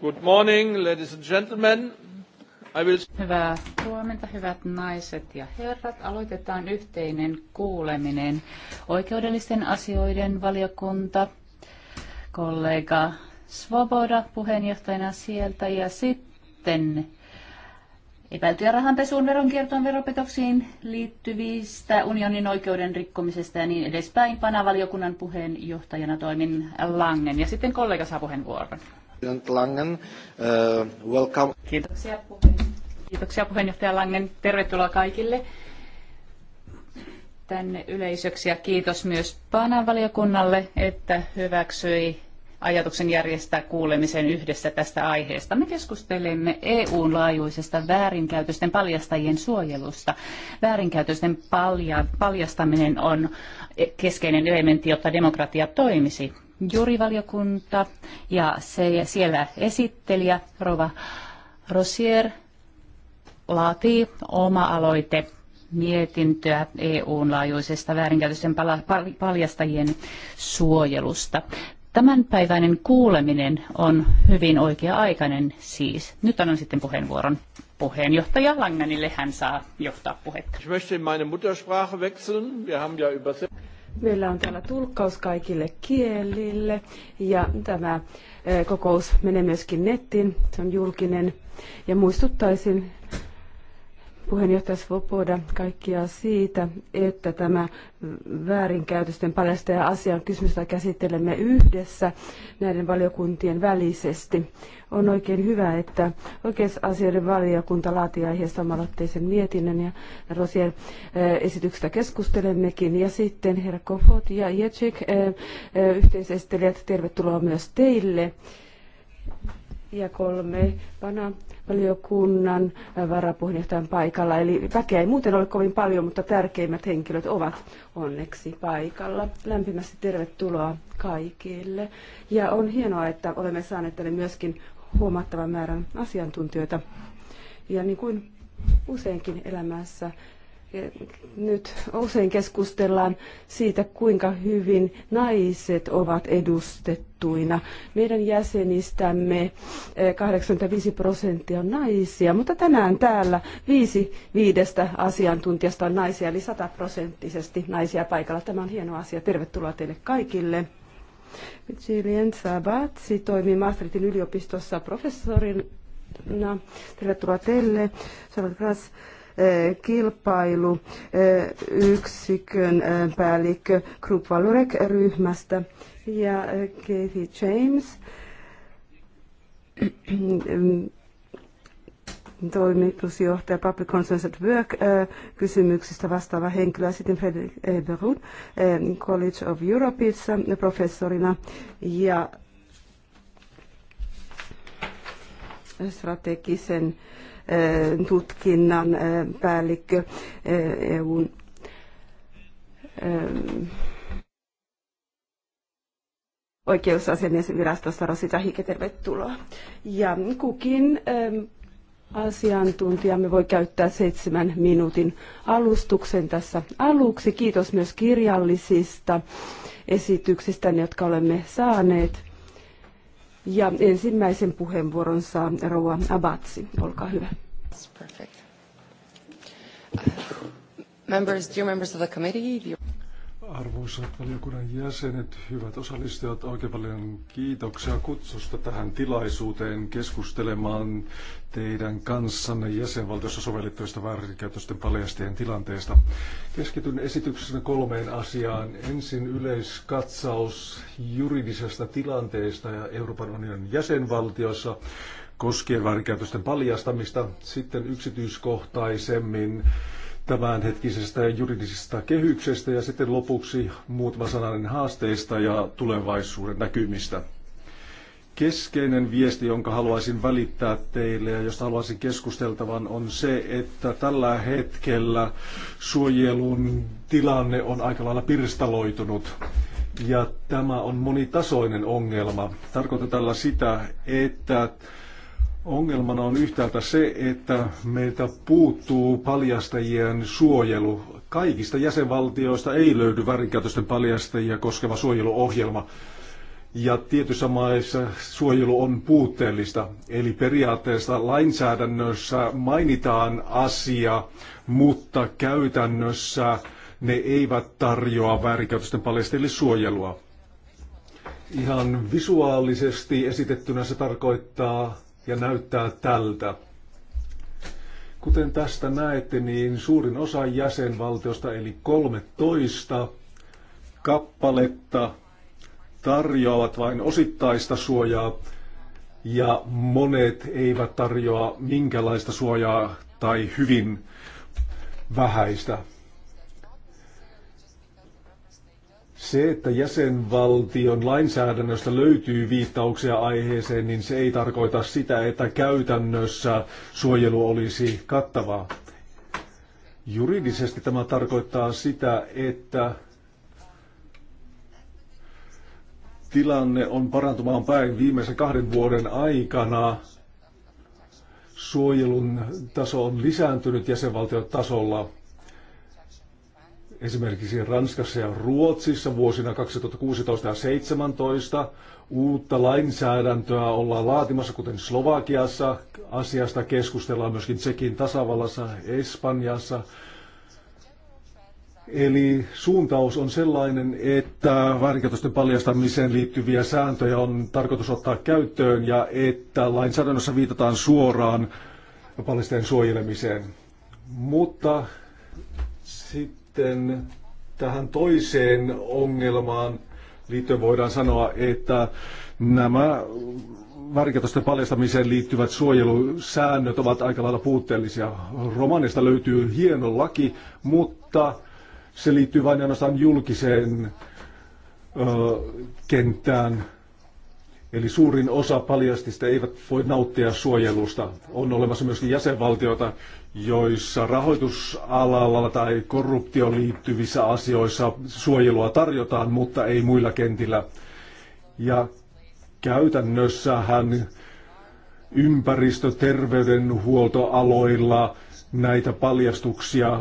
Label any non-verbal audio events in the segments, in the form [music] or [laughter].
Good morning, ladies and gentlemen. I will... Hyvää huomenta, hyvät naiset ja herrat. Aloitetaan yhteinen kuuleminen. Oikeudellisten asioiden valiokunta, kollega Svoboda puheenjohtajana sieltä ja sitten epäiltyjä rahanpesuun, veronkiertoon, veropetoksiin liittyvistä unionin oikeuden rikkomisesta ja niin edespäin. Panavaliokunnan puheenjohtajana toimin Langen ja sitten kollega saa puheenvuoron. Langen, uh, welcome. Kiitoksia, puheen... Kiitoksia puheenjohtaja Langen. Tervetuloa kaikille tänne yleisöksi ja kiitos myös Panavaliokunnalle, että hyväksyi ajatuksen järjestää kuulemisen yhdessä tästä aiheesta. Me keskustelemme EUn laajuisesta väärinkäytösten paljastajien suojelusta. Väärinkäytösten palja- paljastaminen on keskeinen elementti, jotta demokratia toimisi. Jurivaliokunta ja se, siellä esittelijä Rova Rosier laatii oma-aloite mietintöä EUn laajuisesta väärinkäytösten paljastajien suojelusta. Tämänpäiväinen kuuleminen on hyvin oikea-aikainen siis. Nyt annan sitten puheenvuoron puheenjohtaja Langanille. Hän saa johtaa puhetta. Meillä on täällä tulkkaus kaikille kielille ja tämä eh, kokous menee myöskin nettiin. Se on julkinen. Ja muistuttaisin puheenjohtaja Svoboda kaikkia siitä, että tämä väärinkäytösten paljastaja asian kysymystä käsittelemme yhdessä näiden valiokuntien välisesti. On oikein hyvä, että oikeusasioiden valiokunta laatii aiheesta omalotteisen mietinnön ja Rosien eh, esityksestä keskustelemmekin. Ja sitten herra Kofot ja jetsik eh, eh, yhteisestelijät, tervetuloa myös teille. Ja kolme pana valiokunnan varapuheenjohtajan paikalla. Eli väkeä ei muuten ole kovin paljon, mutta tärkeimmät henkilöt ovat onneksi paikalla. Lämpimästi tervetuloa kaikille. Ja on hienoa, että olemme saaneet tänne myöskin huomattavan määrän asiantuntijoita. Ja niin kuin useinkin elämässä nyt usein keskustellaan siitä, kuinka hyvin naiset ovat edustettuina. Meidän jäsenistämme 85 eh, prosenttia on naisia, mutta tänään täällä viisi viidestä asiantuntijasta on naisia, eli sataprosenttisesti naisia paikalla. Tämä on hieno asia. Tervetuloa teille kaikille. Jillian Sabatsi toimii Maastrichtin yliopistossa professorina. Tervetuloa teille. Charlotte kilpailu eh, yksikön eh, päällikkö Group valurek ryhmästä ja eh, Kathy James [clears throat] toimitusjohtaja Public Concerns at Work kysymyksistä vastaava henkilö, sitten Frederick Eberud College of Europeissa professorina ja strategisen Eh, tutkinnan eh, päällikkö eh, EUn oikeusasiamies virastossa Rosita Hike, tervetuloa. Ja kukin asiantuntijamme voi käyttää seitsemän minuutin alustuksen tässä aluksi. Kiitos myös kirjallisista esityksistä, jotka olemme saaneet. Ja ensimmäisen puheenvuoron saa Rouva Abatsi. Olkaa hyvä. Uh, members, dear members of the committee, Arvoisat valiokunnan jäsenet, hyvät osallistujat, oikein paljon kiitoksia kutsusta tähän tilaisuuteen keskustelemaan teidän kanssanne jäsenvaltiossa sovellettavista väärinkäytösten paljastajien tilanteesta. Keskityn esityksessä kolmeen asiaan. Ensin yleiskatsaus juridisesta tilanteesta ja Euroopan unionin jäsenvaltiossa koskien väärinkäytösten paljastamista, sitten yksityiskohtaisemmin tämänhetkisestä juridisesta kehyksestä ja sitten lopuksi muutama sananen haasteista ja tulevaisuuden näkymistä. Keskeinen viesti, jonka haluaisin välittää teille ja josta haluaisin keskusteltavan, on se, että tällä hetkellä suojelun tilanne on aika lailla pirstaloitunut. Ja tämä on monitasoinen ongelma. Tarkoitan tällä sitä, että Ongelmana on yhtäältä se, että meiltä puuttuu paljastajien suojelu. Kaikista jäsenvaltioista ei löydy väärinkäytösten paljastajia koskeva suojeluohjelma. Ja tietyissä maissa suojelu on puutteellista. Eli periaatteessa lainsäädännössä mainitaan asia, mutta käytännössä ne eivät tarjoa väärinkäytösten paljastajille suojelua. Ihan visuaalisesti esitettynä se tarkoittaa ja näyttää tältä. Kuten tästä näette, niin suurin osa jäsenvaltiosta eli 13 kappaletta tarjoavat vain osittaista suojaa ja monet eivät tarjoa minkälaista suojaa tai hyvin vähäistä. Se, että jäsenvaltion lainsäädännöstä löytyy viittauksia aiheeseen, niin se ei tarkoita sitä, että käytännössä suojelu olisi kattavaa. Juridisesti tämä tarkoittaa sitä, että tilanne on parantumaan päin viimeisen kahden vuoden aikana. Suojelun taso on lisääntynyt jäsenvaltiotasolla tasolla Esimerkiksi Ranskassa ja Ruotsissa vuosina 2016 ja 2017 uutta lainsäädäntöä ollaan laatimassa, kuten Slovakiassa. Asiasta keskustellaan myöskin Tsekin tasavallassa, Espanjassa. Eli suuntaus on sellainen, että väärinkäytösten paljastamiseen liittyviä sääntöjä on tarkoitus ottaa käyttöön ja että lainsäädännössä viitataan suoraan paljastajien suojelemiseen. Mutta sitten sitten tähän toiseen ongelmaan liittyen voidaan sanoa, että nämä värikatosten paljastamiseen liittyvät suojelusäännöt ovat aika lailla puutteellisia. Romanista löytyy hieno laki, mutta se liittyy vain ainoastaan julkiseen ö, kenttään. Eli suurin osa paljastista eivät voi nauttia suojelusta. On olemassa myöskin jäsenvaltioita, joissa rahoitusalalla tai korruptioon liittyvissä asioissa suojelua tarjotaan, mutta ei muilla kentillä. Ja käytännössähän ympäristö- terveydenhuoltoaloilla näitä paljastuksia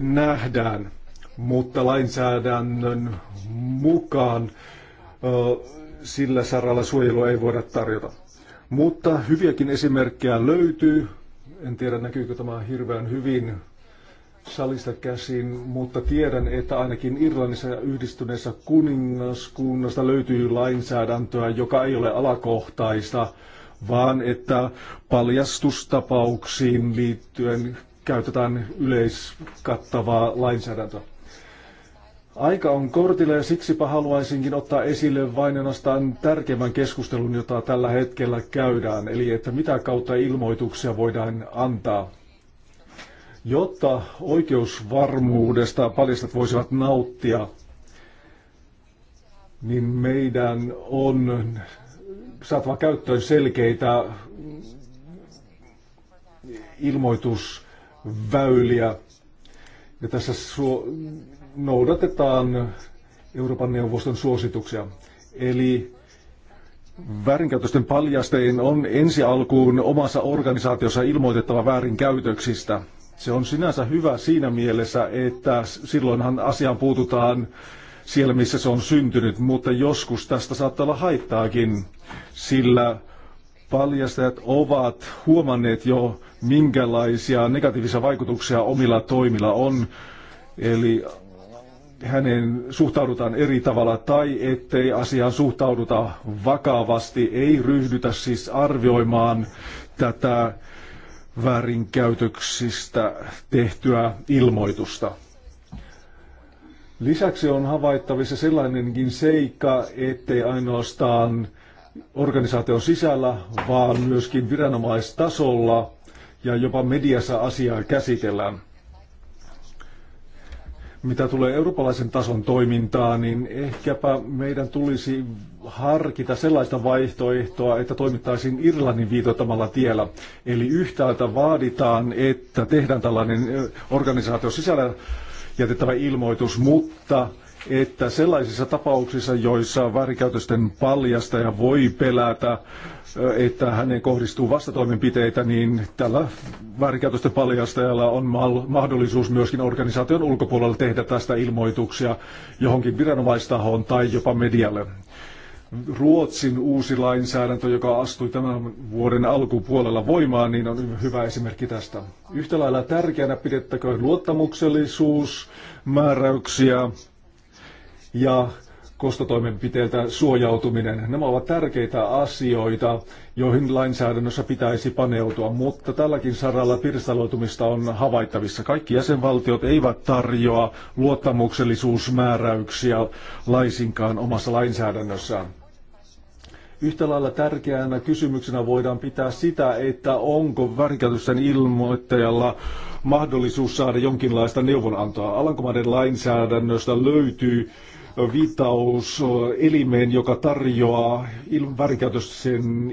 nähdään, mutta lainsäädännön mukaan ö, sillä saralla suojelua ei voida tarjota. Mutta hyviäkin esimerkkejä löytyy. En tiedä näkyykö tämä hirveän hyvin salista käsin, mutta tiedän, että ainakin Irlannissa ja yhdistyneessä kuningaskunnasta löytyy lainsäädäntöä, joka ei ole alakohtaista, vaan että paljastustapauksiin liittyen käytetään yleiskattavaa lainsäädäntöä. Aika on kortilla ja siksipä haluaisinkin ottaa esille vain ainoastaan tärkeimmän keskustelun, jota tällä hetkellä käydään, eli että mitä kautta ilmoituksia voidaan antaa. Jotta oikeusvarmuudesta paljastat voisivat nauttia, niin meidän on saatava käyttöön selkeitä ilmoitusväyliä. Ja tässä noudatetaan Euroopan neuvoston suosituksia. Eli väärinkäytösten paljastajien on ensi alkuun omassa organisaatiossa ilmoitettava väärinkäytöksistä. Se on sinänsä hyvä siinä mielessä, että silloinhan asiaan puututaan siellä, missä se on syntynyt, mutta joskus tästä saattaa olla haittaakin, sillä paljastajat ovat huomanneet jo, minkälaisia negatiivisia vaikutuksia omilla toimilla on. Eli hänen suhtaudutaan eri tavalla tai ettei asiaan suhtauduta vakavasti, ei ryhdytä siis arvioimaan tätä väärinkäytöksistä tehtyä ilmoitusta. Lisäksi on havaittavissa sellainenkin seikka, ettei ainoastaan organisaation sisällä, vaan myöskin viranomaistasolla ja jopa mediassa asiaa käsitellään. Mitä tulee eurooppalaisen tason toimintaan, niin ehkäpä meidän tulisi harkita sellaista vaihtoehtoa, että toimittaisiin Irlannin viitoittamalla tiellä. Eli yhtäältä vaaditaan, että tehdään tällainen organisaatio sisällä jätettävä ilmoitus, mutta että sellaisissa tapauksissa, joissa väärinkäytösten paljastaja voi pelätä, että hänen kohdistuu vastatoimenpiteitä, niin tällä väärinkäytösten paljastajalla on mahdollisuus myöskin organisaation ulkopuolella tehdä tästä ilmoituksia johonkin viranomaistahoon tai jopa medialle. Ruotsin uusi lainsäädäntö, joka astui tämän vuoden alkupuolella voimaan, niin on hyvä esimerkki tästä. Yhtä lailla tärkeänä pidettäköön luottamuksellisuusmääräyksiä ja kostotoimenpiteiltä suojautuminen. Nämä ovat tärkeitä asioita, joihin lainsäädännössä pitäisi paneutua, mutta tälläkin saralla pirstaloitumista on havaittavissa. Kaikki jäsenvaltiot eivät tarjoa luottamuksellisuusmääräyksiä laisinkaan omassa lainsäädännössään. Yhtä lailla tärkeänä kysymyksenä voidaan pitää sitä, että onko värikätysten ilmoittajalla mahdollisuus saada jonkinlaista neuvonantoa. Alankomaiden lainsäädännöstä löytyy viittaus elimeen, joka tarjoaa il-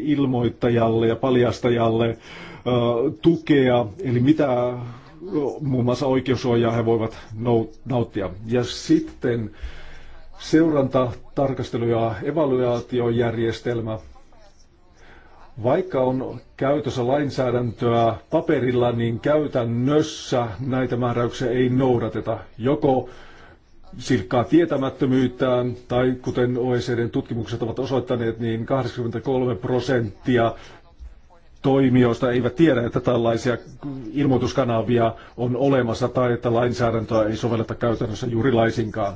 ilmoittajalle ja paljastajalle tukea, eli mitä muun muassa oikeussuojaa he voivat nauttia. Ja sitten seuranta, tarkastelu ja evaluaatiojärjestelmä. Vaikka on käytössä lainsäädäntöä paperilla, niin käytännössä näitä määräyksiä ei noudateta. Joko silkkaa tietämättömyyttään, tai kuten OECDn tutkimukset ovat osoittaneet, niin 83 prosenttia toimijoista eivät tiedä, että tällaisia ilmoituskanavia on olemassa tai että lainsäädäntöä ei sovelleta käytännössä juuri laisinkaan.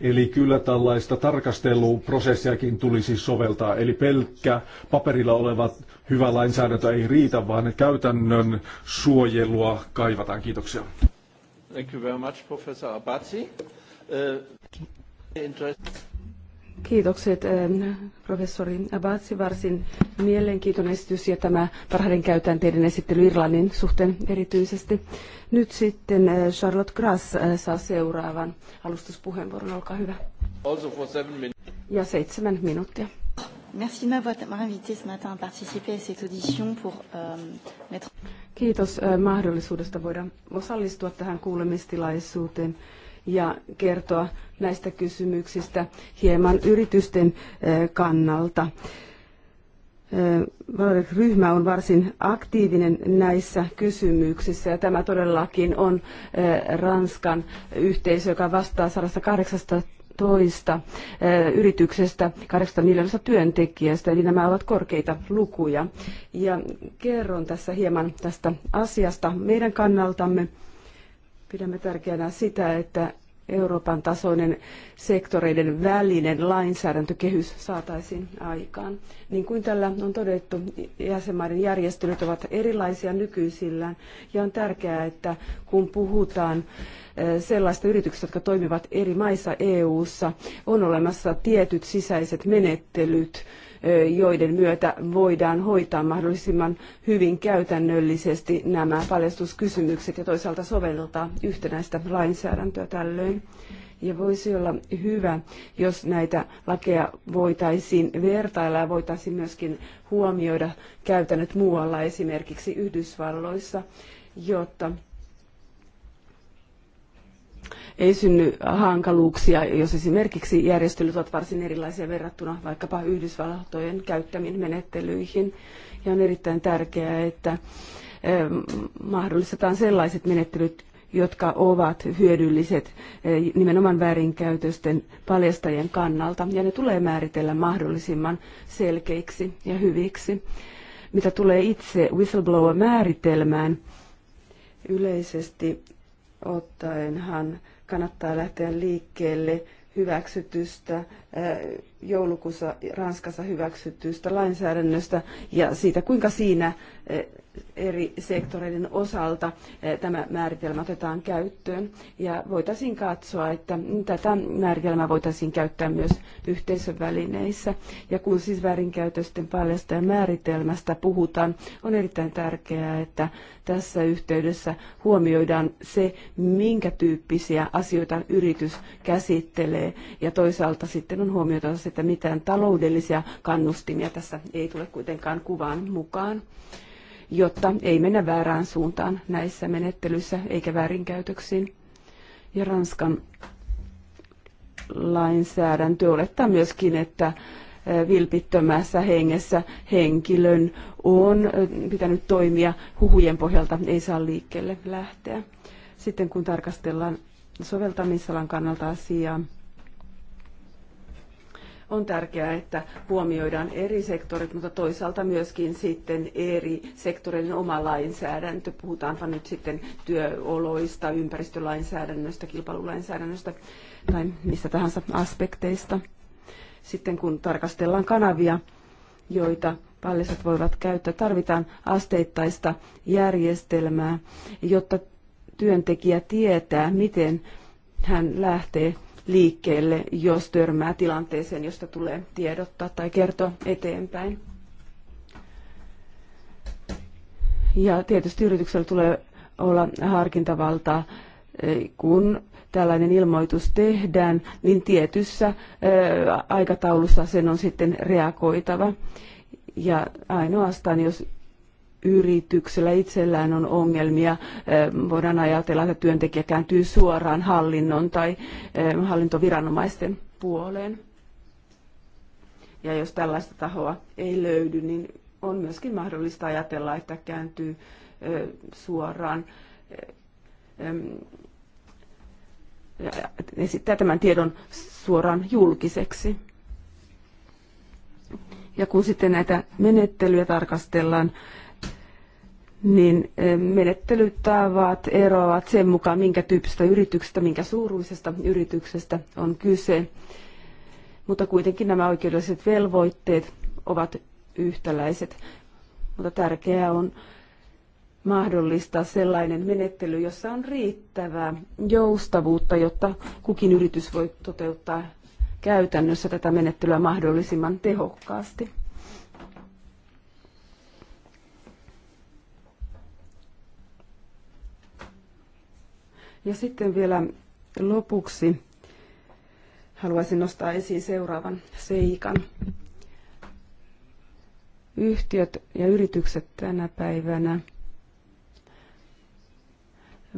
Eli kyllä tällaista tarkasteluprosessiakin tulisi soveltaa. Eli pelkkä paperilla oleva hyvä lainsäädäntö ei riitä, vaan käytännön suojelua kaivataan. Kiitoksia. Thank you very much, Professor Abazi. Kiitokset eh, professori Abatsi, varsin mielenkiintoinen esitys ja tämä parhaiden käytänteiden esittely Irlannin suhteen erityisesti. Nyt sitten eh, Charlotte Grass eh, saa seuraavan alustuspuheenvuoron, olkaa hyvä. ja seitsemän minuuttia. Merci invité ce matin à cette audition pour euh, mettre... Kiitos mahdollisuudesta voida osallistua tähän kuulemistilaisuuteen ja kertoa näistä kysymyksistä hieman yritysten kannalta. Ryhmä on varsin aktiivinen näissä kysymyksissä ja tämä todellakin on Ranskan yhteisö, joka vastaa 118 yrityksestä, 8 miljoonasta työntekijästä, eli nämä ovat korkeita lukuja. Ja kerron tässä hieman tästä asiasta meidän kannaltamme. Pidämme tärkeänä sitä, että Euroopan tasoinen sektoreiden välinen lainsäädäntökehys saataisiin aikaan. Niin kuin tällä on todettu, jäsenmaiden järjestelyt ovat erilaisia nykyisillään ja on tärkeää, että kun puhutaan eh, sellaista yrityksistä, jotka toimivat eri maissa EU-ssa, on olemassa tietyt sisäiset menettelyt, joiden myötä voidaan hoitaa mahdollisimman hyvin käytännöllisesti nämä paljastuskysymykset ja toisaalta soveltaa yhtenäistä lainsäädäntöä tällöin. Ja voisi olla hyvä, jos näitä lakeja voitaisiin vertailla ja voitaisiin myöskin huomioida käytännöt muualla, esimerkiksi Yhdysvalloissa, jotta ei synny hankaluuksia, jos esimerkiksi järjestelyt ovat varsin erilaisia verrattuna vaikkapa Yhdysvaltojen käyttämiin menettelyihin. Ja on erittäin tärkeää, että eh, mahdollistetaan sellaiset menettelyt, jotka ovat hyödylliset eh, nimenomaan väärinkäytösten paljastajien kannalta, ja ne tulee määritellä mahdollisimman selkeiksi ja hyviksi. Mitä tulee itse whistleblower-määritelmään, yleisesti ottaenhan kannattaa lähteä liikkeelle hyväksytystä, joulukuussa Ranskassa hyväksytystä lainsäädännöstä ja siitä, kuinka siinä eri sektoreiden osalta eh, tämä määritelmä otetaan käyttöön. Ja voitaisiin katsoa, että tätä määritelmää voitaisiin käyttää myös yhteisön välineissä. Ja kun siis väärinkäytösten ja määritelmästä puhutaan, on erittäin tärkeää, että tässä yhteydessä huomioidaan se, minkä tyyppisiä asioita yritys käsittelee. Ja toisaalta sitten on huomioitava se, että mitään taloudellisia kannustimia tässä ei tule kuitenkaan kuvaan mukaan jotta ei mennä väärään suuntaan näissä menettelyissä eikä väärinkäytöksiin. Ja Ranskan lainsäädäntö olettaa myöskin, että vilpittömässä hengessä henkilön on pitänyt toimia huhujen pohjalta, ei saa liikkeelle lähteä. Sitten kun tarkastellaan soveltamisalan kannalta asiaa, on tärkeää, että huomioidaan eri sektorit, mutta toisaalta myöskin sitten eri sektoreiden oma lainsäädäntö. Puhutaanpa nyt sitten työoloista, ympäristölainsäädännöstä, kilpailulainsäädännöstä tai mistä tahansa aspekteista. Sitten kun tarkastellaan kanavia, joita palliset voivat käyttää, tarvitaan asteittaista järjestelmää, jotta työntekijä tietää, miten hän lähtee liikkeelle, jos törmää tilanteeseen, josta tulee tiedottaa tai kertoa eteenpäin. Ja tietysti yrityksellä tulee olla harkintavaltaa, kun tällainen ilmoitus tehdään, niin tietyssä aikataulussa sen on sitten reagoitava. Ja ainoastaan, jos yrityksellä itsellään on ongelmia, voidaan ajatella, että työntekijä kääntyy suoraan hallinnon tai hallintoviranomaisten puoleen. Ja jos tällaista tahoa ei löydy, niin on myöskin mahdollista ajatella, että kääntyy suoraan esittää tämän tiedon suoraan julkiseksi. Ja kun sitten näitä menettelyjä tarkastellaan, niin eh, menettelytavat eroavat sen mukaan, minkä tyyppisestä yrityksestä, minkä suuruisesta yrityksestä on kyse. Mutta kuitenkin nämä oikeudelliset velvoitteet ovat yhtäläiset. Mutta tärkeää on mahdollistaa sellainen menettely, jossa on riittävää joustavuutta, jotta kukin yritys voi toteuttaa käytännössä tätä menettelyä mahdollisimman tehokkaasti. Ja sitten vielä lopuksi haluaisin nostaa esiin seuraavan seikan. Yhtiöt ja yritykset tänä päivänä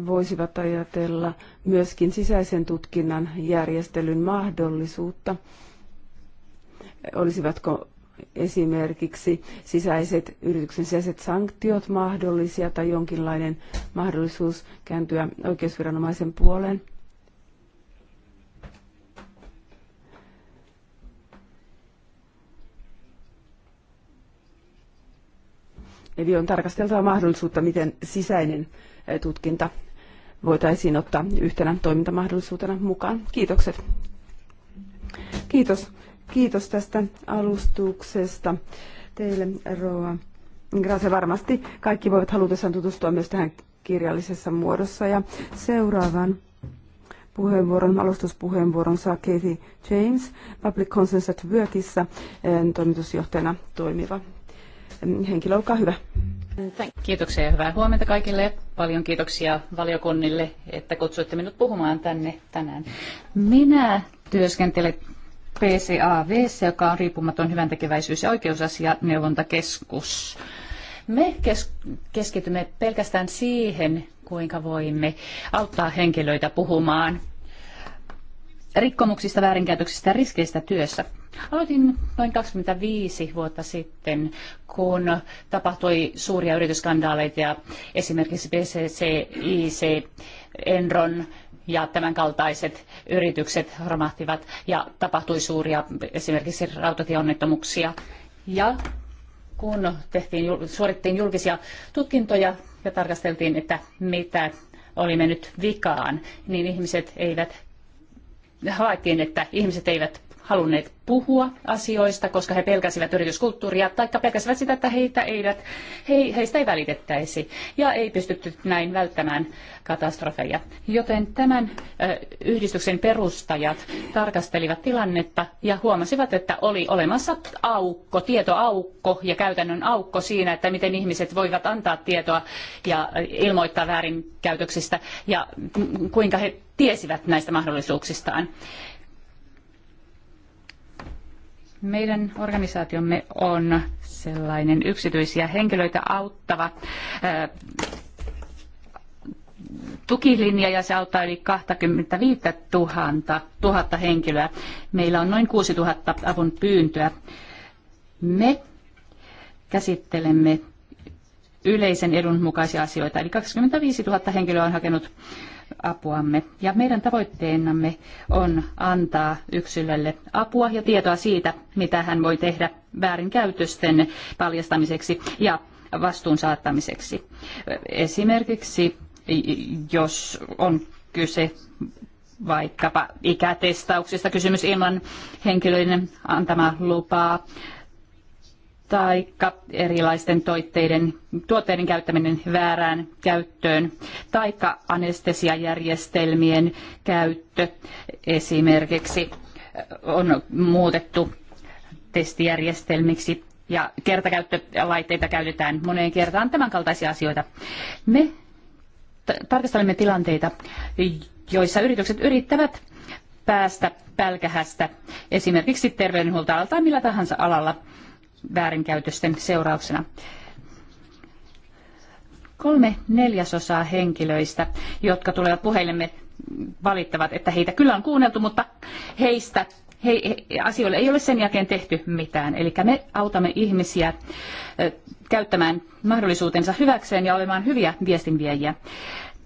voisivat ajatella myöskin sisäisen tutkinnan järjestelyn mahdollisuutta. Olisivatko esimerkiksi sisäiset yrityksen sisäiset sanktiot mahdollisia tai jonkinlainen mahdollisuus kääntyä oikeusviranomaisen puoleen? Eli on tarkasteltava mahdollisuutta, miten sisäinen tutkinta voitaisiin ottaa yhtenä toimintamahdollisuutena mukaan. Kiitokset. Kiitos Kiitos tästä alustuksesta teille, Roa. Grace, varmasti. Kaikki voivat halutessaan tutustua myös tähän kirjallisessa muodossa. Ja seuraavan puheenvuoron, alustuspuheenvuoron saa Kathy James, Public consensus at Workissa eh, toimitusjohtajana toimiva eh, henkilö. Olkaa hyvä. Kiitoksia ja hyvää huomenta kaikille. Paljon kiitoksia valiokunnille, että kutsuitte minut puhumaan tänne tänään. Minä työskentelen PCAV, joka on riippumaton hyväntekeväisyys- ja oikeusasianeuvontakeskus. Me kes- keskitymme pelkästään siihen, kuinka voimme auttaa henkilöitä puhumaan rikkomuksista, väärinkäytöksistä ja riskeistä työssä. Aloitin noin 25 vuotta sitten, kun tapahtui suuria yritysskandaaleita ja esimerkiksi BCC, IC, Enron, ja tämän kaltaiset yritykset romahtivat ja tapahtui suuria esimerkiksi rautatieonnettomuuksia. Ja kun tehtiin, suorittiin julkisia tutkintoja ja tarkasteltiin, että mitä oli mennyt vikaan, niin ihmiset eivät havaittiin, että ihmiset eivät halunneet puhua asioista, koska he pelkäsivät yrityskulttuuria tai pelkäsivät sitä, että heitä eivät, he, heistä ei välitettäisi ja ei pystytty näin välttämään katastrofeja. Joten tämän yhdistyksen perustajat tarkastelivat tilannetta ja huomasivat, että oli olemassa aukko, tietoaukko ja käytännön aukko siinä, että miten ihmiset voivat antaa tietoa ja ilmoittaa väärinkäytöksistä ja kuinka he tiesivät näistä mahdollisuuksistaan. Meidän organisaatiomme on sellainen yksityisiä henkilöitä auttava tukilinja ja se auttaa yli 25 000, 000 henkilöä. Meillä on noin 6 000 avun pyyntöä. Me käsittelemme yleisen edun mukaisia asioita, eli 25 000 henkilöä on hakenut apuamme. Ja meidän tavoitteenamme on antaa yksilölle apua ja tietoa siitä, mitä hän voi tehdä väärinkäytösten paljastamiseksi ja vastuun saattamiseksi. Esimerkiksi jos on kyse vaikkapa ikätestauksista kysymys ilman henkilöiden antamaa lupaa tai erilaisten toitteiden, tuotteiden käyttäminen väärään käyttöön, tai anestesiajärjestelmien käyttö esimerkiksi on muutettu testijärjestelmiksi ja kertakäyttölaitteita käytetään moneen kertaan, tämän kaltaisia asioita. Me tarkastelemme tilanteita, joissa yritykset yrittävät päästä pälkähästä esimerkiksi terveydenhuoltoalalla tai millä tahansa alalla väärinkäytösten seurauksena. Kolme neljäsosaa henkilöistä, jotka tulevat puheillemme, valittavat, että heitä kyllä on kuunneltu, mutta heistä he, he, asioille ei ole sen jälkeen tehty mitään. Eli me autamme ihmisiä käyttämään mahdollisuutensa hyväkseen ja olemaan hyviä viestinviejiä.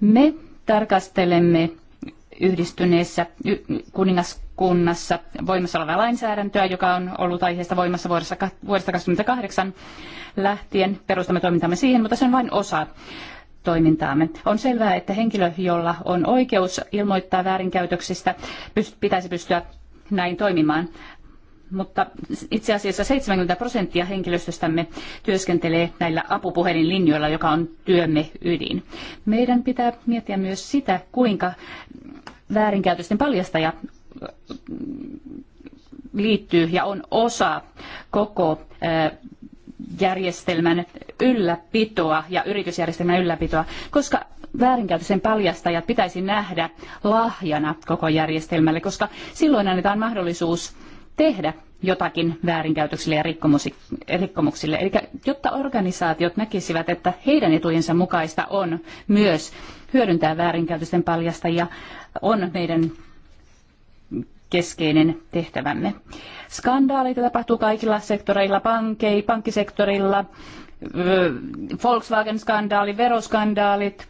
Me tarkastelemme yhdistyneessä kuningaskunnassa voimassa olevaa lainsäädäntöä, joka on ollut aiheesta voimassa vuodesta 2008 lähtien. Perustamme toimintamme siihen, mutta se on vain osa toimintaamme. On selvää, että henkilö, jolla on oikeus ilmoittaa väärinkäytöksistä, pitäisi pystyä näin toimimaan mutta itse asiassa 70 prosenttia henkilöstöstämme työskentelee näillä apupuhelinlinjoilla, joka on työmme ydin. Meidän pitää miettiä myös sitä, kuinka väärinkäytösten paljastaja äh, liittyy ja on osa koko äh, järjestelmän ylläpitoa ja yritysjärjestelmän ylläpitoa, koska väärinkäytösten paljastajat pitäisi nähdä lahjana koko järjestelmälle, koska silloin annetaan mahdollisuus tehdä jotakin väärinkäytöksille ja rikkomuksille. Eli jotta organisaatiot näkisivät, että heidän etujensa mukaista on myös hyödyntää väärinkäytösten paljastajia, on meidän keskeinen tehtävämme. Skandaaleita tapahtuu kaikilla sektoreilla, pankei, pankkisektorilla, Volkswagen-skandaali, veroskandaalit,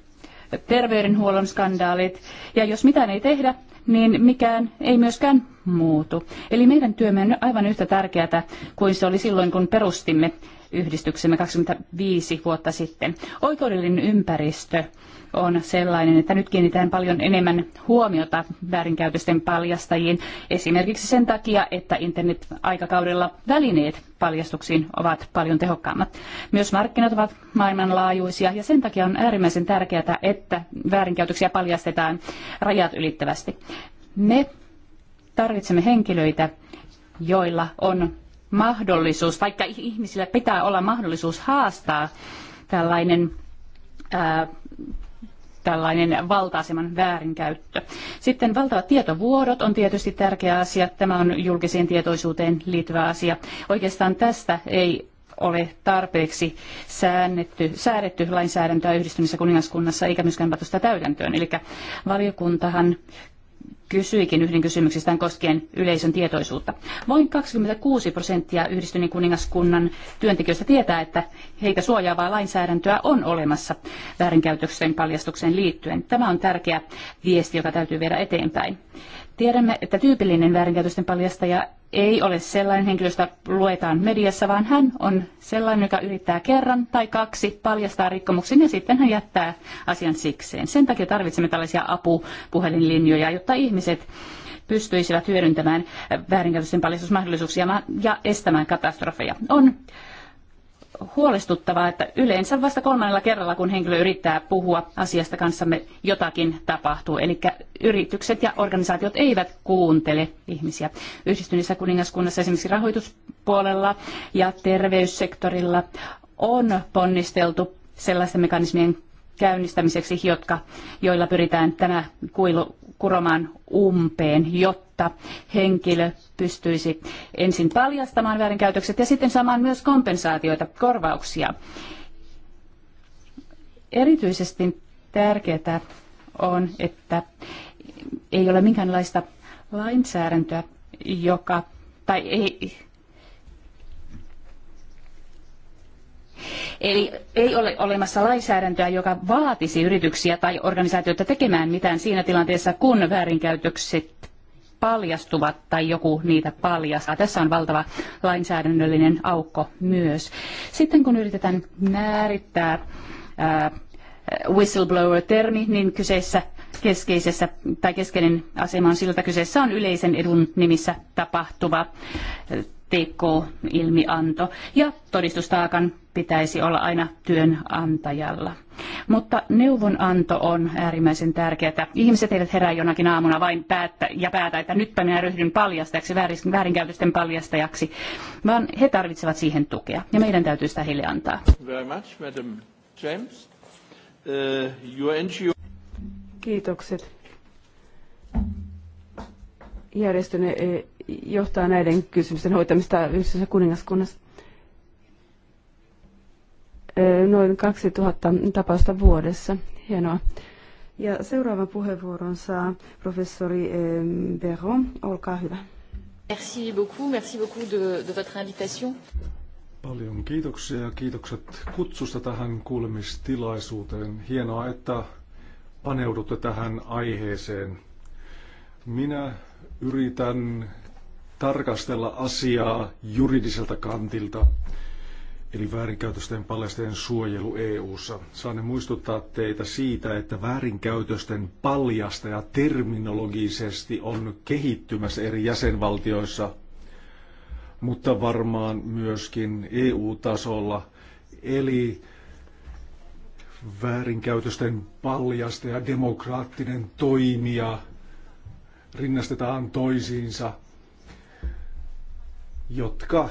terveydenhuollon skandaalit. Ja jos mitään ei tehdä, niin mikään ei myöskään muutu. Eli meidän työmme on aivan yhtä tärkeää kuin se oli silloin, kun perustimme yhdistyksemme 25 vuotta sitten. Oikeudellinen ympäristö on sellainen, että nyt kiinnitään paljon enemmän huomiota väärinkäytösten paljastajiin esimerkiksi sen takia, että internet-aikakaudella välineet paljastuksiin ovat paljon tehokkaammat. Myös markkinat ovat maailmanlaajuisia ja sen takia on äärimmäisen tärkeää, että väärinkäytöksiä paljastetaan rajat ylittävästi. Me tarvitsemme henkilöitä, joilla on mahdollisuus, vaikka ihmisillä pitää olla mahdollisuus haastaa tällainen ää, tällainen valta-aseman väärinkäyttö. Sitten valtavat tietovuodot on tietysti tärkeä asia. Tämä on julkiseen tietoisuuteen liittyvä asia. Oikeastaan tästä ei ole tarpeeksi säännetty, säädetty lainsäädäntöä yhdistyneessä kuningaskunnassa eikä myöskään patusta täytäntöön. Eli valiokuntahan kysyikin yhden kysymyksestään koskien yleisön tietoisuutta. Vain 26 prosenttia yhdistyneen kuningaskunnan työntekijöistä tietää, että heitä suojaavaa lainsäädäntöä on olemassa väärinkäytöksen paljastukseen liittyen. Tämä on tärkeä viesti, joka täytyy viedä eteenpäin. Tiedämme, että tyypillinen väärinkäytösten paljastaja ei ole sellainen henkilö, josta luetaan mediassa, vaan hän on sellainen, joka yrittää kerran tai kaksi paljastaa rikkomuksen ja sitten hän jättää asian sikseen. Sen takia tarvitsemme tällaisia apupuhelinlinjoja, jotta ihmiset pystyisivät hyödyntämään väärinkäytösten paljastusmahdollisuuksia ja estämään katastrofeja. On huolestuttavaa, että yleensä vasta kolmannella kerralla, kun henkilö yrittää puhua asiasta kanssamme, jotakin tapahtuu. Eli yritykset ja organisaatiot eivät kuuntele ihmisiä. Yhdistyneessä kuningaskunnassa esimerkiksi rahoituspuolella ja terveyssektorilla on ponnisteltu sellaisten mekanismien käynnistämiseksi, jotka, joilla pyritään tämä kuilu kuromaan umpeen, jotta henkilö pystyisi ensin paljastamaan väärinkäytökset ja sitten saamaan myös kompensaatioita, korvauksia. Erityisesti tärkeää on, että ei ole minkäänlaista lainsäädäntöä, joka, tai ei, Eli ei ole olemassa lainsäädäntöä, joka vaatisi yrityksiä tai organisaatioita tekemään mitään siinä tilanteessa, kun väärinkäytökset paljastuvat tai joku niitä paljastaa. Tässä on valtava lainsäädännöllinen aukko myös. Sitten kun yritetään määrittää äh, whistleblower-termi, niin kyseessä keskeisessä tai keskeinen asema on siltä kyseessä on yleisen edun nimissä tapahtuva teko, ilmianto ja todistustaakan pitäisi olla aina työnantajalla. Mutta neuvonanto on äärimmäisen tärkeää. Ihmiset eivät herää jonakin aamuna vain päättä ja päätä, että nytpä minä ryhdyn paljastajaksi, väärinkäytösten paljastajaksi, vaan he tarvitsevat siihen tukea ja meidän täytyy sitä heille antaa. Uh, Kiitokset johtaa näiden kysymysten hoitamista yhdessä kuningaskunnassa? Noin 2000 tapausta vuodessa. Hienoa. Ja seuraava puheenvuoron saa professori Beron. Olkaa hyvä. Merci beaucoup, merci beaucoup de, de votre invitation. Paljon kiitoksia ja kiitokset kutsusta tähän kuulemistilaisuuteen. Hienoa, että paneudutte tähän aiheeseen. Minä yritän tarkastella asiaa juridiselta kantilta, eli väärinkäytösten paljastajien suojelu EU-ssa. Saan muistuttaa teitä siitä, että väärinkäytösten paljastaja terminologisesti on kehittymässä eri jäsenvaltioissa, mutta varmaan myöskin EU-tasolla. Eli väärinkäytösten paljastaja, demokraattinen toimija rinnastetaan toisiinsa – jotka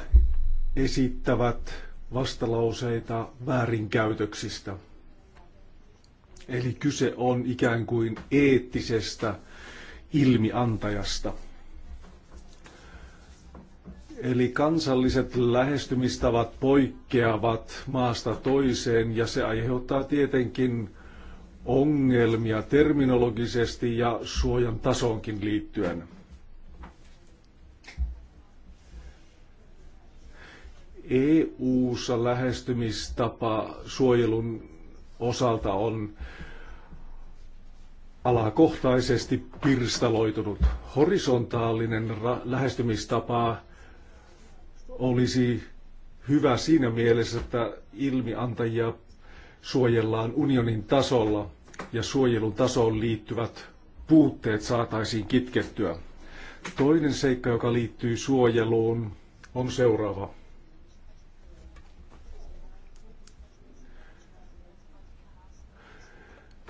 esittävät vastalauseita väärinkäytöksistä. Eli kyse on ikään kuin eettisestä ilmiantajasta. Eli kansalliset lähestymistavat poikkeavat maasta toiseen ja se aiheuttaa tietenkin ongelmia terminologisesti ja suojan tasoonkin liittyen. EU-ssa lähestymistapa suojelun osalta on alakohtaisesti pirstaloitunut. Horisontaalinen lähestymistapa olisi hyvä siinä mielessä, että ilmiantajia suojellaan unionin tasolla ja suojelun tasoon liittyvät puutteet saataisiin kitkettyä. Toinen seikka, joka liittyy suojeluun, on seuraava.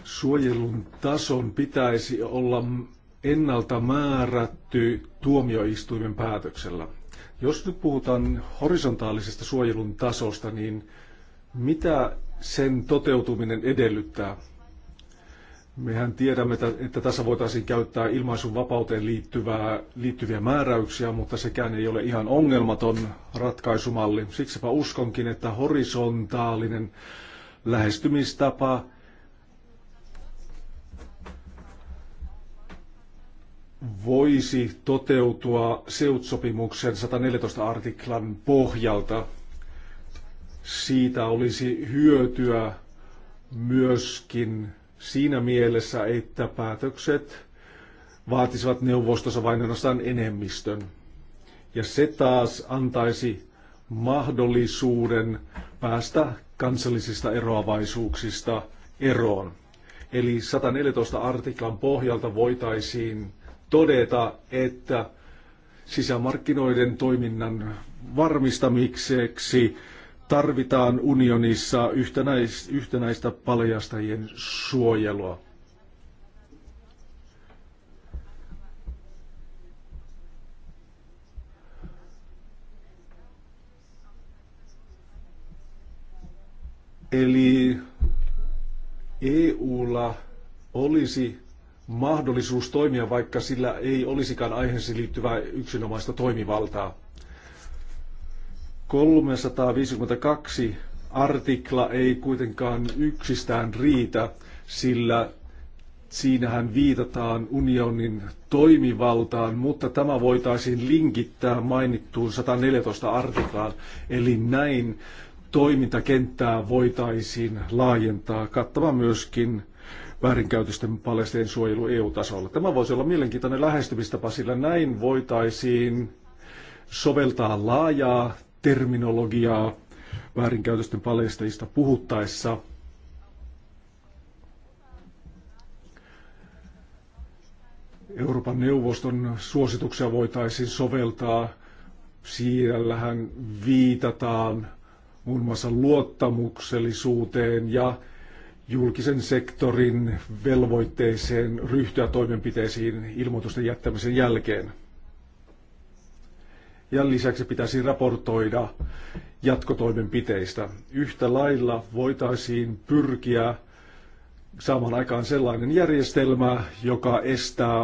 suojelun tason pitäisi olla ennalta määrätty tuomioistuimen päätöksellä. Jos nyt puhutaan horisontaalisesta suojelun tasosta, niin mitä sen toteutuminen edellyttää? Mehän tiedämme, että tässä voitaisiin käyttää ilmaisun vapauteen liittyvää, liittyviä määräyksiä, mutta sekään ei ole ihan ongelmaton ratkaisumalli. Siksipä uskonkin, että horisontaalinen lähestymistapa voisi toteutua seutsopimuksen 114 artiklan pohjalta. Siitä olisi hyötyä myöskin siinä mielessä, että päätökset vaatisivat neuvostossa vain ainoastaan enemmistön. Ja se taas antaisi mahdollisuuden päästä kansallisista eroavaisuuksista eroon. Eli 114 artiklan pohjalta voitaisiin todeta, että sisämarkkinoiden toiminnan varmistamiseksi tarvitaan unionissa yhtenäistä paljastajien suojelua. Eli EUlla olisi mahdollisuus toimia, vaikka sillä ei olisikaan aiheeseen liittyvää yksinomaista toimivaltaa. 352 artikla ei kuitenkaan yksistään riitä, sillä siinähän viitataan unionin toimivaltaan, mutta tämä voitaisiin linkittää mainittuun 114 artiklaan. Eli näin toimintakenttää voitaisiin laajentaa kattava myöskin väärinkäytösten paljastajien suojelu EU-tasolla. Tämä voisi olla mielenkiintoinen lähestymistapa, sillä näin voitaisiin soveltaa laajaa terminologiaa väärinkäytösten paljastajista puhuttaessa. Euroopan neuvoston suosituksia voitaisiin soveltaa. Siellähän viitataan muun muassa luottamuksellisuuteen ja julkisen sektorin velvoitteeseen ryhtyä toimenpiteisiin ilmoitusten jättämisen jälkeen. Ja lisäksi pitäisi raportoida jatkotoimenpiteistä. Yhtä lailla voitaisiin pyrkiä saamaan aikaan sellainen järjestelmä, joka estää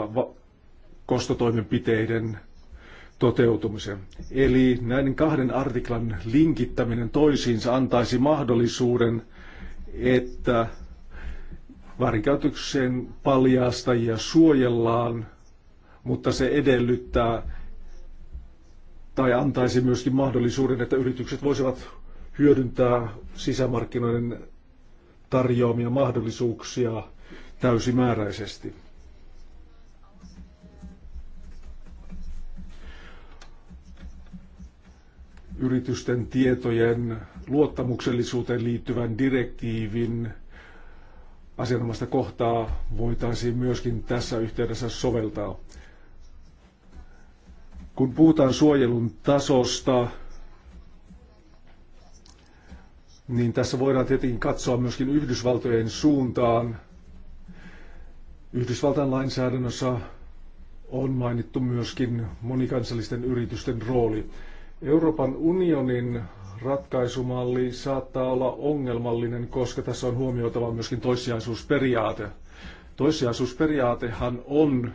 kostotoimenpiteiden toteutumisen. Eli näiden kahden artiklan linkittäminen toisiinsa antaisi mahdollisuuden että väärinkäytöksen paljastajia suojellaan, mutta se edellyttää tai antaisi myöskin mahdollisuuden, että yritykset voisivat hyödyntää sisämarkkinoiden tarjoamia mahdollisuuksia täysimääräisesti. yritysten tietojen luottamuksellisuuteen liittyvän direktiivin asianomaista kohtaa voitaisiin myöskin tässä yhteydessä soveltaa. Kun puhutaan suojelun tasosta, niin tässä voidaan tietenkin katsoa myöskin Yhdysvaltojen suuntaan. Yhdysvaltain lainsäädännössä on mainittu myöskin monikansallisten yritysten rooli. Euroopan unionin ratkaisumalli saattaa olla ongelmallinen, koska tässä on huomioitava myöskin toissijaisuusperiaate. Toissijaisuusperiaatehan on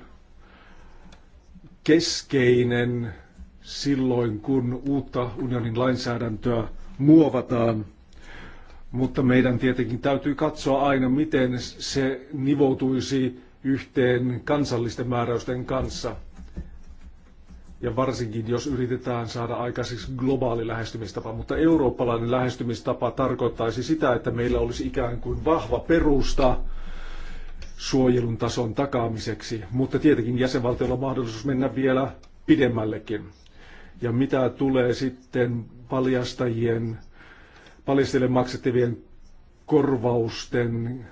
keskeinen silloin, kun uutta unionin lainsäädäntöä muovataan. Mutta meidän tietenkin täytyy katsoa aina, miten se nivoutuisi yhteen kansallisten määräysten kanssa – ja varsinkin jos yritetään saada aikaiseksi globaali lähestymistapa, mutta eurooppalainen lähestymistapa tarkoittaisi sitä, että meillä olisi ikään kuin vahva perusta suojelun tason takaamiseksi, mutta tietenkin jäsenvaltiolla on mahdollisuus mennä vielä pidemmällekin. Ja mitä tulee sitten paljastajien, paljastajille maksettavien korvausten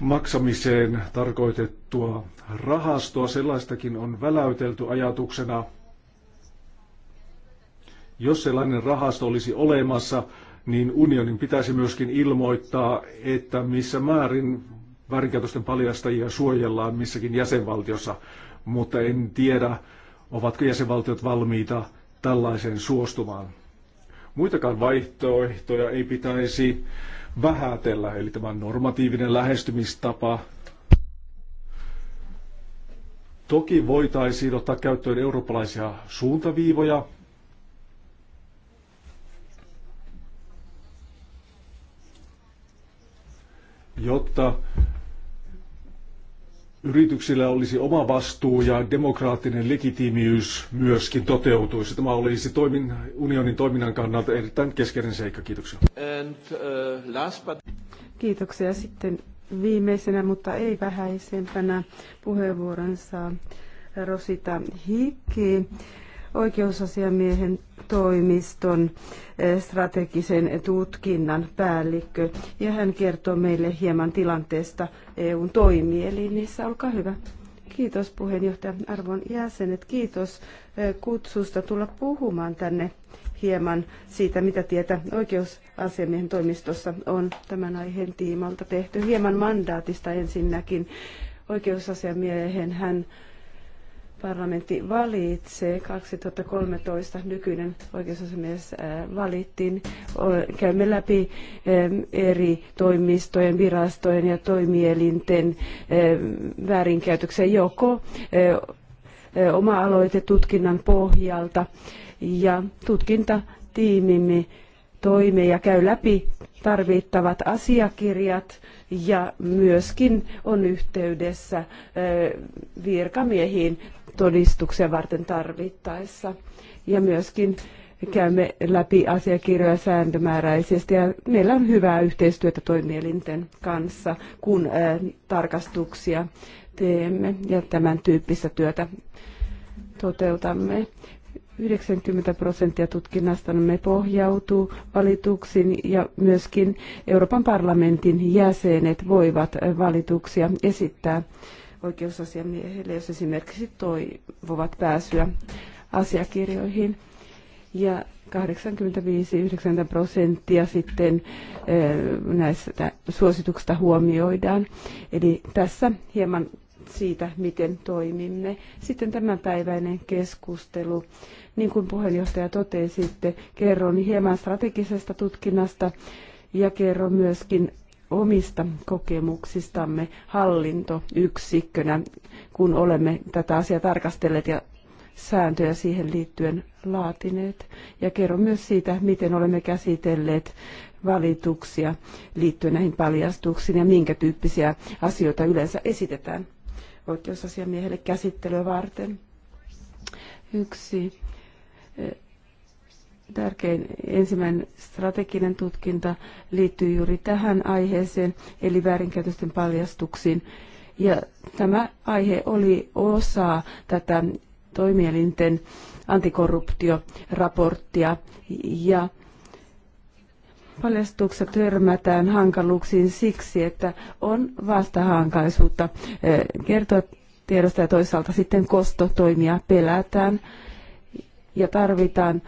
maksamiseen tarkoitettua rahastoa. Sellaistakin on väläytelty ajatuksena. Jos sellainen rahasto olisi olemassa, niin unionin pitäisi myöskin ilmoittaa, että missä määrin väärinkäytösten paljastajia suojellaan missäkin jäsenvaltiossa, mutta en tiedä, ovatko jäsenvaltiot valmiita tällaiseen suostumaan. Muitakaan vaihtoehtoja ei pitäisi vähätellä, eli tämä normatiivinen lähestymistapa. Toki voitaisiin ottaa käyttöön eurooppalaisia suuntaviivoja, jotta yrityksillä olisi oma vastuu ja demokraattinen legitiimiys myöskin toteutuisi. Tämä olisi toimin, unionin toiminnan kannalta erittäin keskeinen seikka. Kiitoksia. And, uh, last but... Kiitoksia. Sitten viimeisenä, mutta ei vähäisempänä puheenvuoronsa Rosita Hikki oikeusasiamiehen toimiston eh, strategisen tutkinnan päällikkö. Ja hän kertoo meille hieman tilanteesta EUn toimielinissä Olkaa hyvä. Kiitos puheenjohtaja arvon jäsenet. Kiitos eh, kutsusta tulla puhumaan tänne hieman siitä, mitä tietä oikeusasiamiehen toimistossa on tämän aiheen tiimalta tehty. Hieman mandaatista ensinnäkin. Oikeusasiamiehen hän parlamentti valitsee 2013 nykyinen oikeusasiamies äh, valittiin. Käymme läpi ähm, eri toimistojen, virastojen ja toimielinten ähm, väärinkäytöksen joko äh, äh, oma-aloitetutkinnan pohjalta ja tutkintatiimimme toimeen ja käy läpi tarvittavat asiakirjat ja myöskin on yhteydessä virkamiehiin todistuksia varten tarvittaessa. Ja myöskin käymme läpi asiakirjoja sääntömääräisesti ja meillä on hyvää yhteistyötä toimielinten kanssa, kun tarkastuksia teemme ja tämän tyyppistä työtä toteutamme. 90 prosenttia tutkinnastamme pohjautuu valituksiin ja myöskin Euroopan parlamentin jäsenet voivat valituksia esittää oikeusasiamiehelle, jos esimerkiksi toivovat pääsyä asiakirjoihin. Ja 85-90 prosenttia sitten eh, näistä suosituksista huomioidaan. Eli tässä hieman siitä, miten toimimme. Sitten tämänpäiväinen keskustelu. Niin kuin puheenjohtaja totesi, kerron hieman strategisesta tutkinnasta ja kerron myöskin omista kokemuksistamme hallintoyksikkönä, kun olemme tätä asiaa tarkastelleet ja sääntöjä siihen liittyen laatineet. Ja kerron myös siitä, miten olemme käsitelleet valituksia liittyen näihin paljastuksiin ja minkä tyyppisiä asioita yleensä esitetään oikeusasiamiehelle käsittelyä varten. Yksi eh, tärkein ensimmäinen strateginen tutkinta liittyy juuri tähän aiheeseen, eli väärinkäytösten paljastuksiin. Ja tämä aihe oli osa tätä toimielinten antikorruptioraporttia ja paljastuksessa törmätään hankaluuksiin siksi, että on vastahankaisuutta eh, kertoa tiedosta ja toisaalta sitten kostotoimia pelätään ja tarvitaan eh,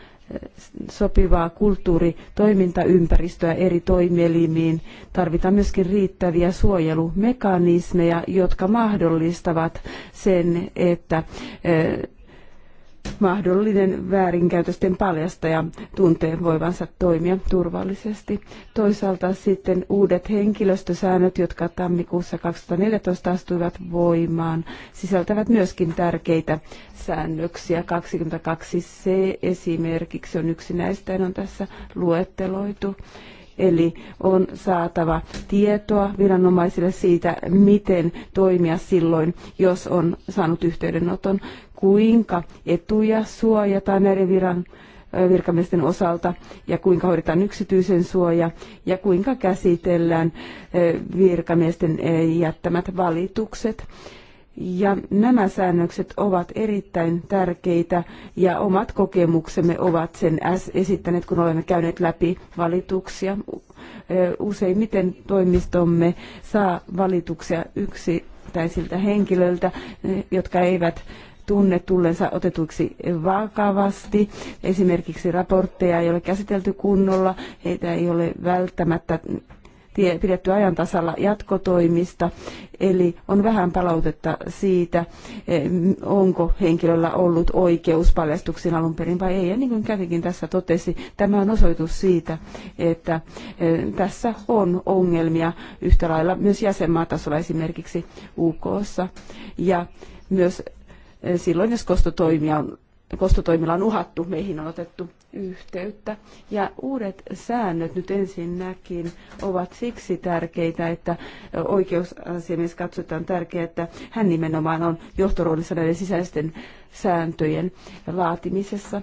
sopivaa kulttuuritoimintaympäristöä eri toimielimiin. Tarvitaan myöskin riittäviä suojelumekanismeja, jotka mahdollistavat sen, että eh, mahdollinen väärinkäytösten paljastaja tuntee voivansa toimia turvallisesti. Toisaalta sitten uudet henkilöstösäännöt, jotka tammikuussa 2014 astuivat voimaan, sisältävät myöskin tärkeitä säännöksiä. 22c esimerkiksi on yksi näistä, on tässä luetteloitu. Eli on saatava tietoa viranomaisille siitä, miten toimia silloin, jos on saanut yhteydenoton kuinka etuja suojataan näiden viran virkamiesten osalta ja kuinka hoidetaan yksityisen suoja ja kuinka käsitellään virkamiesten jättämät valitukset. Ja nämä säännökset ovat erittäin tärkeitä ja omat kokemuksemme ovat sen esittäneet, kun olemme käyneet läpi valituksia. Useimmiten toimistomme saa valituksia yksittäisiltä henkilöiltä, jotka eivät tunne tullensa otetuiksi vakavasti. Esimerkiksi raportteja ei ole käsitelty kunnolla, heitä ei ole välttämättä pidetty ajan tasalla jatkotoimista, eli on vähän palautetta siitä, eh, onko henkilöllä ollut oikeus paljastuksiin alun perin vai ei. Ja niin kuin kävikin tässä totesi, tämä on osoitus siitä, että eh, tässä on ongelmia yhtä lailla myös jäsenmaatasolla esimerkiksi UKssa. Ja myös silloin, jos kostotoimia on kostotoimilla on uhattu, meihin on otettu yhteyttä. Ja uudet säännöt nyt ensinnäkin ovat siksi tärkeitä, että oikeusasiamies katsotaan tärkeää, että hän nimenomaan on johtoroolissa näiden sisäisten sääntöjen laatimisessa.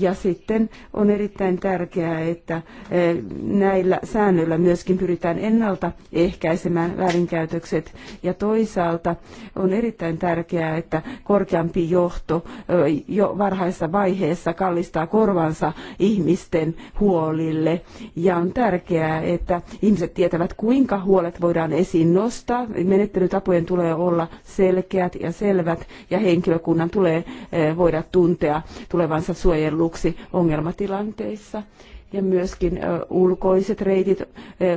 Ja sitten on erittäin tärkeää, että eh, näillä säännöillä myöskin pyritään ennalta ehkäisemään väärinkäytökset. Ja toisaalta on erittäin tärkeää, että korkeampi johto eh, jo varhaisessa vaiheessa kallistaa korvansa ihmisten huolille. Ja on tärkeää, että ihmiset tietävät, kuinka huolet voidaan esiin nostaa. Menettelytapojen tulee olla selkeät ja selvät ja henkilökunnan tulee eh, voida tuntea tulevansa suojelun sovelluksi ongelmatilanteissa. Ja myöskin ulkoiset reitit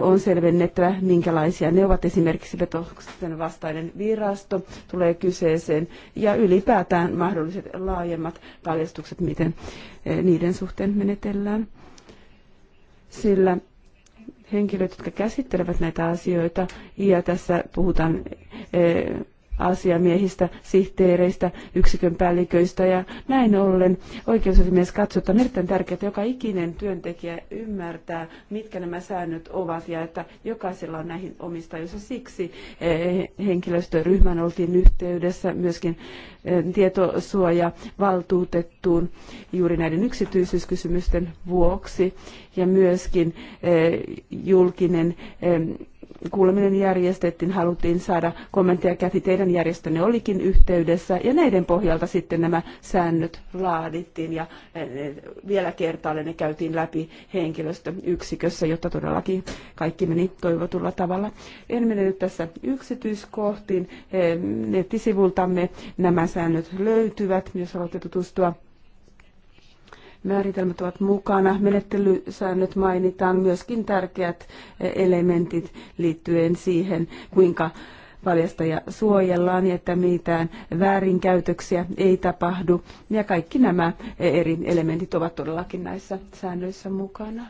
on selvennettävä, minkälaisia ne ovat. Esimerkiksi petoksen vastainen virasto tulee kyseeseen ja ylipäätään mahdolliset laajemmat paljastukset, miten niiden suhteen menetellään. Sillä henkilöt, jotka käsittelevät näitä asioita, ja tässä puhutaan asiamiehistä, sihteereistä, yksikön päälliköistä ja näin ollen oikeusasiamies katsoo, että on erittäin tärkeää, että joka ikinen työntekijä ymmärtää, mitkä nämä säännöt ovat ja että jokaisella on näihin omistajuus. Siksi eh, henkilöstöryhmän oltiin yhteydessä myöskin eh, tietosuoja valtuutettuun juuri näiden yksityisyyskysymysten vuoksi ja myöskin eh, julkinen kuuleminen järjestettiin, haluttiin saada kommentteja. Käti teidän järjestönne olikin yhteydessä ja näiden pohjalta sitten nämä säännöt laadittiin ja eh, vielä kertaalleen ne käytiin läpi henkilöstöyksikössä, jotta todellakin kaikki meni toivotulla tavalla. En mene nyt tässä yksityiskohtiin. Eh, nettisivultamme nämä säännöt löytyvät, jos haluatte tutustua määritelmät ovat mukana. Menettelysäännöt mainitaan myöskin tärkeät elementit liittyen siihen, kuinka paljastaja suojellaan ja että mitään väärinkäytöksiä ei tapahdu. Ja kaikki nämä eri elementit ovat todellakin näissä säännöissä mukana.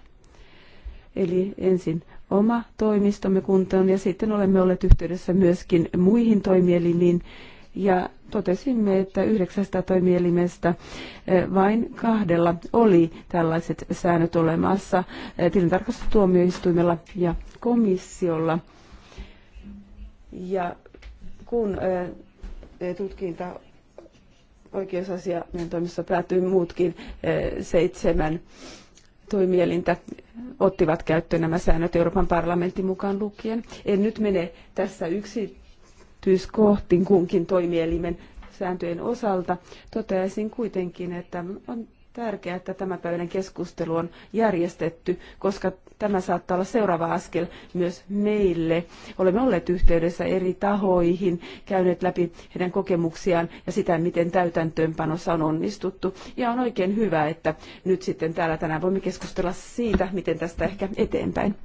Eli ensin oma toimistomme kuntoon ja sitten olemme olleet yhteydessä myöskin muihin toimielimiin ja totesimme, että yhdeksästä toimielimestä eh, vain kahdella oli tällaiset säännöt olemassa eh, tilintarkastustuomioistuimella ja komissiolla. Ja kun eh, tutkinta oikeusasia toimissa päättyi muutkin seitsemän toimielintä ottivat käyttöön nämä säännöt Euroopan parlamentin mukaan lukien. En nyt mene tässä yksi yksityiskohtiin kunkin toimielimen sääntöjen osalta. Toteaisin kuitenkin, että on tärkeää, että tämä päivän keskustelu on järjestetty, koska tämä saattaa olla seuraava askel myös meille. Olemme olleet yhteydessä eri tahoihin, käyneet läpi heidän kokemuksiaan ja sitä, miten täytäntöönpanossa on onnistuttu. Ja on oikein hyvä, että nyt sitten täällä tänään voimme keskustella siitä, miten tästä ehkä eteenpäin.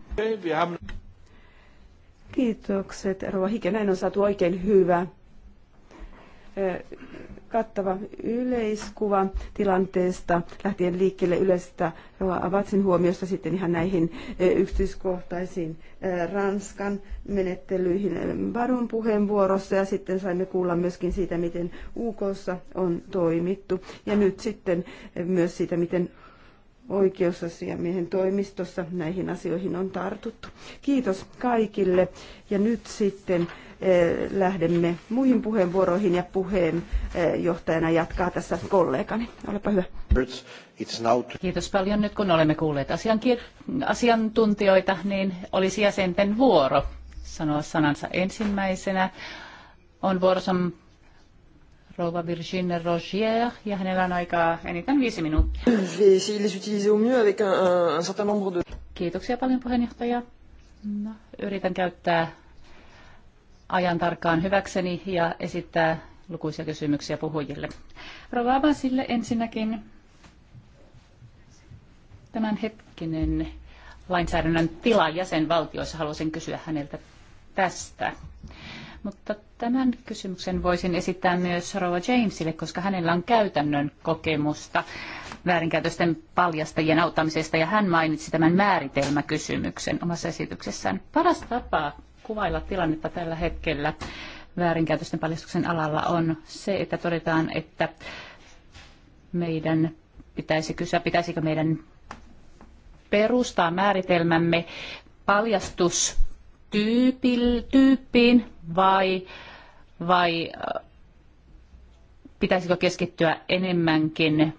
Kiitokset, Rova Hike. Näin on saatu oikein hyvä kattava yleiskuva tilanteesta lähtien liikkeelle yleisestä Avatsin huomiosta sitten ihan näihin yksityiskohtaisiin Ranskan menettelyihin Barun puheenvuorossa ja sitten saimme kuulla myöskin siitä, miten UKssa on toimittu ja nyt sitten myös siitä, miten oikeusasiamiehen toimistossa näihin asioihin on tartuttu. Kiitos kaikille ja nyt sitten eh, lähdemme muihin puheenvuoroihin ja puheenjohtajana eh, jatkaa tässä kollegani. Olepa hyvä. Kiitos paljon. Nyt kun olemme kuulleet asiantuntijoita, niin olisi jäsenten vuoro sanoa sanansa ensimmäisenä. On vuorossa rouva Virginie Rogier, ja hänellä on aikaa eniten viisi minuuttia. Kiitoksia paljon puheenjohtaja. No, yritän käyttää ajan tarkkaan hyväkseni ja esittää lukuisia kysymyksiä puhujille. Rouva Basille ensinnäkin tämänhetkinen lainsäädännön tila jäsenvaltioissa. Haluaisin kysyä häneltä tästä. Mutta tämän kysymyksen voisin esittää myös Rova Jamesille, koska hänellä on käytännön kokemusta väärinkäytösten paljastajien auttamisesta ja hän mainitsi tämän määritelmäkysymyksen omassa esityksessään. Paras tapa kuvailla tilannetta tällä hetkellä väärinkäytösten paljastuksen alalla on se, että todetaan, että meidän pitäisi kysyä, pitäisikö meidän perustaa määritelmämme tyyppiin, vai, vai äh, pitäisikö keskittyä enemmänkin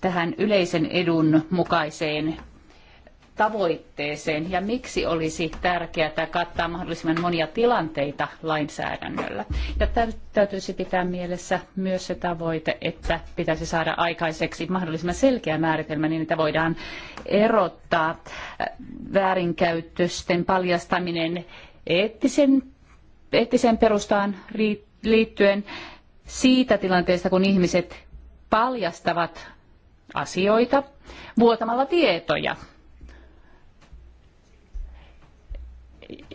tähän yleisen edun mukaiseen tavoitteeseen ja miksi olisi tärkeää kattaa mahdollisimman monia tilanteita lainsäädännöllä. Ja täytyisi pitää mielessä myös se tavoite, että pitäisi saada aikaiseksi mahdollisimman selkeä määritelmä niin, että voidaan erottaa äh, väärinkäytösten paljastaminen eettisen, eettiseen perustaan liittyen siitä tilanteesta, kun ihmiset paljastavat asioita vuotamalla tietoja.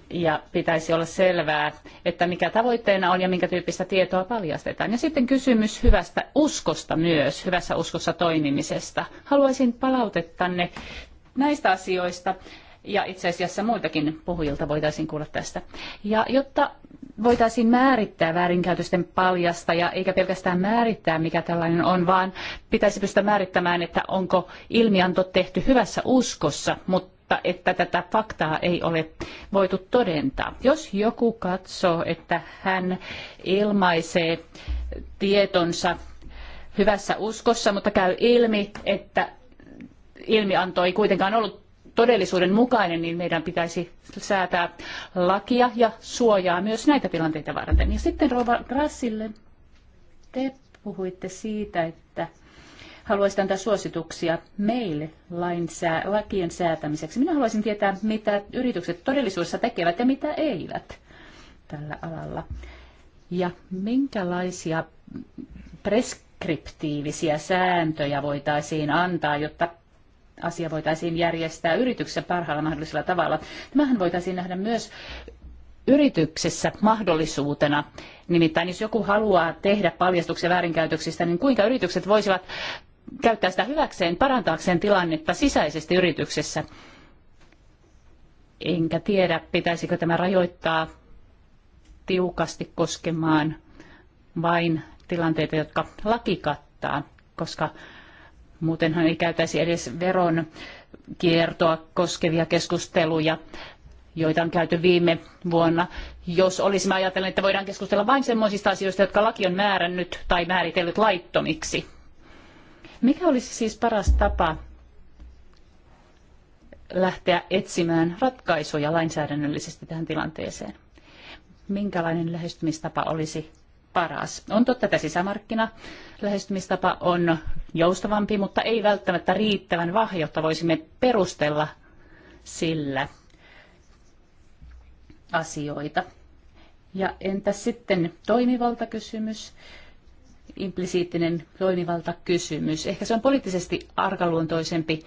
Ja pitäisi olla selvää, että mikä tavoitteena on ja minkä tyyppistä tietoa paljastetaan. Ja sitten kysymys hyvästä uskosta myös, hyvässä uskossa toimimisesta. Haluaisin palautettanne näistä asioista ja itse asiassa muiltakin puhujilta voitaisiin kuulla tästä. Ja jotta voitaisiin määrittää väärinkäytösten paljasta ja eikä pelkästään määrittää, mikä tällainen on, vaan pitäisi pystyä määrittämään, että onko ilmianto tehty hyvässä uskossa, mutta että tätä faktaa ei ole voitu todentaa. Jos joku katsoo, että hän ilmaisee tietonsa hyvässä uskossa, mutta käy ilmi, että ilmianto ei kuitenkaan ollut todellisuuden mukainen, niin meidän pitäisi säätää lakia ja suojaa myös näitä tilanteita varten. Ja sitten Rova Grassille, te puhuitte siitä, että haluaisit antaa suosituksia meille lainsää, lakien säätämiseksi. Minä haluaisin tietää, mitä yritykset todellisuudessa tekevät ja mitä eivät tällä alalla. Ja minkälaisia preskriptiivisiä sääntöjä voitaisiin antaa, jotta asia voitaisiin järjestää yrityksessä parhaalla mahdollisella tavalla. Tämähän voitaisiin nähdä myös yrityksessä mahdollisuutena. Nimittäin jos joku haluaa tehdä paljastuksia väärinkäytöksistä, niin kuinka yritykset voisivat käyttää sitä hyväkseen parantaakseen tilannetta sisäisesti yrityksessä? Enkä tiedä, pitäisikö tämä rajoittaa tiukasti koskemaan vain tilanteita, jotka laki kattaa, koska Muutenhan ei käytäisi edes veron kiertoa koskevia keskusteluja, joita on käyty viime vuonna. Jos olisimme ajatelleet, että voidaan keskustella vain sellaisista asioista, jotka laki on määrännyt tai määritellyt laittomiksi. Mikä olisi siis paras tapa lähteä etsimään ratkaisuja lainsäädännöllisesti tähän tilanteeseen? Minkälainen lähestymistapa olisi paras. On totta, että sisämarkkina lähestymistapa on joustavampi, mutta ei välttämättä riittävän vahva, jotta voisimme perustella sillä asioita. Ja entäs sitten toimivaltakysymys? implisiittinen toimivaltakysymys. Ehkä se on poliittisesti arkaluontoisempi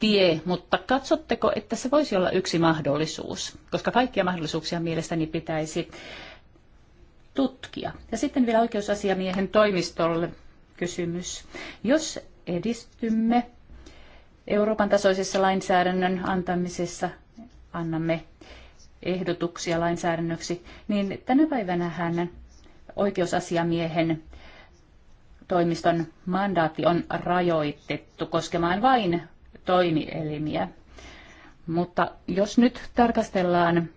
tie, mutta katsotteko, että se voisi olla yksi mahdollisuus? Koska kaikkia mahdollisuuksia mielestäni pitäisi tutkia. Ja sitten vielä oikeusasiamiehen toimistolle kysymys. Jos edistymme Euroopan tasoisessa lainsäädännön antamisessa, annamme ehdotuksia lainsäädännöksi, niin tänä päivänä hän oikeusasiamiehen toimiston mandaatti on rajoitettu koskemaan vain toimielimiä. Mutta jos nyt tarkastellaan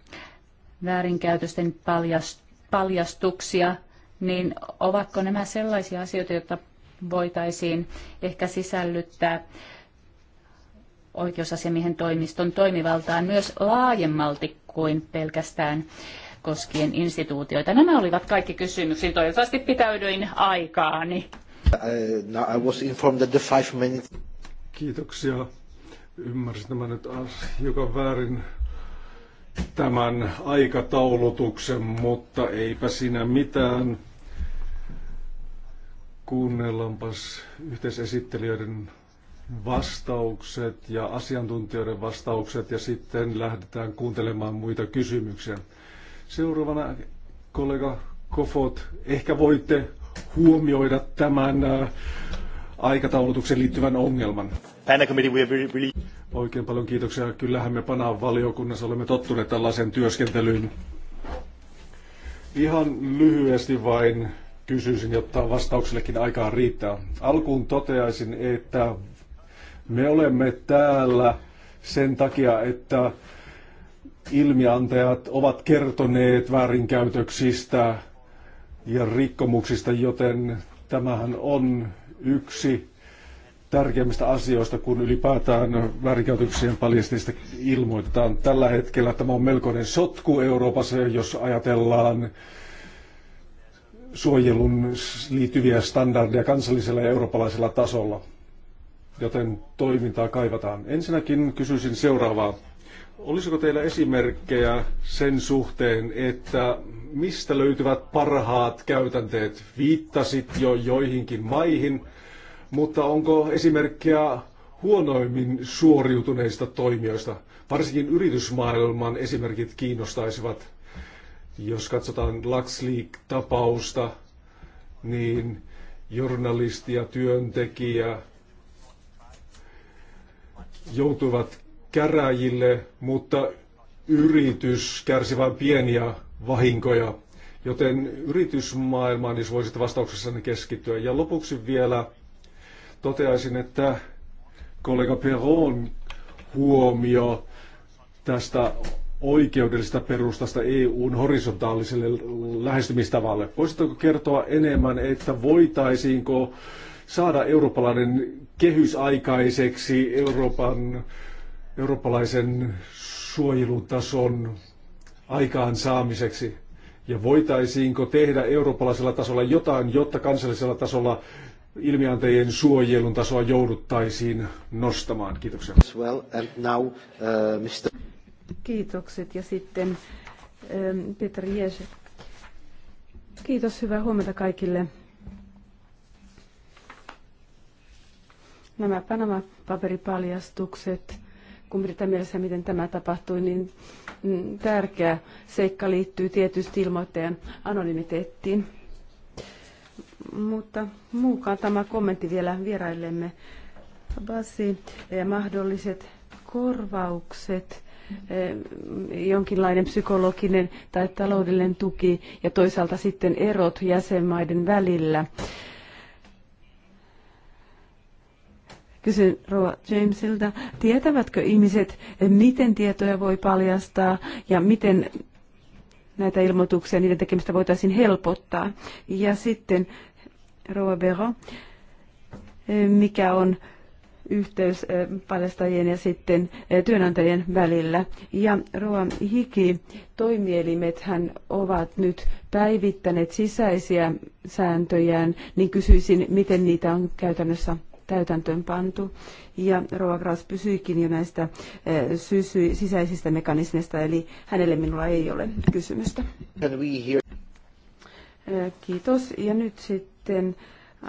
väärinkäytösten paljastumista, paljastuksia, niin ovatko nämä sellaisia asioita, joita voitaisiin ehkä sisällyttää oikeusasiamiehen toimiston toimivaltaan myös laajemmalti kuin pelkästään koskien instituutioita. Nämä olivat kaikki kysymyksiä. Toivottavasti pitäydyin aikaani. I was informed that the five minutes... Kiitoksia. Ymmärsin tämän nyt hiukan väärin tämän aikataulutuksen, mutta eipä siinä mitään. Kuunnellaanpas yhteisesittelijöiden vastaukset ja asiantuntijoiden vastaukset ja sitten lähdetään kuuntelemaan muita kysymyksiä. Seuraavana kollega Kofot, ehkä voitte huomioida tämän äh, aikataulutuksen liittyvän ongelman. Oikein paljon kiitoksia. Kyllähän me Panaan valiokunnassa olemme tottuneet tällaiseen työskentelyyn. Ihan lyhyesti vain kysyisin, jotta vastauksellekin aikaa riittää. Alkuun toteaisin, että me olemme täällä sen takia, että ilmiantajat ovat kertoneet väärinkäytöksistä ja rikkomuksista, joten tämähän on yksi tärkeimmistä asioista, kun ylipäätään väärinkäytöksien paljastajista ilmoitetaan. Tällä hetkellä tämä on melkoinen sotku Euroopassa, jos ajatellaan suojelun liittyviä standardeja kansallisella ja eurooppalaisella tasolla. Joten toimintaa kaivataan. Ensinnäkin kysyisin seuraavaa. Olisiko teillä esimerkkejä sen suhteen, että mistä löytyvät parhaat käytänteet? Viittasit jo joihinkin maihin – mutta onko esimerkkiä huonoimmin suoriutuneista toimijoista? Varsinkin yritysmaailman esimerkit kiinnostaisivat. Jos katsotaan LuxLeak-tapausta, niin journalisti ja työntekijä joutuivat käräjille, mutta yritys kärsi vain pieniä vahinkoja. Joten yritysmaailmaan, jos voisit vastauksessanne keskittyä. Ja lopuksi vielä toteaisin, että kollega Peron huomio tästä oikeudellisesta perustasta EUn horisontaaliselle lähestymistavalle. Voisitteko kertoa enemmän, että voitaisiinko saada eurooppalainen kehys aikaiseksi Euroopan, eurooppalaisen suojelutason aikaansaamiseksi? Ja voitaisiinko tehdä eurooppalaisella tasolla jotain, jotta kansallisella tasolla ilmiantajien suojelun tasoa jouduttaisiin nostamaan. Kiitoksia. Well, and now, uh, Mr. Kiitokset ja sitten um, Peter Jesek. Kiitos, hyvää huomenta kaikille. Nämä Panama-paperipaljastukset, kun pidetään mielessä, miten tämä tapahtui, niin mm, tärkeä seikka liittyy tietysti ilmoittajan anonymiteettiin mutta muukaan tämä kommentti vielä vieraillemme. Basi, ja eh, mahdolliset korvaukset, eh, jonkinlainen psykologinen tai taloudellinen tuki ja toisaalta sitten erot jäsenmaiden välillä. Kysyn Roa Jamesilta, tietävätkö ihmiset, eh, miten tietoja voi paljastaa ja miten näitä ilmoituksia, niiden tekemistä voitaisiin helpottaa. Ja sitten Roa Bero, eh, mikä on yhteys eh, paljastajien ja sitten eh, työnantajien välillä. Ja Roa Hiki, toimielimethän ovat nyt päivittäneet sisäisiä sääntöjään, niin kysyisin, miten niitä on käytännössä täytäntöön pantu. Ja Roa Gras pysyikin jo näistä sisäisistä mekanismeista, eli hänelle minulla ei ole kysymystä. Kiitos. Ja nyt sitten sitten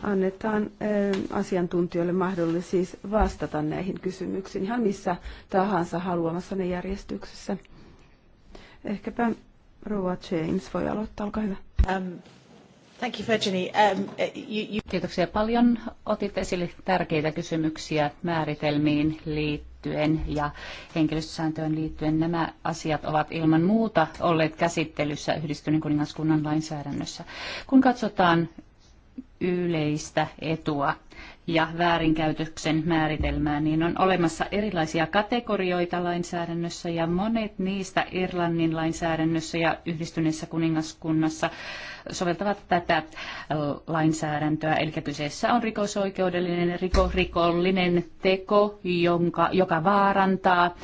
annetaan eh, asiantuntijoille mahdollisuus siis vastata näihin kysymyksiin ihan missä tahansa haluamassanne järjestyksessä. Ehkäpä Rova James voi aloittaa, olkaa hyvä. Um, thank you, Um, you, you... Kiitoksia paljon. Otit esille tärkeitä kysymyksiä määritelmiin liittyen ja henkilöstösääntöön liittyen. Nämä asiat ovat ilman muuta olleet käsittelyssä yhdistyneen kuningaskunnan lainsäädännössä. Kun katsotaan yleistä etua ja väärinkäytöksen määritelmää, niin on olemassa erilaisia kategorioita lainsäädännössä ja monet niistä Irlannin lainsäädännössä ja yhdistyneessä kuningaskunnassa soveltavat tätä lainsäädäntöä. Eli kyseessä on rikosoikeudellinen rikollinen teko, jonka, joka vaarantaa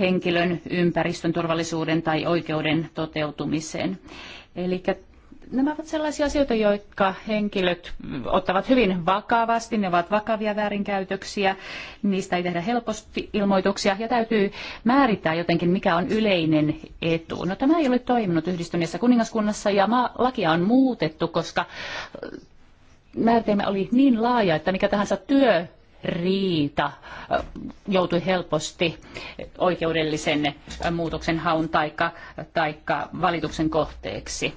henkilön ympäristön turvallisuuden tai oikeuden toteutumisen. Eli Nämä ovat sellaisia asioita, jotka henkilöt ottavat hyvin vakavasti. Ne ovat vakavia väärinkäytöksiä, niistä ei tehdä helposti ilmoituksia ja täytyy määrittää jotenkin, mikä on yleinen etu. No tämä ei ole toiminut yhdistyneessä kuningaskunnassa ja maa, lakia on muutettu, koska määritelmä oli niin laaja, että mikä tahansa työ riita joutui helposti oikeudellisen muutoksen haun taikka, taikka valituksen kohteeksi.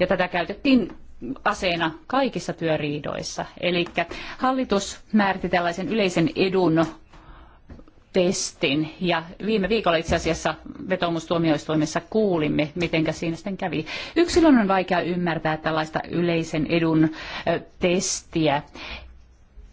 Ja tätä käytettiin aseena kaikissa työriidoissa. Eli hallitus määritti tällaisen yleisen edun testin. Ja viime viikolla itse asiassa vetomustuomioistuimessa kuulimme, miten siinä sitten kävi. Yksilön on vaikea ymmärtää tällaista yleisen edun testiä,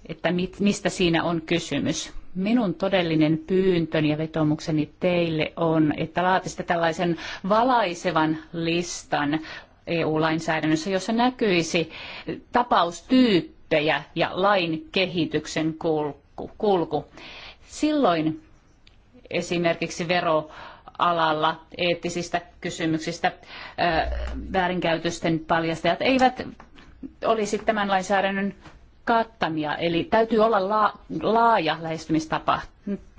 että mit, mistä siinä on kysymys. Minun todellinen pyyntöni ja vetomukseni teille on, että laatisitte tällaisen valaisevan listan EU-lainsäädännössä, jossa näkyisi tapaustyyppejä ja lain kehityksen kulku. kulku. Silloin esimerkiksi veroalalla eettisistä kysymyksistä väärinkäytösten paljastajat eivät olisi tämän lainsäädännön kattamia, eli täytyy olla laaja lähestymistapa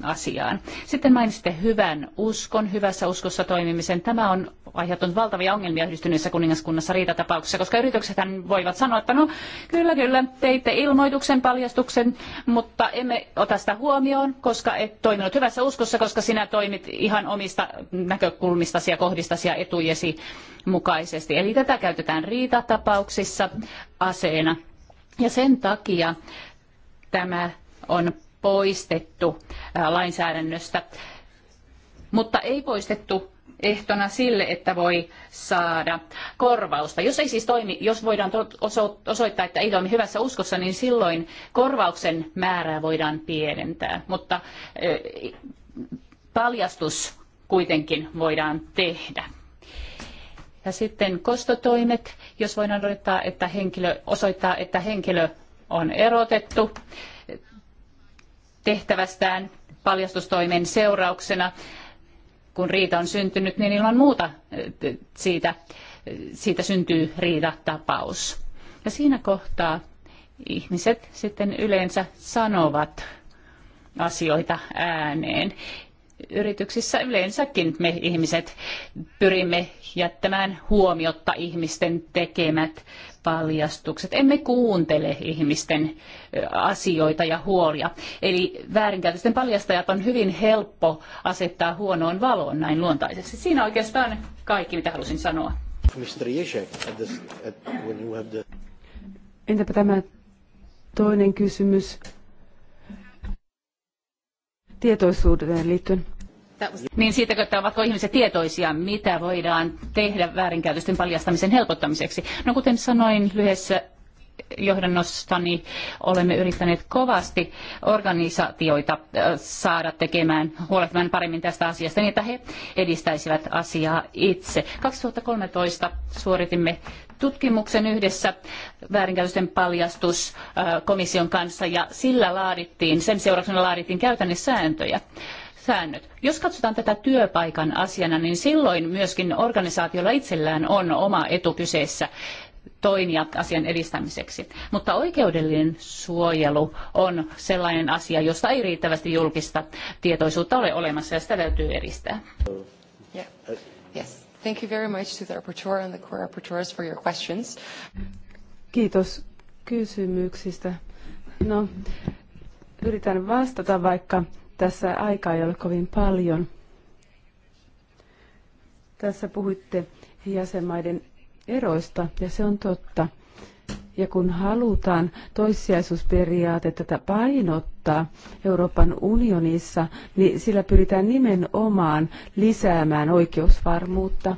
asiaan. Sitten mainitsitte hyvän uskon, hyvässä uskossa toimimisen. Tämä on aiheuttanut valtavia ongelmia yhdistyneessä kuningaskunnassa riitatapauksessa, koska yritykset voivat sanoa, että no kyllä, kyllä, teitte ilmoituksen, paljastuksen, mutta emme ota sitä huomioon, koska et toiminut hyvässä uskossa, koska sinä toimit ihan omista näkökulmistasi ja kohdistasi ja etujesi mukaisesti. Eli tätä käytetään riitatapauksissa aseena ja sen takia tämä on poistettu lainsäädännöstä, mutta ei poistettu ehtona sille, että voi saada korvausta. Jos ei siis toimi, jos voidaan osoittaa, että ei toimi hyvässä uskossa, niin silloin korvauksen määrää voidaan pienentää. Mutta paljastus kuitenkin voidaan tehdä. Ja sitten kostotoimet, jos voidaan odottaa, että henkilö osoittaa, että henkilö on erotettu tehtävästään paljastustoimen seurauksena, kun riita on syntynyt, niin ilman muuta eh, siitä, eh, siitä syntyy riitatapaus. Ja siinä kohtaa ihmiset sitten yleensä sanovat asioita ääneen yrityksissä yleensäkin me ihmiset pyrimme jättämään huomiotta ihmisten tekemät paljastukset. Emme kuuntele ihmisten asioita ja huolia. Eli väärinkäytösten paljastajat on hyvin helppo asettaa huonoon valoon näin luontaisesti. Siinä oikeastaan kaikki, mitä halusin sanoa. Entäpä tämä toinen kysymys? tietoisuuteen liittyen. Niin siitä, että ovatko ihmiset tietoisia, mitä voidaan tehdä väärinkäytösten paljastamisen helpottamiseksi? No kuten sanoin lyhyessä johdannostani olemme yrittäneet kovasti organisaatioita saada tekemään, huolehtimaan paremmin tästä asiasta niin, että he edistäisivät asiaa itse. 2013 suoritimme tutkimuksen yhdessä väärinkäytösten paljastus komission kanssa ja sillä laadittiin, sen seurauksena laadittiin käytännön sääntöjä säännöt. Jos katsotaan tätä työpaikan asiana, niin silloin myöskin organisaatiolla itsellään on oma etu kyseessä toimia asian edistämiseksi. Mutta oikeudellinen suojelu on sellainen asia, josta ei riittävästi julkista tietoisuutta ole olemassa ja sitä täytyy edistää. Thank you very much to the rapporteur and the co-rapporteurs for your questions. Kiitos kysymyksistä. No, yritän vastata, vaikka tässä aikaa ei ole kovin paljon. Tässä puhuitte jäsenmaiden eroista, ja se on totta. Ja kun halutaan toissijaisuusperiaatetta painottaa Euroopan unionissa, niin sillä pyritään nimenomaan lisäämään oikeusvarmuutta.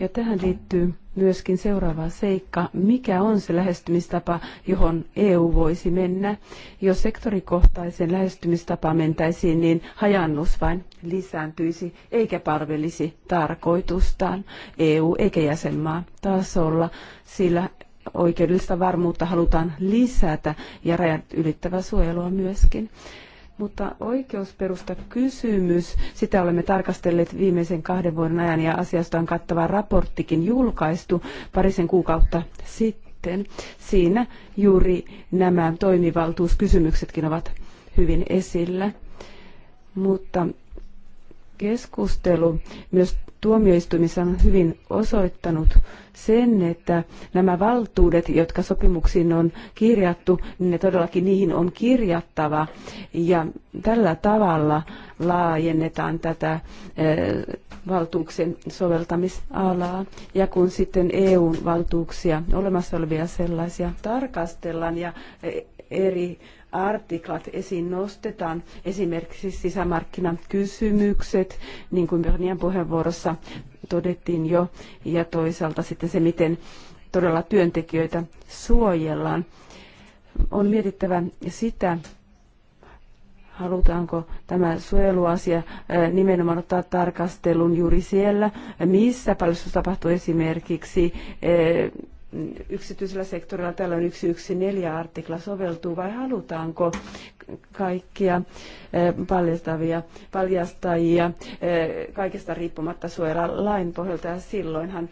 Ja tähän liittyy myöskin seuraava seikka, mikä on se lähestymistapa, johon EU voisi mennä. Jos sektorikohtaisen lähestymistapaan mentäisiin, niin hajannus vain lisääntyisi eikä parvelisi tarkoitustaan EU- eikä jäsenmaan tasolla, sillä oikeudellista varmuutta halutaan lisätä ja rajat ylittävää suojelua myöskin. Mutta oikeusperusta kysymys, sitä olemme tarkastelleet viimeisen kahden vuoden ajan ja asiasta on kattava raporttikin julkaistu parisen kuukautta sitten. Siinä juuri nämä toimivaltuuskysymyksetkin ovat hyvin esillä. Mutta keskustelu myös tuomioistuimissa on hyvin osoittanut sen, että nämä valtuudet, jotka sopimuksiin on kirjattu, niin ne todellakin niihin on kirjattava. Ja tällä tavalla laajennetaan tätä eh, valtuuksien soveltamisalaa. Ja kun sitten EUn valtuuksia, olemassa olevia sellaisia, tarkastellaan ja eh, eri artiklat esiin nostetaan, esimerkiksi sisämarkkinakysymykset, niin kuin Bernian puheenvuorossa todettiin jo, ja toisaalta sitten se, miten todella työntekijöitä suojellaan. On mietittävä sitä, halutaanko tämä suojeluasia nimenomaan ottaa tarkastelun juuri siellä, missä paljon tapahtuu esimerkiksi yksityisellä sektorilla tällöin neljä artikla soveltuu vai halutaanko kaikkia eh, paljastavia, paljastajia eh, kaikesta riippumatta suojella lain pohjalta ja silloinhan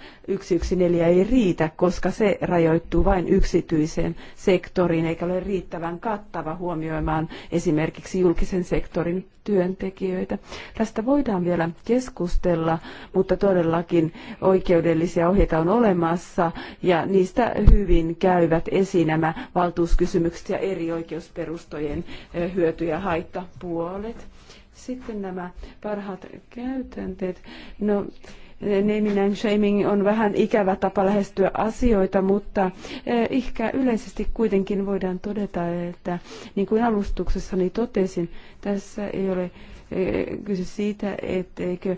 neljä ei riitä, koska se rajoittuu vain yksityiseen sektoriin eikä ole riittävän kattava huomioimaan esimerkiksi julkisen sektorin työntekijöitä. Tästä voidaan vielä keskustella, mutta todellakin oikeudellisia ohjeita on olemassa ja niistä hyvin käyvät esiin nämä valtuuskysymykset ja eri oikeusperustojen hyöty- ja haittapuolet. Sitten nämä parhaat käytänteet. No, naming and shaming on vähän ikävä tapa lähestyä asioita, mutta ehkä yleisesti kuitenkin voidaan todeta, että niin kuin alustuksessani totesin, tässä ei ole kyse siitä, etteikö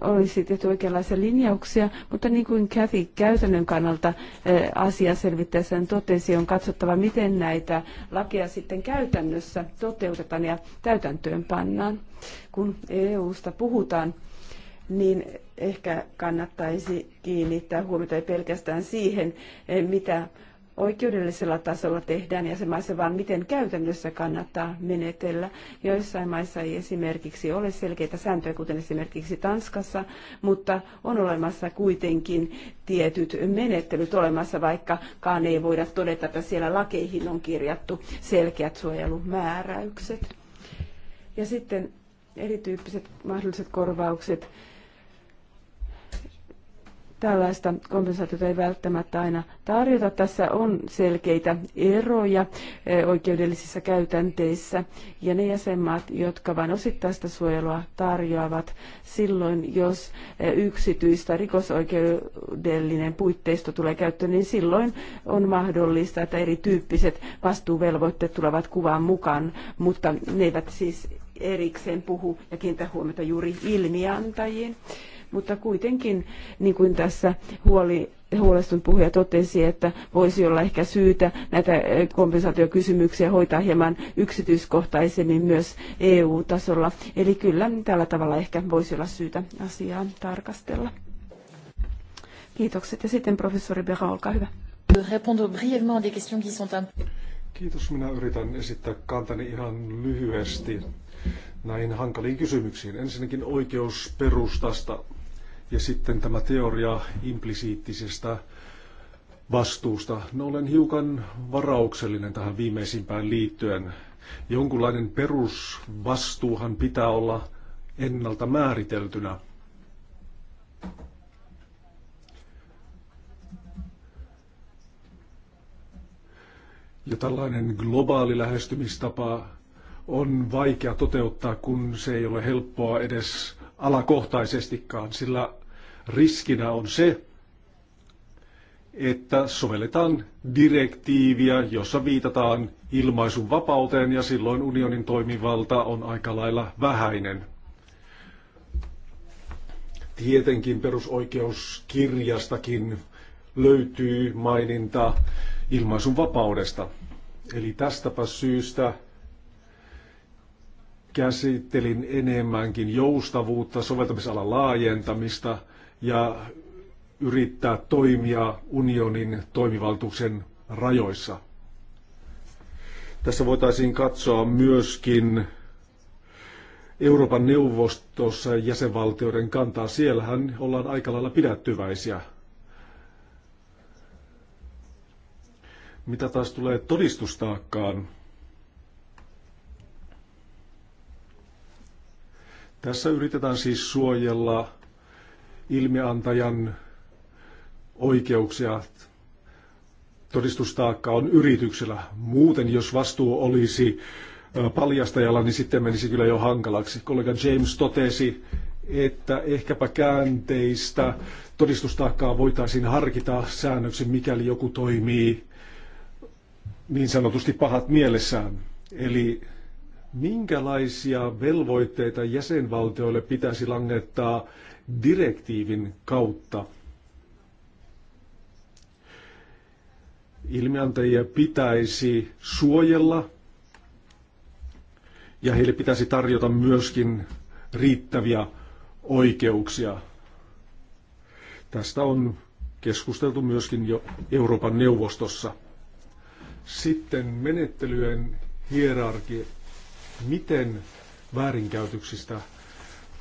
olisi tehty oikeanlaisia linjauksia, mutta niin kuin Kathy käytännön kannalta e, asia selvittäessään totesi, on katsottava, miten näitä lakeja sitten käytännössä toteutetaan ja täytäntöön pannaan. Kun EU-sta puhutaan, niin ehkä kannattaisi kiinnittää huomiota pelkästään siihen, e, mitä oikeudellisella tasolla tehdään jäsenmaissa, vaan miten käytännössä kannattaa menetellä. Joissain maissa ei esimerkiksi ole selkeitä sääntöjä, kuten esimerkiksi Tanskassa, mutta on olemassa kuitenkin tietyt menettelyt olemassa, vaikkakaan ei voida todeta, että siellä lakeihin on kirjattu selkeät suojelumääräykset. Ja sitten erityyppiset mahdolliset korvaukset Tällaista kompensaatiota ei välttämättä aina tarjota. Tässä on selkeitä eroja eh, oikeudellisissa käytänteissä ja ne jäsenmaat, jotka vain osittaista suojelua tarjoavat silloin, jos eh, yksityistä rikosoikeudellinen puitteisto tulee käyttöön, niin silloin on mahdollista, että erityyppiset vastuuvelvoitteet tulevat kuvaan mukaan, mutta ne eivät siis erikseen puhu ja kiinnitä huomiota juuri ilmiantajiin mutta kuitenkin, niin kuin tässä huoli huolestunut puhuja totesi, että voisi olla ehkä syytä näitä eh, kompensaatiokysymyksiä hoitaa hieman yksityiskohtaisemmin myös EU-tasolla. Eli kyllä niin tällä tavalla ehkä voisi olla syytä asiaa tarkastella. Kiitokset. Ja sitten professori Bera, olkaa hyvä. Kiitos. Minä yritän esittää kantani ihan lyhyesti näihin hankaliin kysymyksiin. Ensinnäkin oikeusperustasta. Ja sitten tämä teoria implisiittisestä vastuusta. No olen hiukan varauksellinen tähän viimeisimpään liittyen. Jonkunlainen perusvastuuhan pitää olla ennalta määriteltynä. Ja tällainen globaali lähestymistapa on vaikea toteuttaa, kun se ei ole helppoa edes alakohtaisestikaan, sillä riskinä on se, että sovelletaan direktiiviä, jossa viitataan ilmaisun vapauteen ja silloin unionin toimivalta on aika lailla vähäinen. Tietenkin perusoikeuskirjastakin löytyy maininta ilmaisun vapaudesta. Eli tästäpä syystä käsittelin enemmänkin joustavuutta, soveltamisalan laajentamista ja yrittää toimia unionin toimivaltuuksen rajoissa. Tässä voitaisiin katsoa myöskin Euroopan neuvostossa jäsenvaltioiden kantaa. Siellähän ollaan aika lailla pidättyväisiä. Mitä taas tulee todistustaakkaan, Tässä yritetään siis suojella ilmiantajan oikeuksia. Todistustaakka on yrityksellä. Muuten, jos vastuu olisi paljastajalla, niin sitten menisi kyllä jo hankalaksi. Kollega James totesi, että ehkäpä käänteistä todistustaakkaa voitaisiin harkita säännöksen, mikäli joku toimii niin sanotusti pahat mielessään. Eli Minkälaisia velvoitteita jäsenvaltioille pitäisi langettaa direktiivin kautta? Ilmiantajia pitäisi suojella ja heille pitäisi tarjota myöskin riittäviä oikeuksia. Tästä on keskusteltu myöskin jo Euroopan neuvostossa. Sitten menettelyjen hierarki, miten väärinkäytöksistä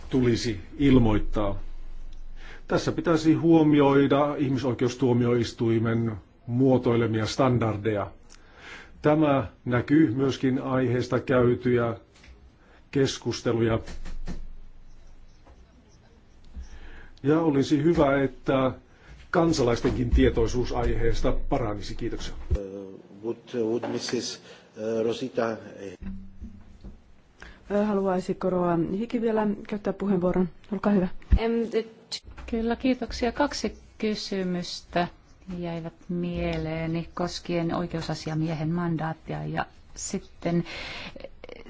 tulisi ilmoittaa. Tässä pitäisi huomioida ihmisoikeustuomioistuimen muotoilemia standardeja. Tämä näkyy myöskin aiheesta käytyjä keskusteluja. Ja olisi hyvä, että kansalaistenkin tietoisuus aiheesta paranisi. Kiitoksia. Uh, would, uh, would Mrs. Uh, Rosita... Uh, Haluaisiko Roa Hiki vielä käyttää puheenvuoron? Olkaa hyvä. Kyllä, kiitoksia. Kaksi kysymystä jäivät mieleeni koskien oikeusasiamiehen mandaattia ja sitten eh,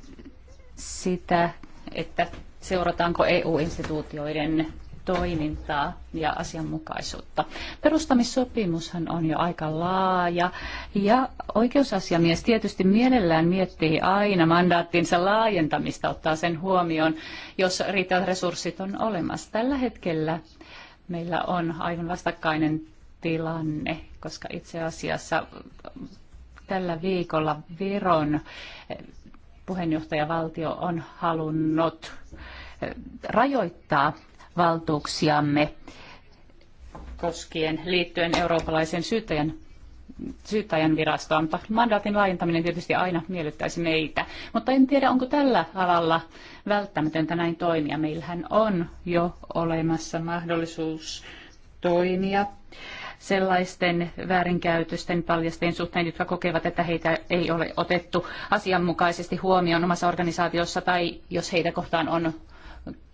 sitä, että seurataanko EU-instituutioiden toimintaa ja asianmukaisuutta. Perustamissopimushan on jo aika laaja ja oikeusasiamies tietysti mielellään miettii aina mandaattinsa laajentamista, ottaa sen huomioon, jos riittävät resurssit on olemassa. Tällä hetkellä meillä on aivan vastakkainen tilanne, koska itse asiassa tällä viikolla Viron puheenjohtajavaltio on halunnut rajoittaa valtuuksiamme koskien liittyen eurooppalaisen syyttäjän syyttäjän virastoa, mutta mandaatin laajentaminen tietysti aina miellyttäisi meitä. Mutta en tiedä, onko tällä alalla välttämätöntä näin toimia. Meillähän on jo olemassa mahdollisuus toimia sellaisten väärinkäytösten paljastajien suhteen, jotka kokevat, että heitä ei ole otettu asianmukaisesti huomioon omassa organisaatiossa tai jos heitä kohtaan on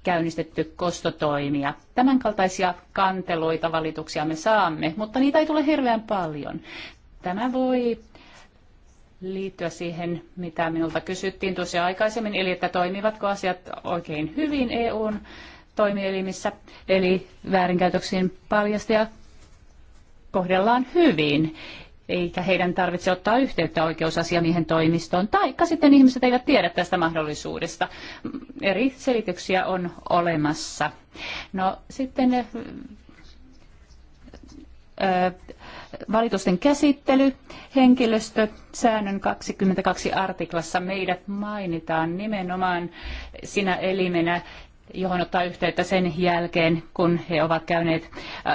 käynnistetty kostotoimia. Tämänkaltaisia kanteluita, valituksia me saamme, mutta niitä ei tule hirveän paljon. Tämä voi liittyä siihen, mitä minulta kysyttiin tuossa aikaisemmin, eli että toimivatko asiat oikein hyvin EUn toimielimissä, eli väärinkäytöksiin paljastaja ja kohdellaan hyvin eikä heidän tarvitse ottaa yhteyttä oikeusasiamiehen toimistoon, taikka sitten ihmiset eivät tiedä tästä mahdollisuudesta. Eri selityksiä on olemassa. No sitten valitusten käsittely, henkilöstö, säännön 22 artiklassa meidät mainitaan nimenomaan sinä elimenä, johon ottaa yhteyttä sen jälkeen, kun he ovat käyneet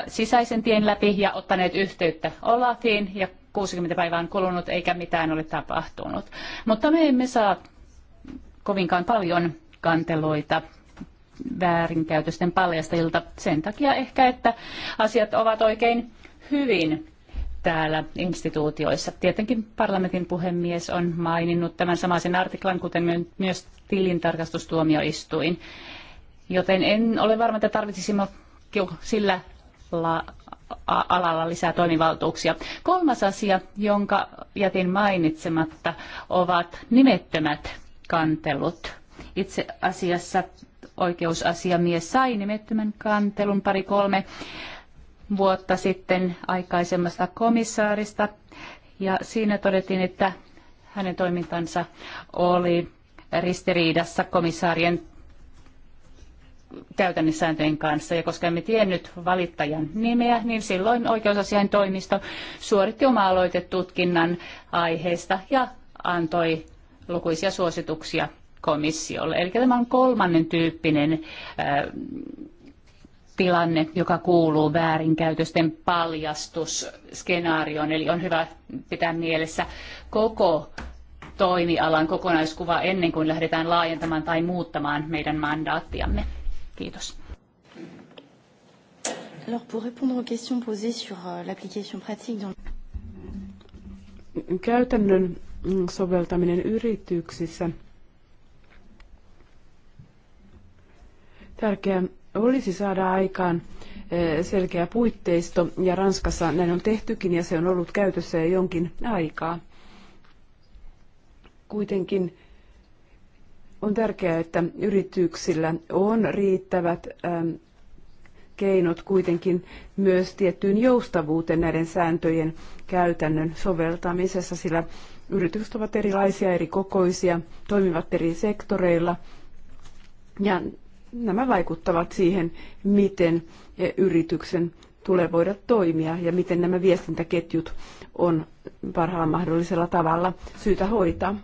sisäisen tien läpi ja ottaneet yhteyttä Olafiin ja 60 päivää on kulunut eikä mitään ole tapahtunut. Mutta me emme saa kovinkaan paljon kanteluita väärinkäytösten paljastajilta sen takia ehkä, että asiat ovat oikein hyvin täällä instituutioissa. Tietenkin parlamentin puhemies on maininnut tämän samaisen artiklan, kuten myös tilintarkastustuomioistuin. Joten en ole varma, että tarvitsisimme sillä alalla lisää toimivaltuuksia. Kolmas asia, jonka jätin mainitsematta, ovat nimettömät kantelut. Itse asiassa oikeusasiamies sai nimettömän kantelun pari-kolme vuotta sitten aikaisemmasta komissaarista. Ja siinä todettiin, että hänen toimintansa oli ristiriidassa komissaarien käytännesääntöjen kanssa. Ja koska emme tiennyt valittajan nimeä, niin silloin oikeusasiain toimisto suoritti oma-aloitetutkinnan aiheesta ja antoi lukuisia suosituksia komissiolle. Eli tämä on kolmannen tyyppinen ää, tilanne, joka kuuluu väärinkäytösten paljastusskenaarioon. Eli on hyvä pitää mielessä koko toimialan kokonaiskuva ennen kuin lähdetään laajentamaan tai muuttamaan meidän mandaattiamme. Kiitos. Alors pour répondre aux questions posées sur euh, l'application pratique dans Käytännön soveltaminen yrityksissä. Tärkeää olisi saada aikaan eh, selkeä puitteisto, ja Ranskassa näin on tehtykin, ja se on ollut käytössä jo jonkin aikaa. Kuitenkin on tärkeää, että yrityksillä on riittävät ähm, keinot kuitenkin myös tiettyyn joustavuuteen näiden sääntöjen käytännön soveltamisessa, sillä yritykset ovat erilaisia, eri kokoisia, toimivat eri sektoreilla ja nämä vaikuttavat siihen, miten eh, yrityksen tulee voida toimia ja miten nämä viestintäketjut on parhaalla mahdollisella tavalla syytä hoitaa.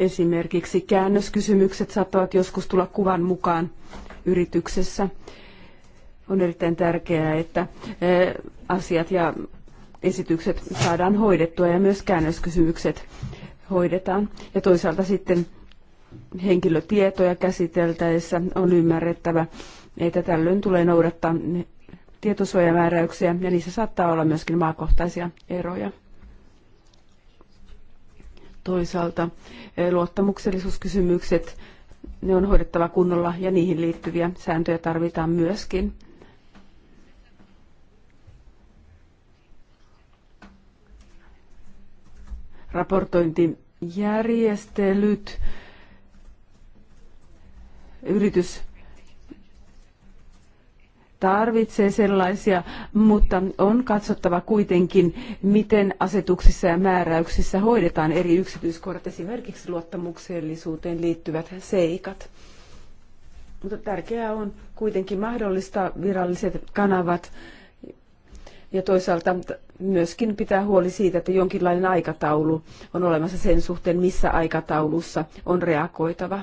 Esimerkiksi käännöskysymykset saattavat joskus tulla kuvan mukaan yrityksessä. On erittäin tärkeää, että eh, asiat ja esitykset saadaan hoidettua ja myös käännöskysymykset hoidetaan. Ja toisaalta sitten henkilötietoja käsiteltäessä on ymmärrettävä, että tällöin tulee noudattaa tietosuojamääräyksiä ja niissä saattaa olla myöskin maakohtaisia eroja toisaalta eh, luottamuksellisuuskysymykset, ne on hoidettava kunnolla ja niihin liittyviä sääntöjä tarvitaan myöskin. Raportointijärjestelyt, yritys tarvitsee sellaisia, mutta on katsottava kuitenkin, miten asetuksissa ja määräyksissä hoidetaan eri yksityiskohdat, esimerkiksi luottamuksellisuuteen liittyvät seikat. Mutta tärkeää on kuitenkin mahdollistaa viralliset kanavat ja toisaalta myöskin pitää huoli siitä, että jonkinlainen aikataulu on olemassa sen suhteen, missä aikataulussa on reagoitava.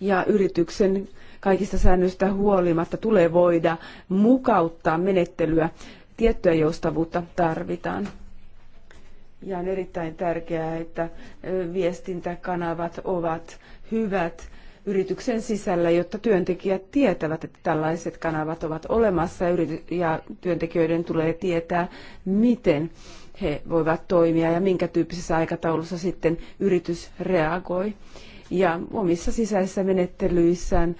Ja yrityksen kaikista säännöistä huolimatta tulee voida mukauttaa menettelyä. Tiettyä joustavuutta tarvitaan. Ja on erittäin tärkeää, että viestintäkanavat ovat hyvät yrityksen sisällä, jotta työntekijät tietävät, että tällaiset kanavat ovat olemassa ja työntekijöiden tulee tietää, miten he voivat toimia ja minkä tyyppisessä aikataulussa sitten yritys reagoi ja omissa sisäisissä menettelyissään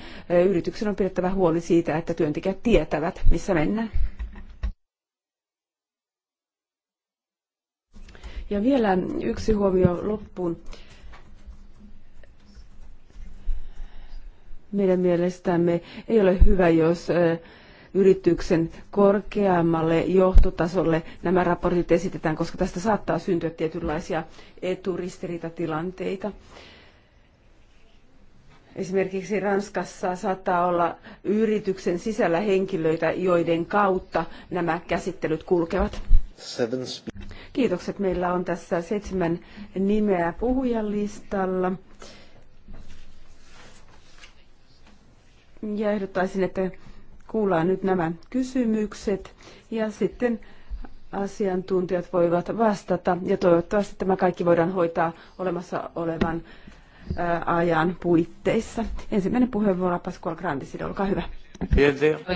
yrityksen on pidettävä huoli siitä, että työntekijät tietävät, missä mennään. Ja vielä yksi huomio loppuun. Meidän mielestämme ei ole hyvä, jos yrityksen korkeammalle johtotasolle nämä raportit esitetään, koska tästä saattaa syntyä tietynlaisia eturistiriitatilanteita. tilanteita Esimerkiksi Ranskassa saattaa olla yrityksen sisällä henkilöitä, joiden kautta nämä käsittelyt kulkevat. Kiitokset. Meillä on tässä seitsemän nimeä puhujan listalla. Ja ehdottaisin, että kuullaan nyt nämä kysymykset ja sitten asiantuntijat voivat vastata ja toivottavasti tämä kaikki voidaan hoitaa olemassa olevan ajan puitteissa. Ensimmäinen puheenvuoro Pascual Grandisille, olkaa hyvä.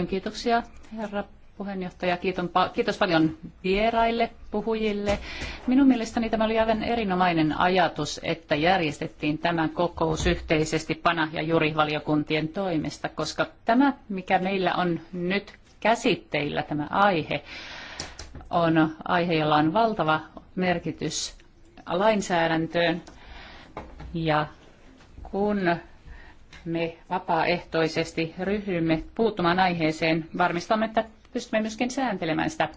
Kiitoksia herra puheenjohtaja. Kiiton, kiitos paljon vieraille, puhujille. Minun mielestäni tämä oli aivan erinomainen ajatus, että järjestettiin tämän kokous yhteisesti pana- ja jurivaliokuntien toimesta, koska tämä, mikä meillä on nyt käsitteillä, tämä aihe, on aihe, jolla on valtava merkitys lainsäädäntöön ja kun me vapaaehtoisesti ryhdymme puuttumaan aiheeseen, varmistamme, että pystymme myöskin sääntelemään sitä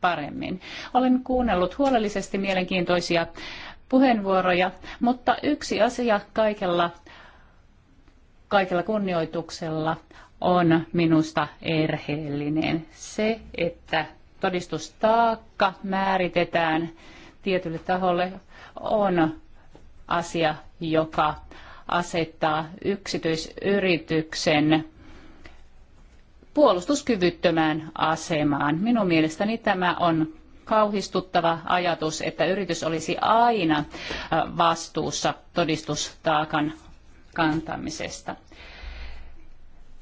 paremmin. Olen kuunnellut huolellisesti mielenkiintoisia puheenvuoroja, mutta yksi asia kaikella, kaikella kunnioituksella on minusta erheellinen. Se, että todistustaakka määritetään tietylle taholle, on asia, joka asettaa yksityisyrityksen puolustuskyvyttömään asemaan. Minun mielestäni tämä on kauhistuttava ajatus, että yritys olisi aina vastuussa todistustaakan kantamisesta.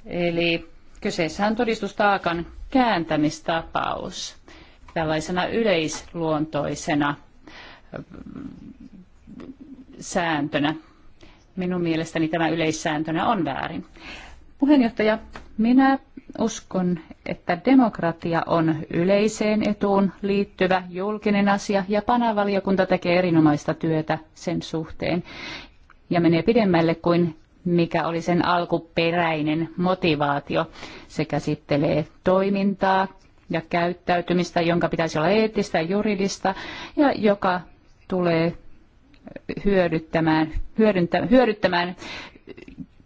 Eli kyseessä on todistustaakan kääntämistapaus tällaisena yleisluontoisena sääntönä minun mielestäni tämä yleissääntönä on väärin. Puheenjohtaja, minä uskon, että demokratia on yleiseen etuun liittyvä julkinen asia ja panavaliokunta tekee erinomaista työtä sen suhteen ja menee pidemmälle kuin mikä oli sen alkuperäinen motivaatio. Se käsittelee toimintaa ja käyttäytymistä, jonka pitäisi olla eettistä ja juridista ja joka tulee hyödyttämään, hyödyntä, hyödyttämään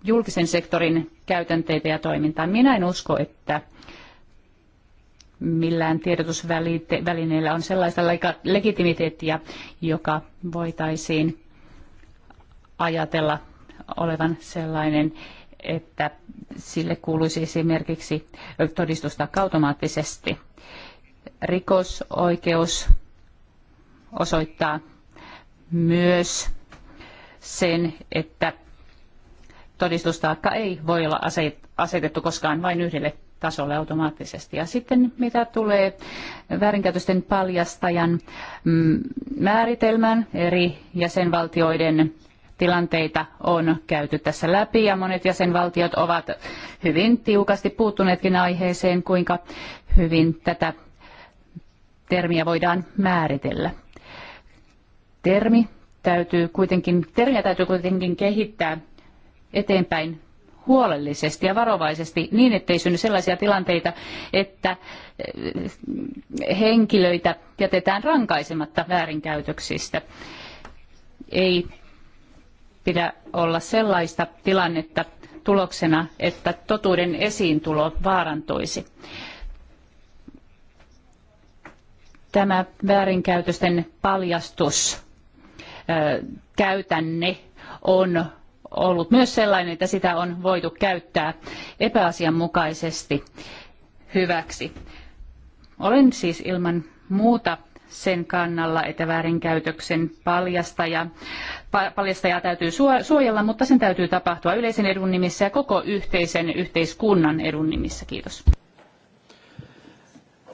julkisen sektorin käytänteitä ja toimintaa. Minä en usko, että millään tiedotusvälineellä on sellaista legitimiteettiä, joka voitaisiin ajatella olevan sellainen, että sille kuuluisi esimerkiksi todistusta automaattisesti. Rikosoikeus osoittaa myös sen, että todistustaakka ei voi olla asetettu koskaan vain yhdelle tasolle automaattisesti. Ja sitten mitä tulee väärinkäytösten paljastajan mm, määritelmän eri jäsenvaltioiden tilanteita on käyty tässä läpi ja monet jäsenvaltiot ovat hyvin tiukasti puuttuneetkin aiheeseen, kuinka hyvin tätä termiä voidaan määritellä termi täytyy kuitenkin, termiä täytyy kuitenkin kehittää eteenpäin huolellisesti ja varovaisesti niin, ettei synny sellaisia tilanteita, että eh, henkilöitä jätetään rankaisematta väärinkäytöksistä. Ei pidä olla sellaista tilannetta tuloksena, että totuuden esiintulo vaarantuisi. Tämä väärinkäytösten paljastus käytänne on ollut myös sellainen, että sitä on voitu käyttää epäasianmukaisesti hyväksi. Olen siis ilman muuta sen kannalla, että väärinkäytöksen paljastaja, paljastajaa täytyy suojella, mutta sen täytyy tapahtua yleisen edun nimissä ja koko yhteisen yhteiskunnan edun nimissä. Kiitos.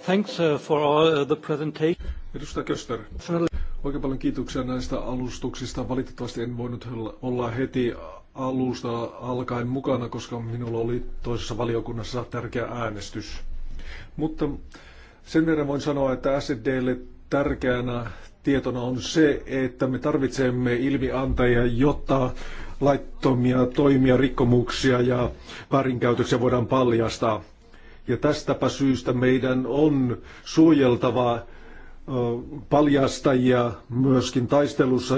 Thanks uh, for all uh, the presentation. Edustaja Köster. Oikein paljon kiitoksia näistä alustuksista. Valitettavasti en voinut olla heti alusta alkaen mukana, koska minulla oli toisessa valiokunnassa tärkeä äänestys. Mutta sen verran voin sanoa, että SDlle tärkeänä tietona on se, että me tarvitsemme ilmiantajia, jotta laittomia toimia, rikkomuksia ja väärinkäytöksiä voidaan paljastaa. Ja tästäpä syystä meidän on suojeltava paljastajia myöskin taistelussa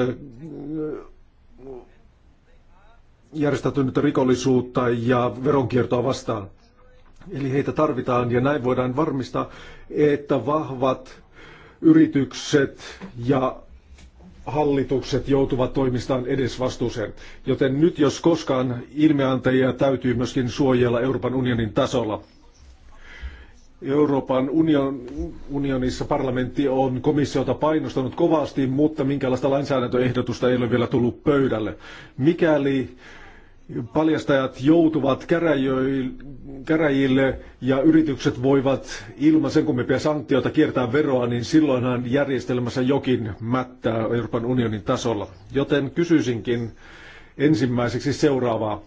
järjestäytynyttä rikollisuutta ja veronkiertoa vastaan. Eli heitä tarvitaan ja näin voidaan varmistaa, että vahvat yritykset ja hallitukset joutuvat toimistaan edesvastuuseen. Joten nyt jos koskaan ilmeantajia täytyy myöskin suojella Euroopan unionin tasolla. Euroopan union, unionissa parlamentti on komissiota painostanut kovasti, mutta minkälaista lainsäädäntöehdotusta ei ole vielä tullut pöydälle. Mikäli paljastajat joutuvat käräjille ja yritykset voivat ilman sen kummempia sanktioita kiertää veroa, niin silloinhan järjestelmässä jokin mättää Euroopan unionin tasolla. Joten kysyisinkin ensimmäiseksi seuraavaa.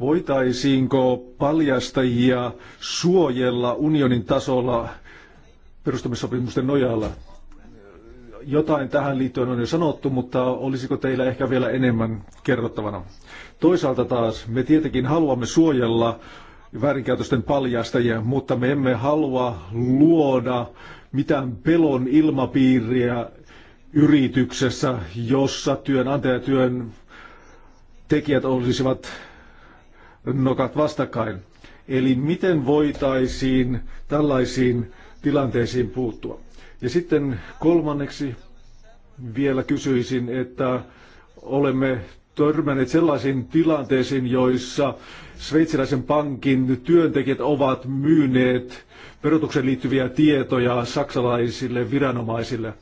Voitaisiinko paljastajia suojella unionin tasolla perustamissopimusten nojalla? Jotain tähän liittyen on jo sanottu, mutta olisiko teillä ehkä vielä enemmän kerrottavana? Toisaalta taas me tietenkin haluamme suojella väärinkäytösten paljastajia, mutta me emme halua luoda mitään pelon ilmapiiriä yrityksessä, jossa työnantaja ja tekijät olisivat nokat vastakkain. Eli miten voitaisiin tällaisiin tilanteisiin puuttua? Ja sitten kolmanneksi vielä kysyisin, että olemme törmänneet sellaisiin tilanteisiin, joissa sveitsiläisen pankin työntekijät ovat myyneet verotukseen liittyviä tietoja saksalaisille viranomaisille.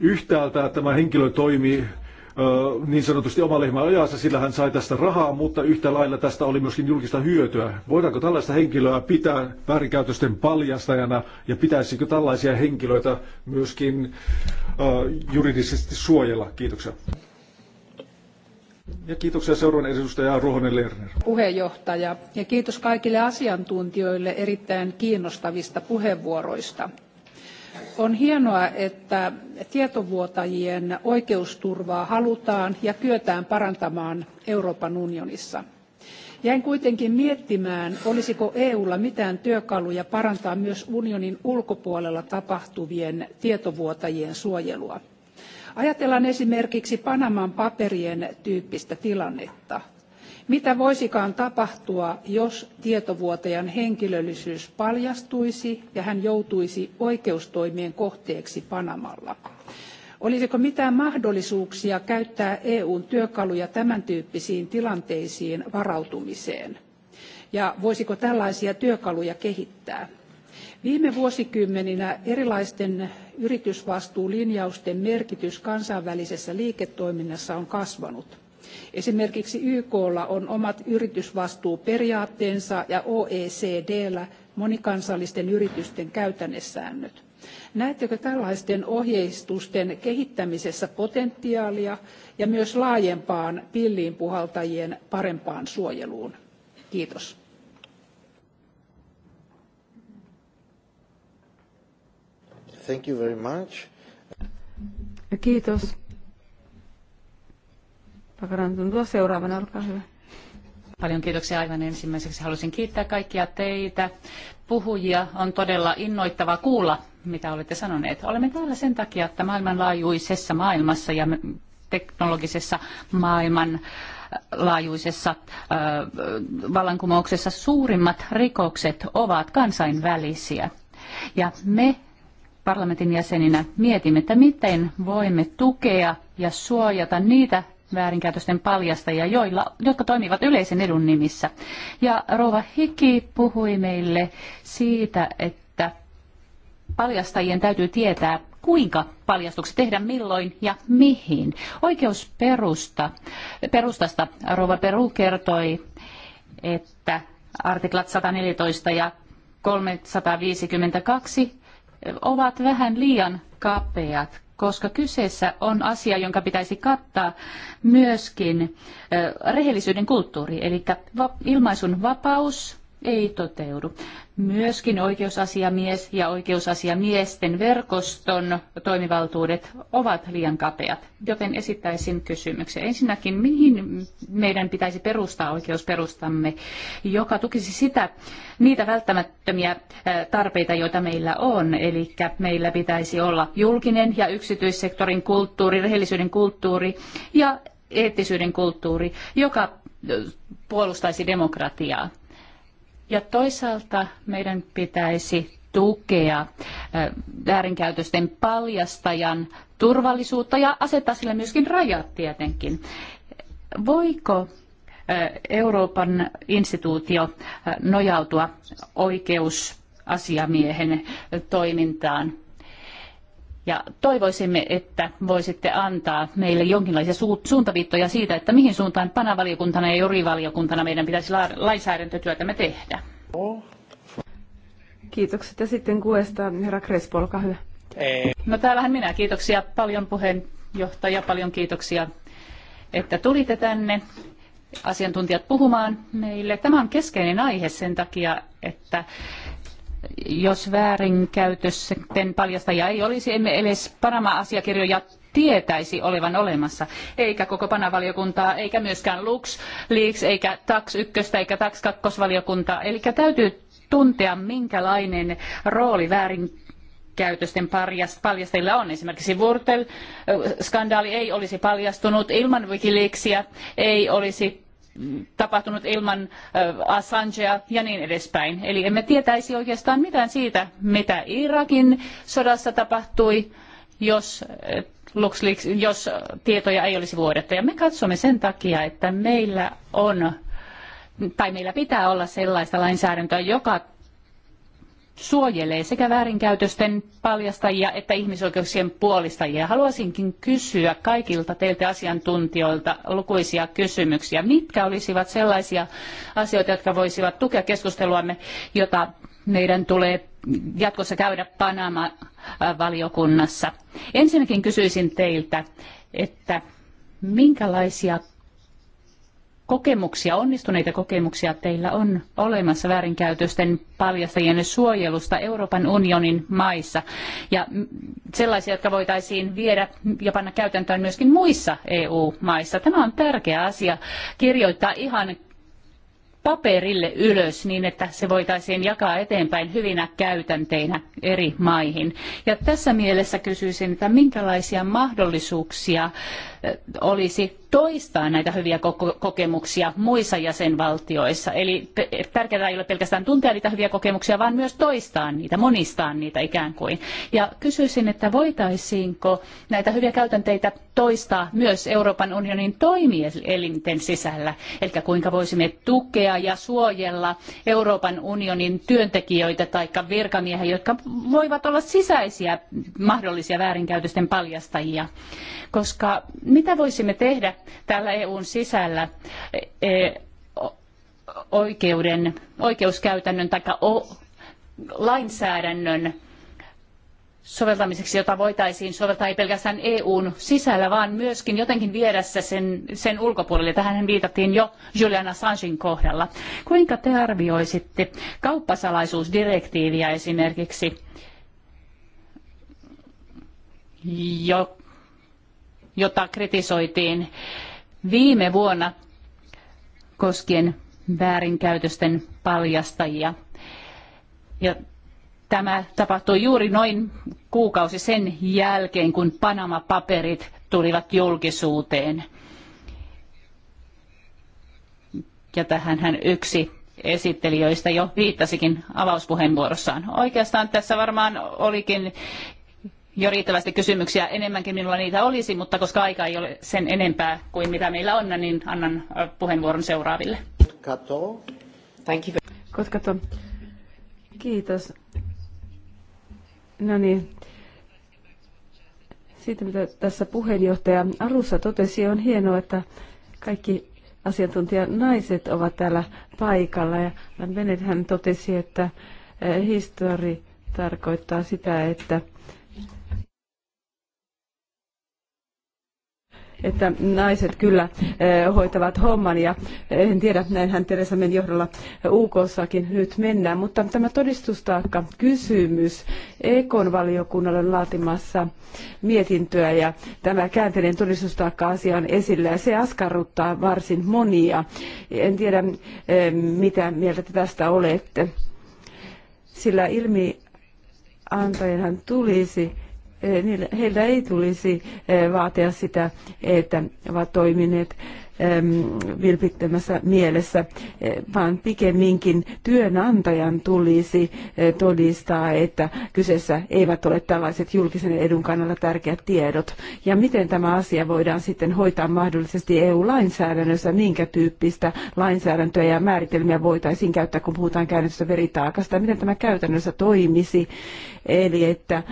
Yhtäältä tämä henkilö toimi niin sanotusti oma lehmä ajassa, sillä hän sai tästä rahaa, mutta yhtä lailla tästä oli myöskin julkista hyötyä. Voidaanko tällaista henkilöä pitää väärinkäytösten paljastajana ja pitäisikö tällaisia henkilöitä myöskin juridisesti suojella? Kiitoksia. Ja kiitoksia seuraavan edustaja Ruohonen Lerner. Puheenjohtaja ja kiitos kaikille asiantuntijoille erittäin kiinnostavista puheenvuoroista. On hienoa, että tietovuotajien oikeusturvaa halutaan ja kyetään parantamaan Euroopan unionissa. Jäin kuitenkin miettimään, olisiko EUlla mitään työkaluja parantaa myös unionin ulkopuolella tapahtuvien tietovuotajien suojelua. Ajatellaan esimerkiksi Panaman paperien tyyppistä tilannetta. Mitä voisikaan tapahtua, jos tietovuotajan henkilöllisyys paljastuisi ja hän joutuisi oikeustoimien kohteeksi Panamalla? Olisiko mitään mahdollisuuksia käyttää EUn työkaluja tämän tyyppisiin tilanteisiin varautumiseen? Ja voisiko tällaisia työkaluja kehittää? Viime vuosikymmeninä erilaisten yritysvastuulinjausten merkitys kansainvälisessä liiketoiminnassa on kasvanut. Esimerkiksi YKlla on omat yritysvastuuperiaatteensa ja OECDllä monikansallisten yritysten käytännesäännöt. Näettekö tällaisten ohjeistusten kehittämisessä potentiaalia ja myös laajempaan pilliinpuhaltajien parempaan suojeluun? Kiitos. Thank you very much. Kiitos seuraavana, olkaa hyvä. Paljon kiitoksia aivan ensimmäiseksi. Haluaisin kiittää kaikkia teitä. Puhujia on todella innoittava kuulla, mitä olette sanoneet. Olemme täällä sen takia, että maailmanlaajuisessa maailmassa ja teknologisessa maailman laajuisessa vallankumouksessa suurimmat rikokset ovat kansainvälisiä. Ja me parlamentin jäseninä mietimme, että miten voimme tukea ja suojata niitä väärinkäytösten paljastajia, joilla, jotka toimivat yleisen edun nimissä. Ja Rova Hiki puhui meille siitä, että paljastajien täytyy tietää, kuinka paljastukset tehdä, milloin ja mihin. Oikeusperusta, perustasta Rova Peru kertoi, että artiklat 114 ja 352 ovat vähän liian kapeat koska kyseessä on asia, jonka pitäisi kattaa myöskin rehellisyyden kulttuuri, eli ilmaisun vapaus, ei toteudu. Myöskin oikeusasiamies ja oikeusasiamiesten verkoston toimivaltuudet ovat liian kapeat, joten esittäisin kysymyksen. Ensinnäkin, mihin meidän pitäisi perustaa oikeusperustamme, joka tukisi sitä, niitä välttämättömiä tarpeita, joita meillä on. Eli meillä pitäisi olla julkinen ja yksityissektorin kulttuuri, rehellisyyden kulttuuri ja eettisyyden kulttuuri, joka puolustaisi demokratiaa. Ja toisaalta meidän pitäisi tukea väärinkäytösten paljastajan turvallisuutta ja asettaa sille myöskin rajat tietenkin. Voiko Euroopan instituutio nojautua oikeusasiamiehen toimintaan ja toivoisimme, että voisitte antaa meille jonkinlaisia suuntaviittoja siitä, että mihin suuntaan panavaliokuntana ja jurivaliokuntana meidän pitäisi la- lainsäädäntötyötämme tehdä. Kiitokset ja sitten kuesta herra Crespo, olkaa hyvä. No täällähän minä. Kiitoksia paljon puheenjohtaja, paljon kiitoksia, että tulitte tänne asiantuntijat puhumaan meille. Tämä on keskeinen aihe sen takia, että jos väärinkäytös sitten paljastaja ei olisi, emme edes Panama-asiakirjoja tietäisi olevan olemassa, eikä koko panavaliokuntaa, eikä myöskään Lux, Leaks, eikä Tax 1, eikä Tax 2 valiokuntaa. Eli täytyy tuntea, minkälainen rooli väärinkäytösten paljastajilla on. Esimerkiksi Wurtel-skandaali ei olisi paljastunut ilman Wikileaksia, ei olisi tapahtunut ilman äh, Assangea ja niin edespäin. Eli emme tietäisi oikeastaan mitään siitä, mitä Irakin sodassa tapahtui, jos, äh, LuxLeaks, jos tietoja ei olisi vuodettu. Ja me katsomme sen takia, että meillä on tai meillä pitää olla sellaista lainsäädäntöä, joka suojelee sekä väärinkäytösten paljastajia että ihmisoikeuksien puolistajia. Haluaisinkin kysyä kaikilta teiltä asiantuntijoilta lukuisia kysymyksiä. Mitkä olisivat sellaisia asioita, jotka voisivat tukea keskusteluamme, jota meidän tulee jatkossa käydä Panama-valiokunnassa? Ensinnäkin kysyisin teiltä, että minkälaisia kokemuksia, onnistuneita kokemuksia teillä on olemassa väärinkäytösten paljastajien suojelusta Euroopan unionin maissa ja sellaisia, jotka voitaisiin viedä ja panna käytäntöön myöskin muissa EU-maissa. Tämä on tärkeä asia kirjoittaa ihan paperille ylös niin, että se voitaisiin jakaa eteenpäin hyvinä käytänteinä eri maihin. Ja tässä mielessä kysyisin, että minkälaisia mahdollisuuksia olisi toistaa näitä hyviä kokemuksia muissa jäsenvaltioissa. Eli tärkeää ei ole pelkästään tuntea niitä hyviä kokemuksia, vaan myös toistaa niitä, monistaa niitä ikään kuin. Ja kysyisin, että voitaisiinko näitä hyviä käytänteitä toistaa myös Euroopan unionin toimielinten sisällä, eli kuinka voisimme tukea ja suojella Euroopan unionin työntekijöitä tai virkamiehiä, jotka voivat olla sisäisiä mahdollisia väärinkäytösten paljastajia. Koska mitä voisimme tehdä täällä EUn sisällä e, oikeuden, oikeuskäytännön tai lainsäädännön soveltamiseksi, jota voitaisiin soveltaa ei pelkästään EUn sisällä, vaan myöskin jotenkin viedä sen, sen ulkopuolelle. Tähän viitattiin jo Julian Assangein kohdalla. Kuinka te arvioisitte kauppasalaisuusdirektiiviä esimerkiksi, jo, jota kritisoitiin viime vuonna koskien väärinkäytösten paljastajia. Ja tämä tapahtui juuri noin kuukausi sen jälkeen, kun Panama-paperit tulivat julkisuuteen. Ja tähän hän yksi esittelijöistä jo viittasikin avauspuheenvuorossaan. Oikeastaan tässä varmaan olikin jo riittävästi kysymyksiä. Enemmänkin minulla niitä olisi, mutta koska aika ei ole sen enempää kuin mitä meillä on, niin annan puheenvuoron seuraaville. Kato. Thank you. Kotkato. Kiitos. No niin. Siitä, mitä tässä puheenjohtaja alussa totesi, on hienoa, että kaikki asiantuntijanaiset ovat täällä paikalla. Ja Benet hän totesi, että eh, historia tarkoittaa sitä, että että naiset kyllä eh, hoitavat homman ja eh, en tiedä, näinhän Teresa Men johdolla UKssakin nyt mennään, mutta tämä todistustaakka kysymys Ekon valiokunnalle laatimassa mietintöä ja tämä käänteinen todistustaakka-asia on esillä ja se askarruttaa varsin monia. En tiedä, eh, mitä mieltä te tästä olette, sillä ilmi antajanhan tulisi heiltä ei tulisi eh, vaatia sitä, että ovat toimineet Ähm, vilpittömässä mielessä, äh, vaan pikemminkin työnantajan tulisi äh, todistaa, että kyseessä eivät ole tällaiset julkisen edun kannalta tärkeät tiedot. Ja miten tämä asia voidaan sitten hoitaa mahdollisesti EU-lainsäädännössä, minkä tyyppistä lainsäädäntöä ja määritelmiä voitaisiin käyttää, kun puhutaan käännetystä veritaakasta, miten tämä käytännössä toimisi, eli että äh,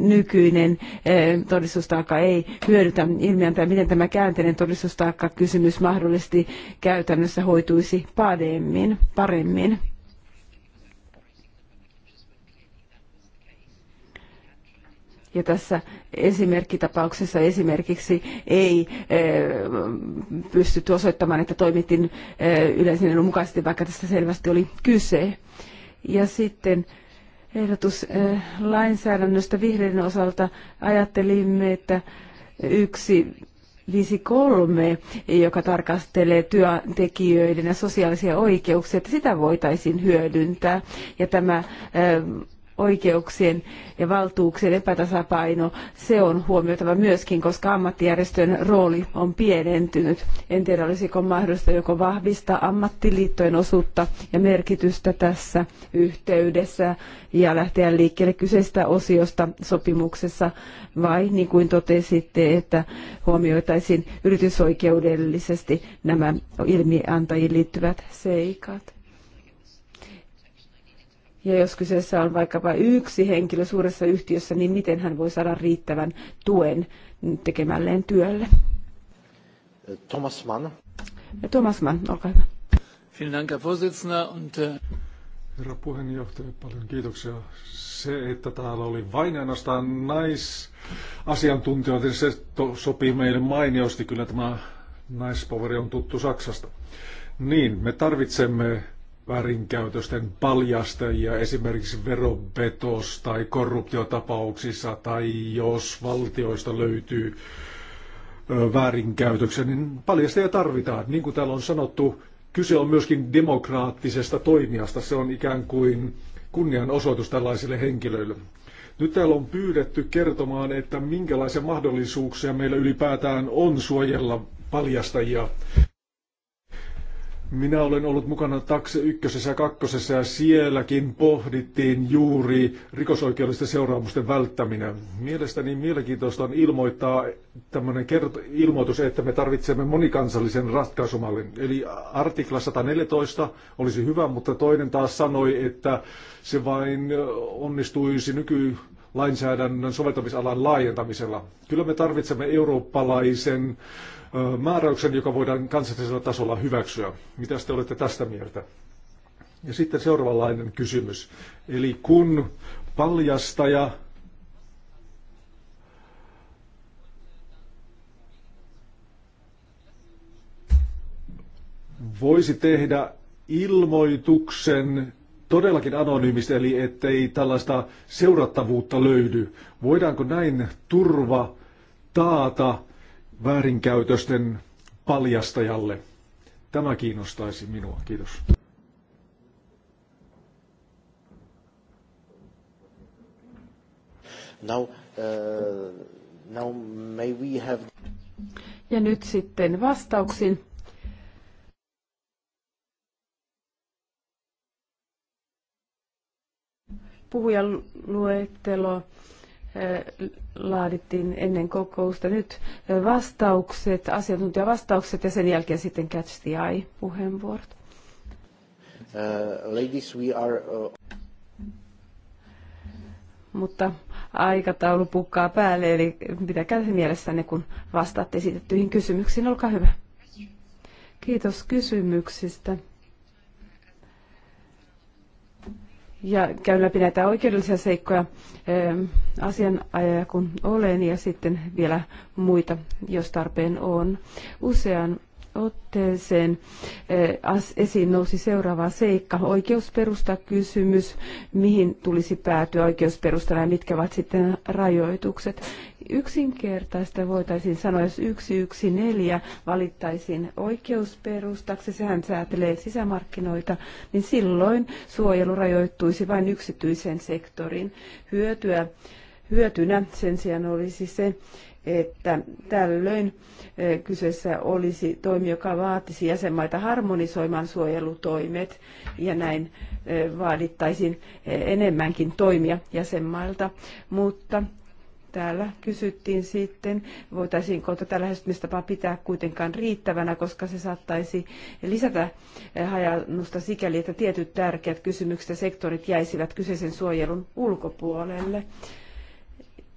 nykyinen todistustaakka ei hyödytä ilmiöntä, miten tämä käänteinen todistustaakka kysymys mahdollisesti käytännössä hoituisi paremmin. paremmin. Ja tässä esimerkkitapauksessa esimerkiksi ei e, pystytty osoittamaan, että toimittiin e, eh, yleisen mukaisesti, vaikka tässä selvästi oli kyse. Ja sitten ehdotus e, lainsäädännöstä vihreiden osalta ajattelimme, että yksi 53, joka tarkastelee työntekijöiden ja sosiaalisia oikeuksia, että sitä voitaisiin hyödyntää. Ja tämä oikeuksien ja valtuuksien epätasapaino, se on huomioitava myöskin, koska ammattijärjestön rooli on pienentynyt. En tiedä, olisiko mahdollista joko vahvistaa ammattiliittojen osuutta ja merkitystä tässä yhteydessä ja lähteä liikkeelle kyseistä osiosta sopimuksessa, vai niin kuin totesitte, että huomioitaisiin yritysoikeudellisesti nämä ilmiantajiin liittyvät seikat. Ja jos kyseessä on vaikkapa yksi henkilö suuressa yhtiössä, niin miten hän voi saada riittävän tuen tekemälleen työlle? Thomas Mann. Thomas Mann, olkaa hyvä. Vielen Dank, Herr Vorsitzender. Und, äh, Herra puheenjohtaja, paljon kiitoksia. Se, että täällä oli vain ainoastaan naisasiantuntijoita, niin se to, sopii meille mainiosti. Kyllä tämä naispoveri on tuttu Saksasta. Niin, me tarvitsemme väärinkäytösten paljastajia esimerkiksi veropetos- tai korruptiotapauksissa tai jos valtioista löytyy väärinkäytöksiä, niin paljastajia tarvitaan. Niin kuin täällä on sanottu, kyse on myöskin demokraattisesta toimijasta. Se on ikään kuin kunnianosoitus tällaisille henkilöille. Nyt täällä on pyydetty kertomaan, että minkälaisia mahdollisuuksia meillä ylipäätään on suojella paljastajia. Minä olen ollut mukana takse ykkösessä ja kakkosessa ja sielläkin pohdittiin juuri rikosoikeudellisten seuraamusten välttäminen. Mielestäni mielenkiintoista on ilmoittaa tämmöinen kert- ilmoitus, että me tarvitsemme monikansallisen ratkaisumallin. Eli artikla 114 olisi hyvä, mutta toinen taas sanoi, että se vain onnistuisi nyky lainsäädännön soveltamisalan laajentamisella. Kyllä me tarvitsemme eurooppalaisen äh, määräyksen, joka voidaan kansallisella tasolla hyväksyä. Mitä te olette tästä mieltä? Ja sitten seuraavanlainen kysymys. Eli kun paljastaja voisi tehdä ilmoituksen todellakin anonyymisti, eli ettei tällaista seurattavuutta löydy. Voidaanko näin turva taata väärinkäytösten paljastajalle. Tämä kiinnostaisi minua. Kiitos. Now, uh, now may we have... Ja nyt sitten vastauksiin. Puhujan luettelo laadittiin ennen kokousta. Nyt vastaukset, asiantuntijavastaukset ja sen jälkeen sitten catch the eye-puheenvuorot. Uh, ladies, we are, uh... Mutta aikataulu pukkaa päälle, eli pitäkää se mielessänne, kun vastaatte esitettyihin kysymyksiin. Olkaa hyvä. Kiitos kysymyksistä. ja käyn läpi näitä oikeudellisia seikkoja ehm, asianajaja kun olen ja sitten vielä muita, jos tarpeen on. Usean otteeseen äh, esiin nousi seuraava seikka, oikeusperusta kysymys, mihin tulisi päätyä oikeusperustana ja mitkä ovat sitten rajoitukset. Yksinkertaista voitaisiin sanoa, jos 114 valittaisiin oikeusperustaksi, sehän säätelee sisämarkkinoita, niin silloin suojelu rajoittuisi vain yksityisen sektorin hyötyä. Hyötynä sen sijaan olisi se, että tällöin eh, kyseessä olisi toimi, joka vaatisi jäsenmaita harmonisoimaan suojelutoimet ja näin eh, vaadittaisiin eh, enemmänkin toimia jäsenmailta, mutta täällä kysyttiin sitten, voitaisiinko tätä lähestymistapaa pitää kuitenkaan riittävänä, koska se saattaisi lisätä hajannusta sikäli, että tietyt tärkeät kysymykset ja sektorit jäisivät kyseisen suojelun ulkopuolelle.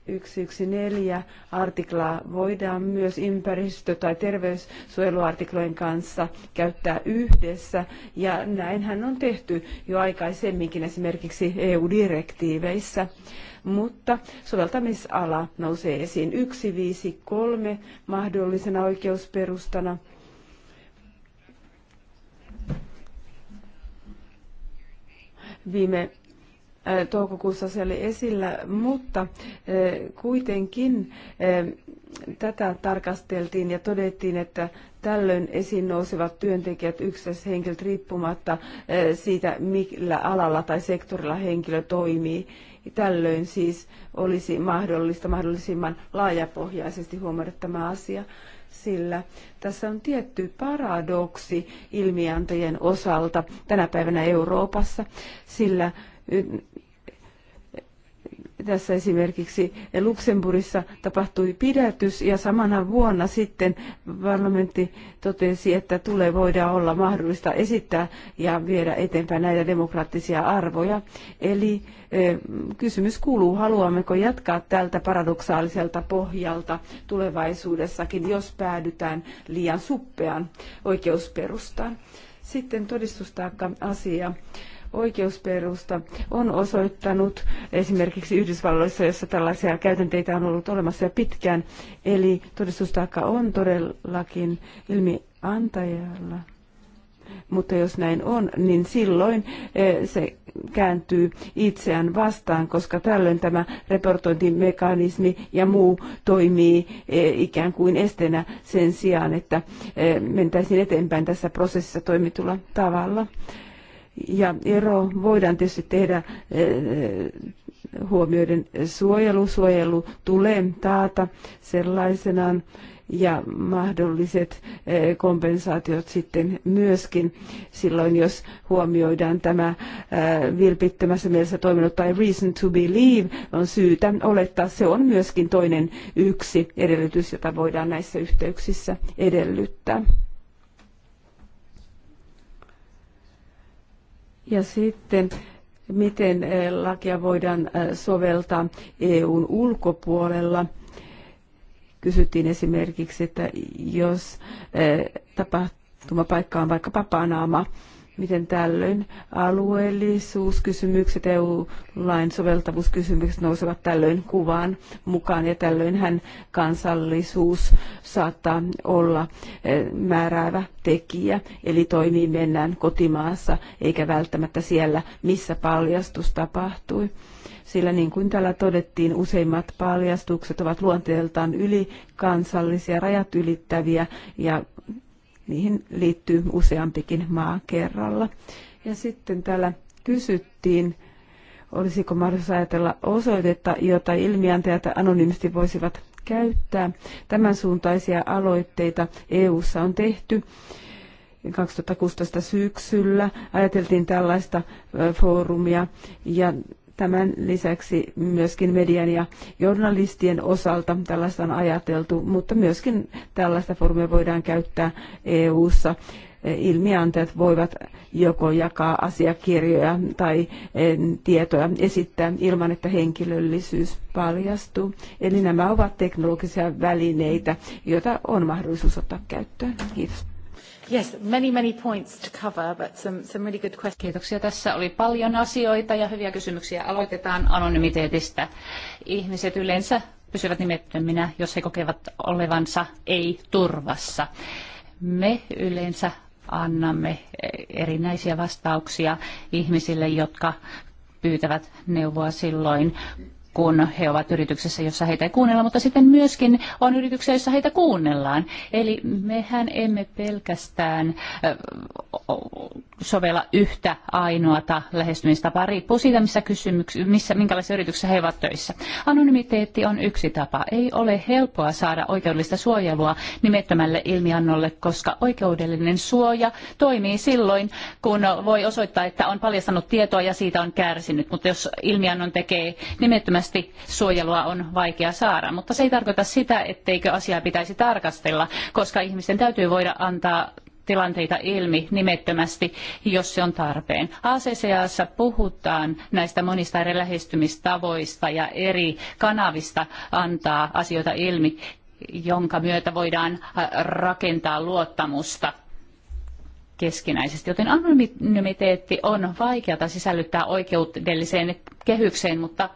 114 artiklaa voidaan myös ympäristö- tai terveyssuojeluartiklojen kanssa käyttää yhdessä. Ja näinhän on tehty jo aikaisemminkin esimerkiksi EU-direktiiveissä. Mutta soveltamisala nousee esiin 153 mahdollisena oikeusperustana. Viime toukokuussa se oli esillä, mutta kuitenkin tätä tarkasteltiin ja todettiin, että tällöin esiin nousevat työntekijät yksittäishenkilöt riippumatta siitä, millä alalla tai sektorilla henkilö toimii. Tällöin siis olisi mahdollista mahdollisimman laajapohjaisesti huomioida tämä asia sillä tässä on tietty paradoksi ilmiantajien osalta tänä päivänä Euroopassa, sillä tässä esimerkiksi Luxemburgissa tapahtui pidätys ja samana vuonna sitten parlamentti totesi, että tulee voida olla mahdollista esittää ja viedä eteenpäin näitä demokraattisia arvoja. Eli eh, kysymys kuuluu, haluammeko jatkaa tältä paradoksaaliselta pohjalta tulevaisuudessakin, jos päädytään liian suppeaan oikeusperustaan. Sitten todistustaakka asia oikeusperusta on osoittanut esimerkiksi Yhdysvalloissa, jossa tällaisia käytänteitä on ollut olemassa jo pitkään. Eli todistustaakka on todellakin ilmiantajalla. Mutta jos näin on, niin silloin eh, se kääntyy itseään vastaan, koska tällöin tämä reportointimekanismi ja muu toimii eh, ikään kuin estenä sen sijaan, että eh, mentäisiin eteenpäin tässä prosessissa toimitulla tavalla. Ja ero voidaan tietysti tehdä eh, huomioiden suojelu. Suojelu tulee taata sellaisenaan ja mahdolliset eh, kompensaatiot sitten myöskin silloin, jos huomioidaan tämä eh, vilpittömässä mielessä toiminut tai reason to believe on syytä olettaa. Se on myöskin toinen yksi edellytys, jota voidaan näissä yhteyksissä edellyttää. Ja sitten miten eh, lakia voidaan eh, soveltaa EUn ulkopuolella. Kysyttiin esimerkiksi, että jos eh, tapahtumapaikka on vaikkapa Panama, miten tällöin alueellisuuskysymykset, EU-lain soveltavuuskysymykset nousevat tällöin kuvaan mukaan ja tällöinhän kansallisuus saattaa olla eh, määräävä tekijä, eli toimii mennään kotimaassa eikä välttämättä siellä, missä paljastus tapahtui sillä niin kuin täällä todettiin, useimmat paljastukset ovat luonteeltaan ylikansallisia, rajat ylittäviä ja Niihin liittyy useampikin maa kerralla. Ja sitten täällä kysyttiin, olisiko mahdollista ajatella osoitetta, jota ilmiantajat anonyymisti voisivat käyttää. Tämän suuntaisia aloitteita EU:ssa on tehty. 2016 syksyllä ajateltiin tällaista foorumia ja Tämän lisäksi myöskin median ja journalistien osalta tällaista on ajateltu, mutta myöskin tällaista foorumia voidaan käyttää EU-ssa ilmiantajat voivat joko jakaa asiakirjoja tai eh, tietoja esittää ilman, että henkilöllisyys paljastuu. Eli nämä ovat teknologisia välineitä, joita on mahdollisuus ottaa käyttöön. Kiitos. Yes, many, many points to cover, but some, some really good questions. Kiitoksia. Tässä oli paljon asioita ja hyviä kysymyksiä. Aloitetaan anonymiteetistä. Ihmiset yleensä pysyvät nimettöminä, jos he kokevat olevansa ei-turvassa. Me yleensä annamme erinäisiä vastauksia ihmisille, jotka pyytävät neuvoa silloin, kun he ovat yrityksessä, jossa heitä ei kuunnella, mutta sitten myöskin on yrityksiä, jossa heitä kuunnellaan. Eli mehän emme pelkästään sovella yhtä ainoata lähestymistapaa. Riippuu siitä, missä kysymyks- missä, minkälaisessa yrityksessä he ovat töissä. Anonymiteetti on yksi tapa. Ei ole helppoa saada oikeudellista suojelua nimettömälle ilmiannolle, koska oikeudellinen suoja toimii silloin, kun voi osoittaa, että on paljastanut tietoa ja siitä on kärsinyt. Mutta jos ilmiannon tekee nimettömästi, suojelua on vaikea saada. Mutta se ei tarkoita sitä, etteikö asiaa pitäisi tarkastella, koska ihmisten täytyy voida antaa tilanteita ilmi nimettömästi, jos se on tarpeen. ACCAssa puhutaan näistä monista eri lähestymistavoista ja eri kanavista antaa asioita ilmi, jonka myötä voidaan rakentaa luottamusta keskinäisesti, joten anonymiteetti on vaikeata sisällyttää oikeudelliseen kehykseen, mutta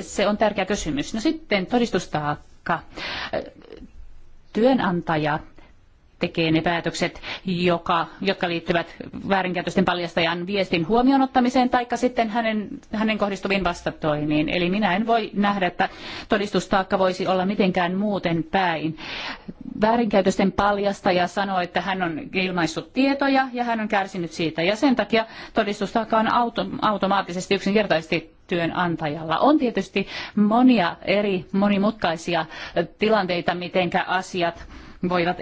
se on tärkeä kysymys. No sitten todistustaakka. Työnantaja tekee ne päätökset, joka, jotka liittyvät väärinkäytösten paljastajan viestin huomioon ottamiseen tai sitten hänen, hänen kohdistuviin vastatoimiin. Eli minä en voi nähdä, että todistustaakka voisi olla mitenkään muuten päin. Väärinkäytösten paljastaja sanoo, että hän on ilmaissut tietoja ja hän on kärsinyt siitä. Ja sen takia todistustaakka on auto, automaattisesti yksinkertaisesti työnantajalla. On tietysti monia eri monimutkaisia tilanteita, mitenkä asiat voivat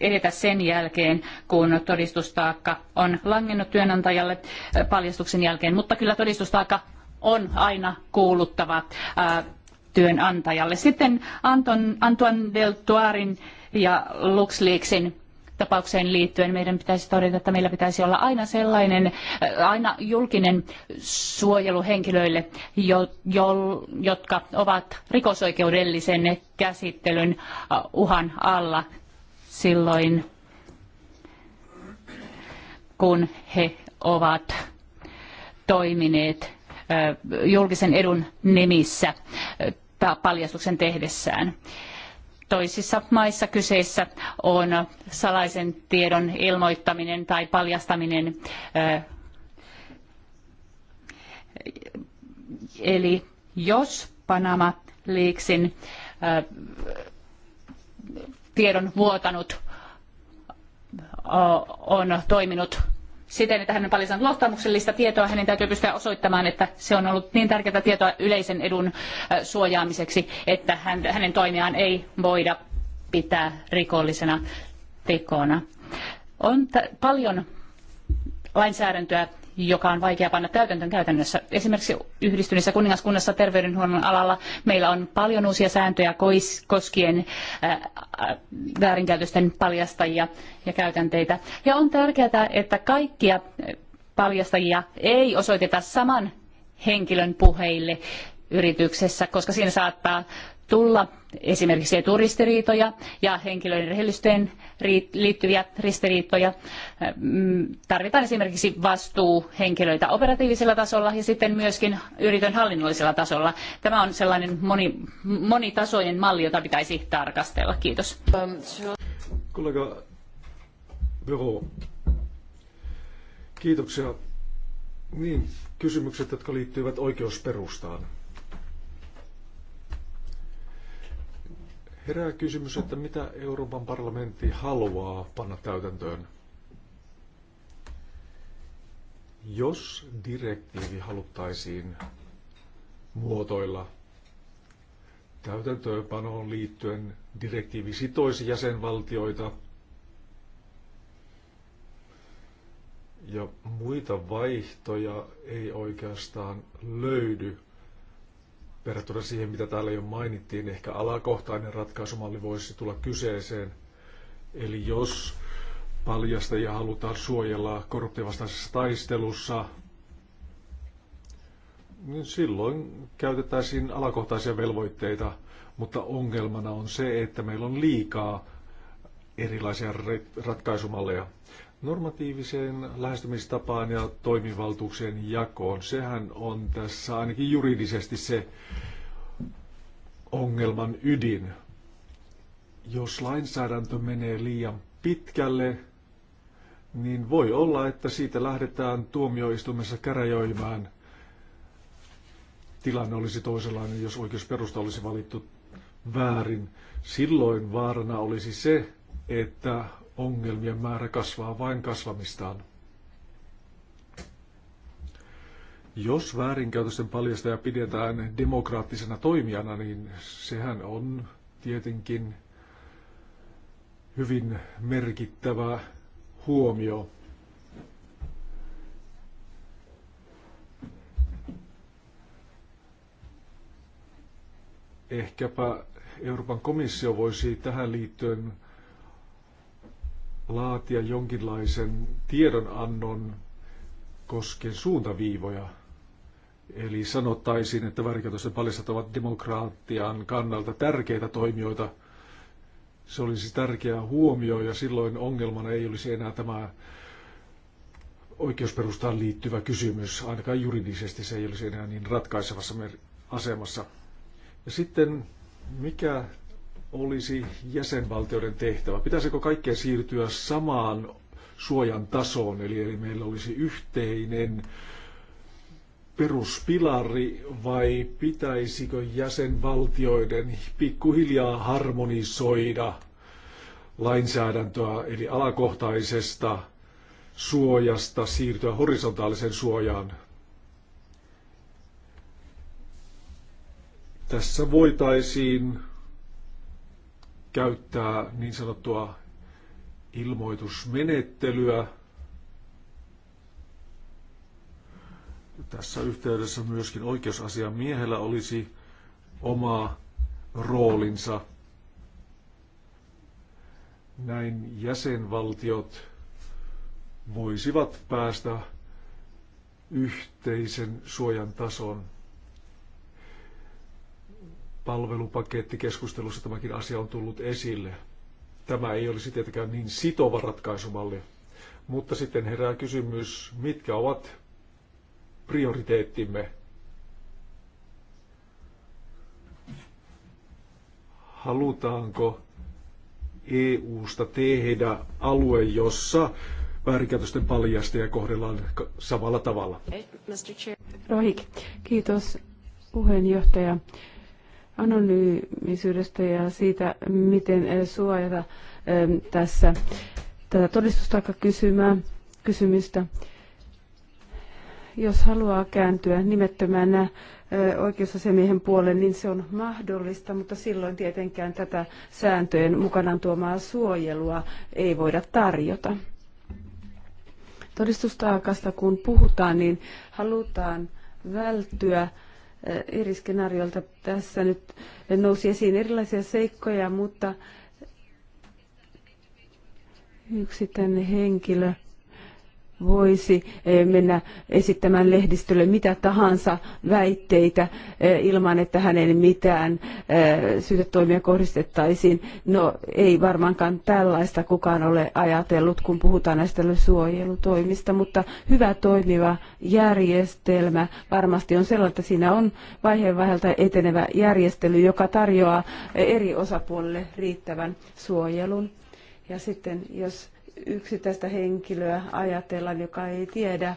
edetä sen jälkeen, kun todistustaakka on langennut työnantajalle äh, paljastuksen jälkeen. Mutta kyllä todistustaakka on aina kuuluttava äh, työnantajalle. Sitten Anton, Antoine Deltoirin ja LuxLeaksin tapaukseen liittyen meidän pitäisi todeta, että meillä pitäisi olla aina sellainen, äh, aina julkinen suojelu henkilöille, jo, jo, jotka ovat rikosoikeudellisen käsittelyn äh, uhan alla silloin, kun he ovat toimineet äh, julkisen edun nimissä paljastuksen tehdessään. Toisissa maissa kyseessä on salaisen tiedon ilmoittaminen tai paljastaminen. Eli jos Panama Leaksin tiedon vuotanut on toiminut siten, että hän on paljon luottamuksellista tietoa. Hänen täytyy pystyä osoittamaan, että se on ollut niin tärkeää tietoa yleisen edun suojaamiseksi, että hänen toimiaan ei voida pitää rikollisena tekona. On paljon lainsäädäntöä joka on vaikea panna täytäntöön käytännössä. Esimerkiksi yhdistyneessä kuningaskunnassa terveydenhuollon alalla meillä on paljon uusia sääntöjä koskien äh, äh, väärinkäytösten paljastajia ja käytänteitä. Ja on tärkeää, että kaikkia paljastajia ei osoiteta saman henkilön puheille yrityksessä, koska siinä saattaa tulla esimerkiksi eturistiriitoja ja henkilöiden rehellisyyteen liittyviä ristiriitoja. Mm, tarvitaan esimerkiksi vastuuhenkilöitä operatiivisella tasolla ja sitten myöskin yritön hallinnollisella tasolla. Tämä on sellainen moni, monitasoinen malli, jota pitäisi tarkastella. Kiitos. Kollega Bero, kiitoksia. Niin, kysymykset, jotka liittyvät oikeusperustaan. Herää kysymys, että mitä Euroopan parlamentti haluaa panna täytäntöön? Jos direktiivi haluttaisiin muotoilla täytäntöönpanoon liittyen, direktiivi sitoisi jäsenvaltioita ja muita vaihtoja ei oikeastaan löydy Verrattuna siihen, mitä täällä jo mainittiin, ehkä alakohtainen ratkaisumalli voisi tulla kyseeseen. Eli jos paljastajia halutaan suojella korruptiovastaisessa taistelussa, niin silloin käytettäisiin alakohtaisia velvoitteita, mutta ongelmana on se, että meillä on liikaa erilaisia ratkaisumalleja normatiiviseen lähestymistapaan ja toimivaltuuksien jakoon. Sehän on tässä ainakin juridisesti se ongelman ydin. Jos lainsäädäntö menee liian pitkälle, niin voi olla, että siitä lähdetään tuomioistuimessa käräjoimaan. Tilanne olisi toisenlainen, jos oikeusperusta olisi valittu väärin. Silloin vaarana olisi se, että ongelmien määrä kasvaa vain kasvamistaan. Jos väärinkäytösten paljastaja pidetään demokraattisena toimijana, niin sehän on tietenkin hyvin merkittävä huomio. Ehkäpä Euroopan komissio voisi tähän liittyen laatia jonkinlaisen tiedonannon koskien suuntaviivoja. Eli sanottaisiin, että värikäytösten paljastat ovat demokraattian kannalta tärkeitä toimijoita. Se olisi tärkeä huomio ja silloin ongelmana ei olisi enää tämä oikeusperustaan liittyvä kysymys. Ainakaan juridisesti se ei olisi enää niin ratkaisevassa asemassa. Ja sitten mikä olisi jäsenvaltioiden tehtävä? Pitäisikö kaikkien siirtyä samaan suojan tasoon, eli, eli meillä olisi yhteinen peruspilari vai pitäisikö jäsenvaltioiden pikkuhiljaa harmonisoida lainsäädäntöä, eli alakohtaisesta suojasta siirtyä horisontaaliseen suojaan? Tässä voitaisiin käyttää niin sanottua ilmoitusmenettelyä. Tässä yhteydessä myöskin oikeusasiamiehellä olisi oma roolinsa. Näin jäsenvaltiot voisivat päästä yhteisen suojan tason palvelupakettikeskustelussa tämäkin asia on tullut esille. Tämä ei olisi tietenkään niin sitova ratkaisumalli, mutta sitten herää kysymys, mitkä ovat prioriteettimme? Halutaanko EU-sta tehdä alue, jossa väärinkäytösten paljastajia kohdellaan samalla tavalla? Rohik, kiitos puheenjohtaja anonyymisyydestä ja siitä, miten eh, suojata tässä tätä kysymää, kysymystä. Jos haluaa kääntyä nimettömänä eh, oikeusasiamiehen puoleen, niin se on mahdollista, mutta silloin tietenkään tätä sääntöjen mukanaan tuomaa suojelua ei voida tarjota. Todistustaakasta kun puhutaan, niin halutaan välttyä eri skenaarioilta. Tässä nyt nousi esiin erilaisia seikkoja, mutta yksittäinen henkilö voisi eh, mennä esittämään lehdistölle mitä tahansa väitteitä eh, ilman, että hänen mitään eh, syytetoimia kohdistettaisiin. No ei varmaankaan tällaista kukaan ole ajatellut, kun puhutaan näistä suojelutoimista, mutta hyvä toimiva järjestelmä varmasti on sellainen, että siinä on vaiheen vaiheelta etenevä järjestely, joka tarjoaa eri osapuolille riittävän suojelun. Ja sitten jos yksittäistä henkilöä ajatellaan, joka ei tiedä,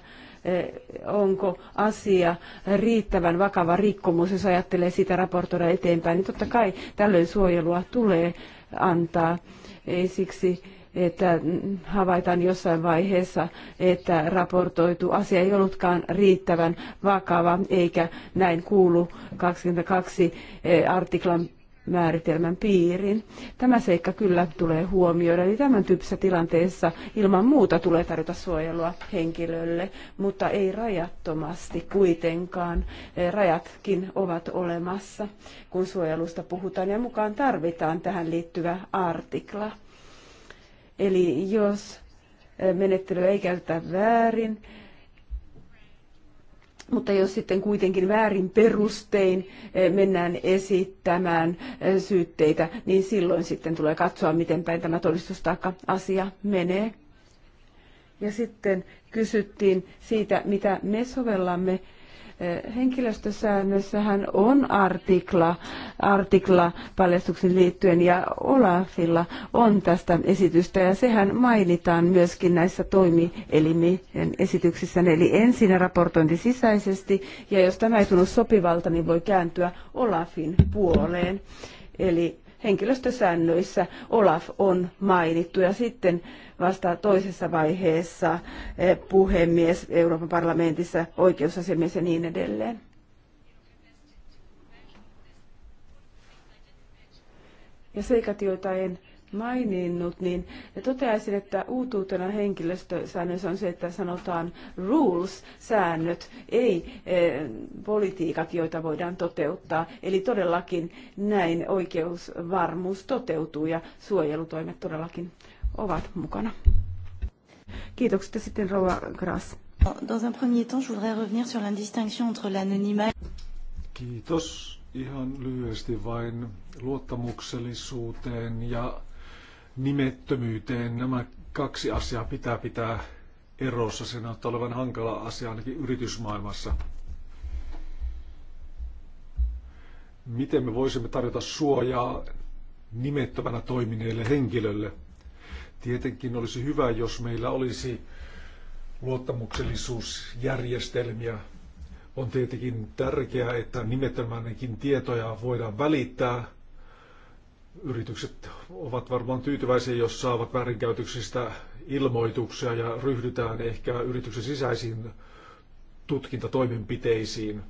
eh, onko asia riittävän vakava rikkomus, jos ajattelee sitä raportoida eteenpäin, niin totta kai tällöin suojelua tulee antaa. Ei siksi, että havaitaan jossain vaiheessa, että raportoitu asia ei ollutkaan riittävän vakava, eikä näin kuulu 22 eh, artiklan määritelmän piiriin. Tämä seikka kyllä tulee huomioida, eli tämän tyyppisessä tilanteessa ilman muuta tulee tarjota suojelua henkilölle, mutta ei rajattomasti kuitenkaan. E, rajatkin ovat olemassa, kun suojelusta puhutaan, ja mukaan tarvitaan tähän liittyvä artikla. Eli jos e, menettelyä ei käytetä väärin, mutta jos sitten kuitenkin väärin perustein eh, mennään esittämään eh, syytteitä, niin silloin sitten tulee katsoa, miten päin tämä todistustaakka-asia menee. Ja sitten kysyttiin siitä, mitä me sovellamme Henkilöstösäännössähän on artikla, artikla paljastuksen liittyen ja Olafilla on tästä esitystä ja sehän mainitaan myöskin näissä toimielimien esityksissä. Eli ensin raportointi sisäisesti ja jos tämä ei tunnu sopivalta, niin voi kääntyä Olafin puoleen. Eli henkilöstösäännöissä Olaf on mainittu ja sitten vasta toisessa vaiheessa eh, puhemies Euroopan parlamentissa, oikeusasiamies ja niin edelleen. Ja seikat, joita en maininnut, niin toteaisin, että uutuutena henkilöstösäännössä on se, että sanotaan rules, säännöt, ei e, politiikat, joita voidaan toteuttaa. Eli todellakin näin oikeusvarmuus toteutuu ja suojelutoimet todellakin ovat mukana. Kiitokset sitten Rova Gras. Dans un premier temps, je voudrais revenir sur l'indistinction entre l'anonymat. Kiitos. Ihan lyhyesti vain luottamuksellisuuteen ja nimettömyyteen. Nämä kaksi asiaa pitää pitää erossa. Se näyttää olevan hankala asia ainakin yritysmaailmassa. Miten me voisimme tarjota suojaa nimettömänä toimineelle henkilölle? Tietenkin olisi hyvä, jos meillä olisi luottamuksellisuusjärjestelmiä. On tietenkin tärkeää, että nimettömänäkin tietoja voidaan välittää, Yritykset ovat varmaan tyytyväisiä, jos saavat väärinkäytöksistä ilmoituksia ja ryhdytään ehkä yrityksen sisäisiin tutkintatoimenpiteisiin.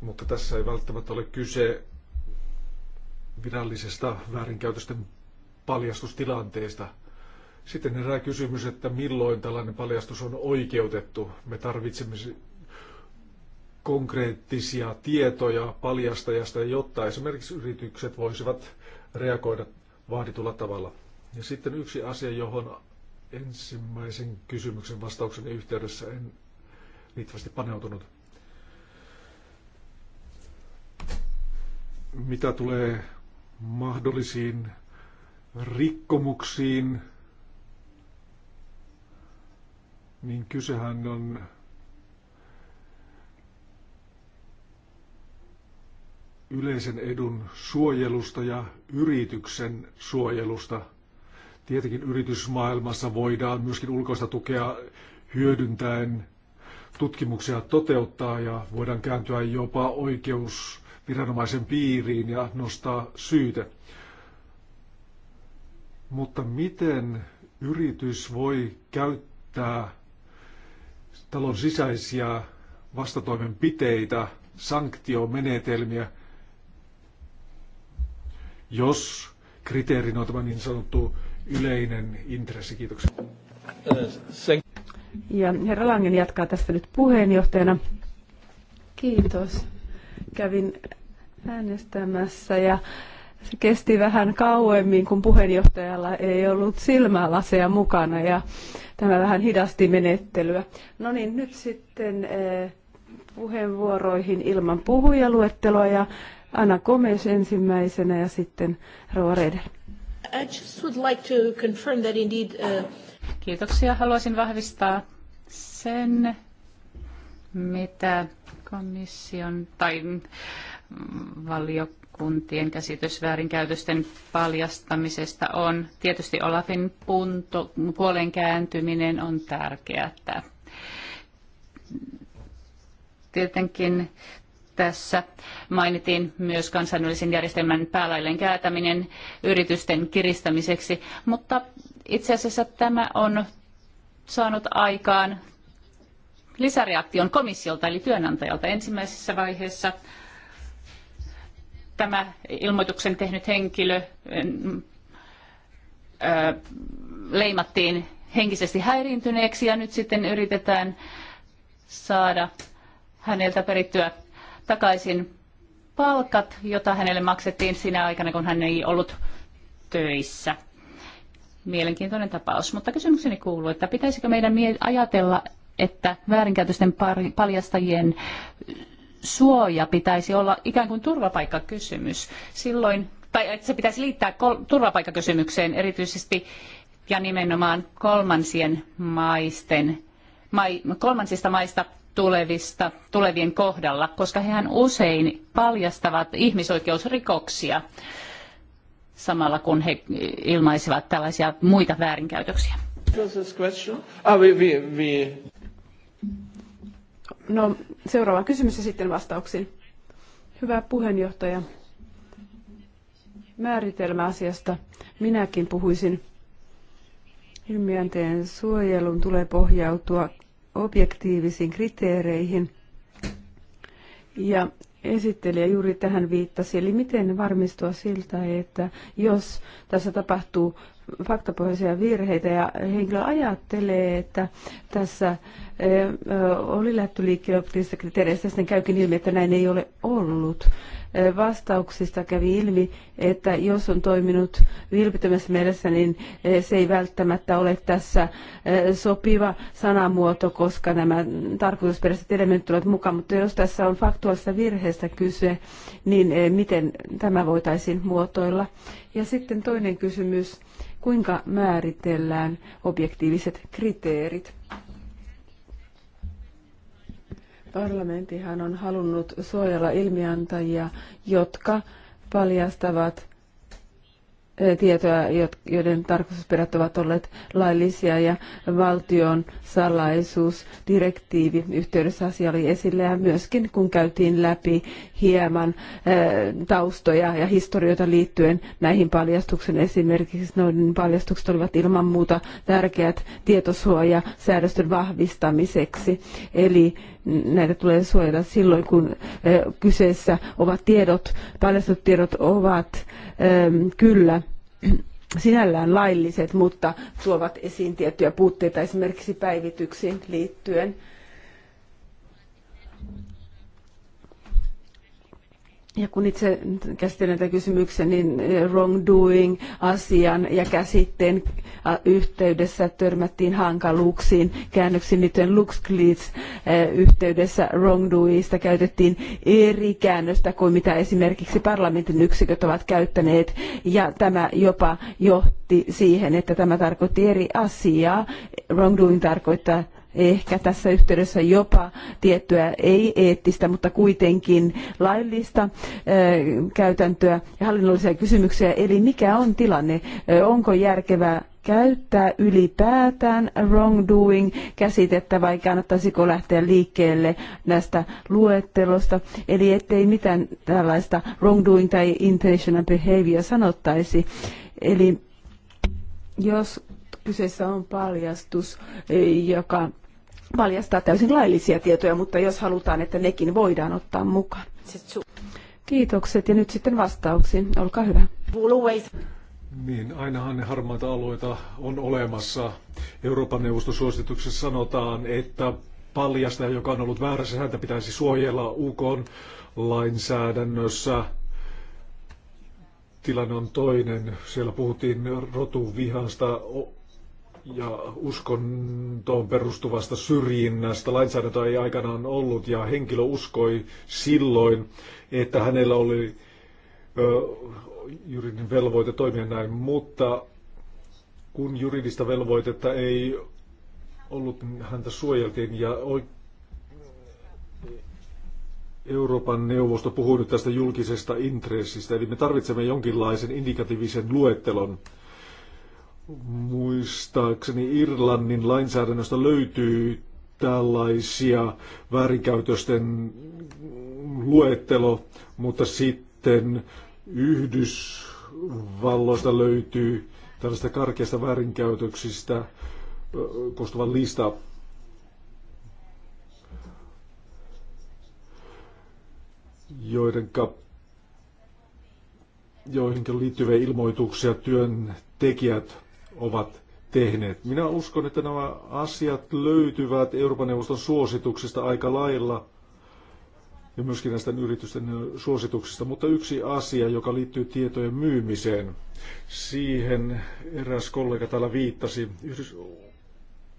Mutta tässä ei välttämättä ole kyse virallisesta väärinkäytösten paljastustilanteesta. Sitten herää kysymys, että milloin tällainen paljastus on oikeutettu. Me tarvitsemme konkreettisia tietoja paljastajasta, jotta esimerkiksi yritykset voisivat reagoida vaaditulla tavalla. Ja sitten yksi asia, johon ensimmäisen kysymyksen vastauksen yhteydessä en riittävästi paneutunut. Mitä tulee mahdollisiin rikkomuksiin, niin kysehän on yleisen edun suojelusta ja yrityksen suojelusta. Tietenkin yritysmaailmassa voidaan myöskin ulkoista tukea hyödyntäen tutkimuksia toteuttaa ja voidaan kääntyä jopa oikeusviranomaisen piiriin ja nostaa syyte. Mutta miten yritys voi käyttää talon sisäisiä vastatoimenpiteitä, sanktiomenetelmiä – jos kriteerinä on tämä niin sanottu yleinen intressi. Kiitoksia. Ja herra Langen jatkaa tästä nyt puheenjohtajana. Kiitos. Kävin äänestämässä ja se kesti vähän kauemmin, kun puheenjohtajalla ei ollut silmälaseja mukana ja tämä vähän hidasti menettelyä. No niin, nyt sitten eh, puheenvuoroihin ilman puhujaluetteloa ja Anna Komes ensimmäisenä ja sitten Roa Reder. I just would like to confirm that indeed, uh... Kiitoksia. Haluaisin vahvistaa sen, mitä komission tai valiokuntien käsitys väärinkäytösten paljastamisesta on. Tietysti Olafin punto, puolen kääntyminen on tärkeää. Tietenkin tässä mainitin myös kansainvälisen järjestelmän päälailleen käätäminen yritysten kiristämiseksi, mutta itse asiassa tämä on saanut aikaan lisäreaktion komissiolta eli työnantajalta. Ensimmäisessä vaiheessa tämä ilmoituksen tehnyt henkilö leimattiin henkisesti häiriintyneeksi ja nyt sitten yritetään saada häneltä perittyä takaisin palkat, jota hänelle maksettiin sinä aikana, kun hän ei ollut töissä. Mielenkiintoinen tapaus, mutta kysymykseni kuuluu, että pitäisikö meidän ajatella, että väärinkäytösten paljastajien suoja pitäisi olla ikään kuin turvapaikkakysymys. Silloin, tai että se pitäisi liittää kol- turvapaikkakysymykseen erityisesti ja nimenomaan kolmansien maisten, mai, kolmansista maista tulevista, tulevien kohdalla, koska hehän usein paljastavat ihmisoikeusrikoksia samalla kun he ilmaisivat tällaisia muita väärinkäytöksiä. Ah, no, seuraava kysymys ja sitten vastauksiin. Hyvä puheenjohtaja. Määritelmä asiasta. Minäkin puhuisin. Ilmiönteen suojelun tulee pohjautua objektiivisiin kriteereihin. Ja esittelijä juuri tähän viittasi, eli miten varmistua siltä, että jos tässä tapahtuu faktapohjaisia virheitä ja henkilö ajattelee, että tässä eh, oli lähty liikkeelle kriteereistä, sitten käykin ilmi, että näin ei ole ollut vastauksista kävi ilmi, että jos on toiminut vilpittömässä mielessä, niin e, se ei välttämättä ole tässä e, sopiva sanamuoto, koska nämä tarkoitusperäiset elementit tulevat mukaan. Mutta jos tässä on faktuaalista virheestä kyse, niin e, miten tämä voitaisiin muotoilla? Ja sitten toinen kysymys, kuinka määritellään objektiiviset kriteerit? Parlamenttihan on halunnut suojella ilmiantajia, jotka paljastavat tietoja, joiden tarkoitusperät ovat olleet laillisia ja valtion salaisuusdirektiivi yhteydessä asia oli esillä ja myöskin kun käytiin läpi hieman taustoja ja historioita liittyen näihin paljastuksen Esimerkiksi noiden paljastukset olivat ilman muuta tärkeät tietosuojasäädösten vahvistamiseksi. Eli näitä tulee suojata silloin, kun kyseessä ovat tiedot, paljastut tiedot ovat kyllä sinällään lailliset, mutta tuovat esiin tiettyjä puutteita esimerkiksi päivityksiin liittyen. Ja kun itse käsittelen näitä kysymyksiä, niin eh, wrongdoing-asian ja käsitteen yhteydessä törmättiin hankaluuksiin käännöksiin liittyen luxglitz eh, yhteydessä wrongdoingista käytettiin eri käännöstä kuin mitä esimerkiksi parlamentin yksiköt ovat käyttäneet. Ja tämä jopa johti siihen, että tämä tarkoitti eri asiaa. Wrongdoing tarkoittaa ehkä tässä yhteydessä jopa tiettyä ei-eettistä, mutta kuitenkin laillista käytäntöä ja hallinnollisia kysymyksiä. Eli mikä on tilanne? Onko järkevää käyttää ylipäätään wrongdoing käsitettä vai kannattaisiko lähteä liikkeelle näistä luettelosta. Eli ettei mitään tällaista wrongdoing tai intentional behavior sanottaisi. Eli jos kyseessä on paljastus, joka paljastaa täysin laillisia tietoja, mutta jos halutaan, että nekin voidaan ottaa mukaan. Kiitokset ja nyt sitten vastauksiin. Olkaa hyvä. Niin, ainahan ne harmaita alueita on olemassa. Euroopan neuvoston suosituksessa sanotaan, että paljasta, joka on ollut väärässä, häntä pitäisi suojella UK lainsäädännössä. Tilanne on toinen. Siellä puhuttiin rotuvihasta, ja uskontoon perustuvasta syrjinnästä. Lainsäädäntö ei aikanaan ollut ja henkilö uskoi silloin, että hänellä oli juridinen velvoite toimia näin, mutta kun juridista velvoitetta ei ollut, niin häntä suojeltiin ja Euroopan neuvosto puhui nyt tästä julkisesta intressistä, eli me tarvitsemme jonkinlaisen indikatiivisen luettelon Muistaakseni Irlannin lainsäädännöstä löytyy tällaisia väärinkäytösten luettelo, mutta sitten Yhdysvalloista löytyy tällaista karkeasta väärinkäytöksistä koostuva lista. joidenka, joihinkin liittyviä ilmoituksia työntekijät ovat tehneet. Minä uskon, että nämä asiat löytyvät Euroopan neuvoston suosituksista aika lailla ja myöskin näistä yritysten suosituksista, mutta yksi asia, joka liittyy tietojen myymiseen, siihen eräs kollega täällä viittasi.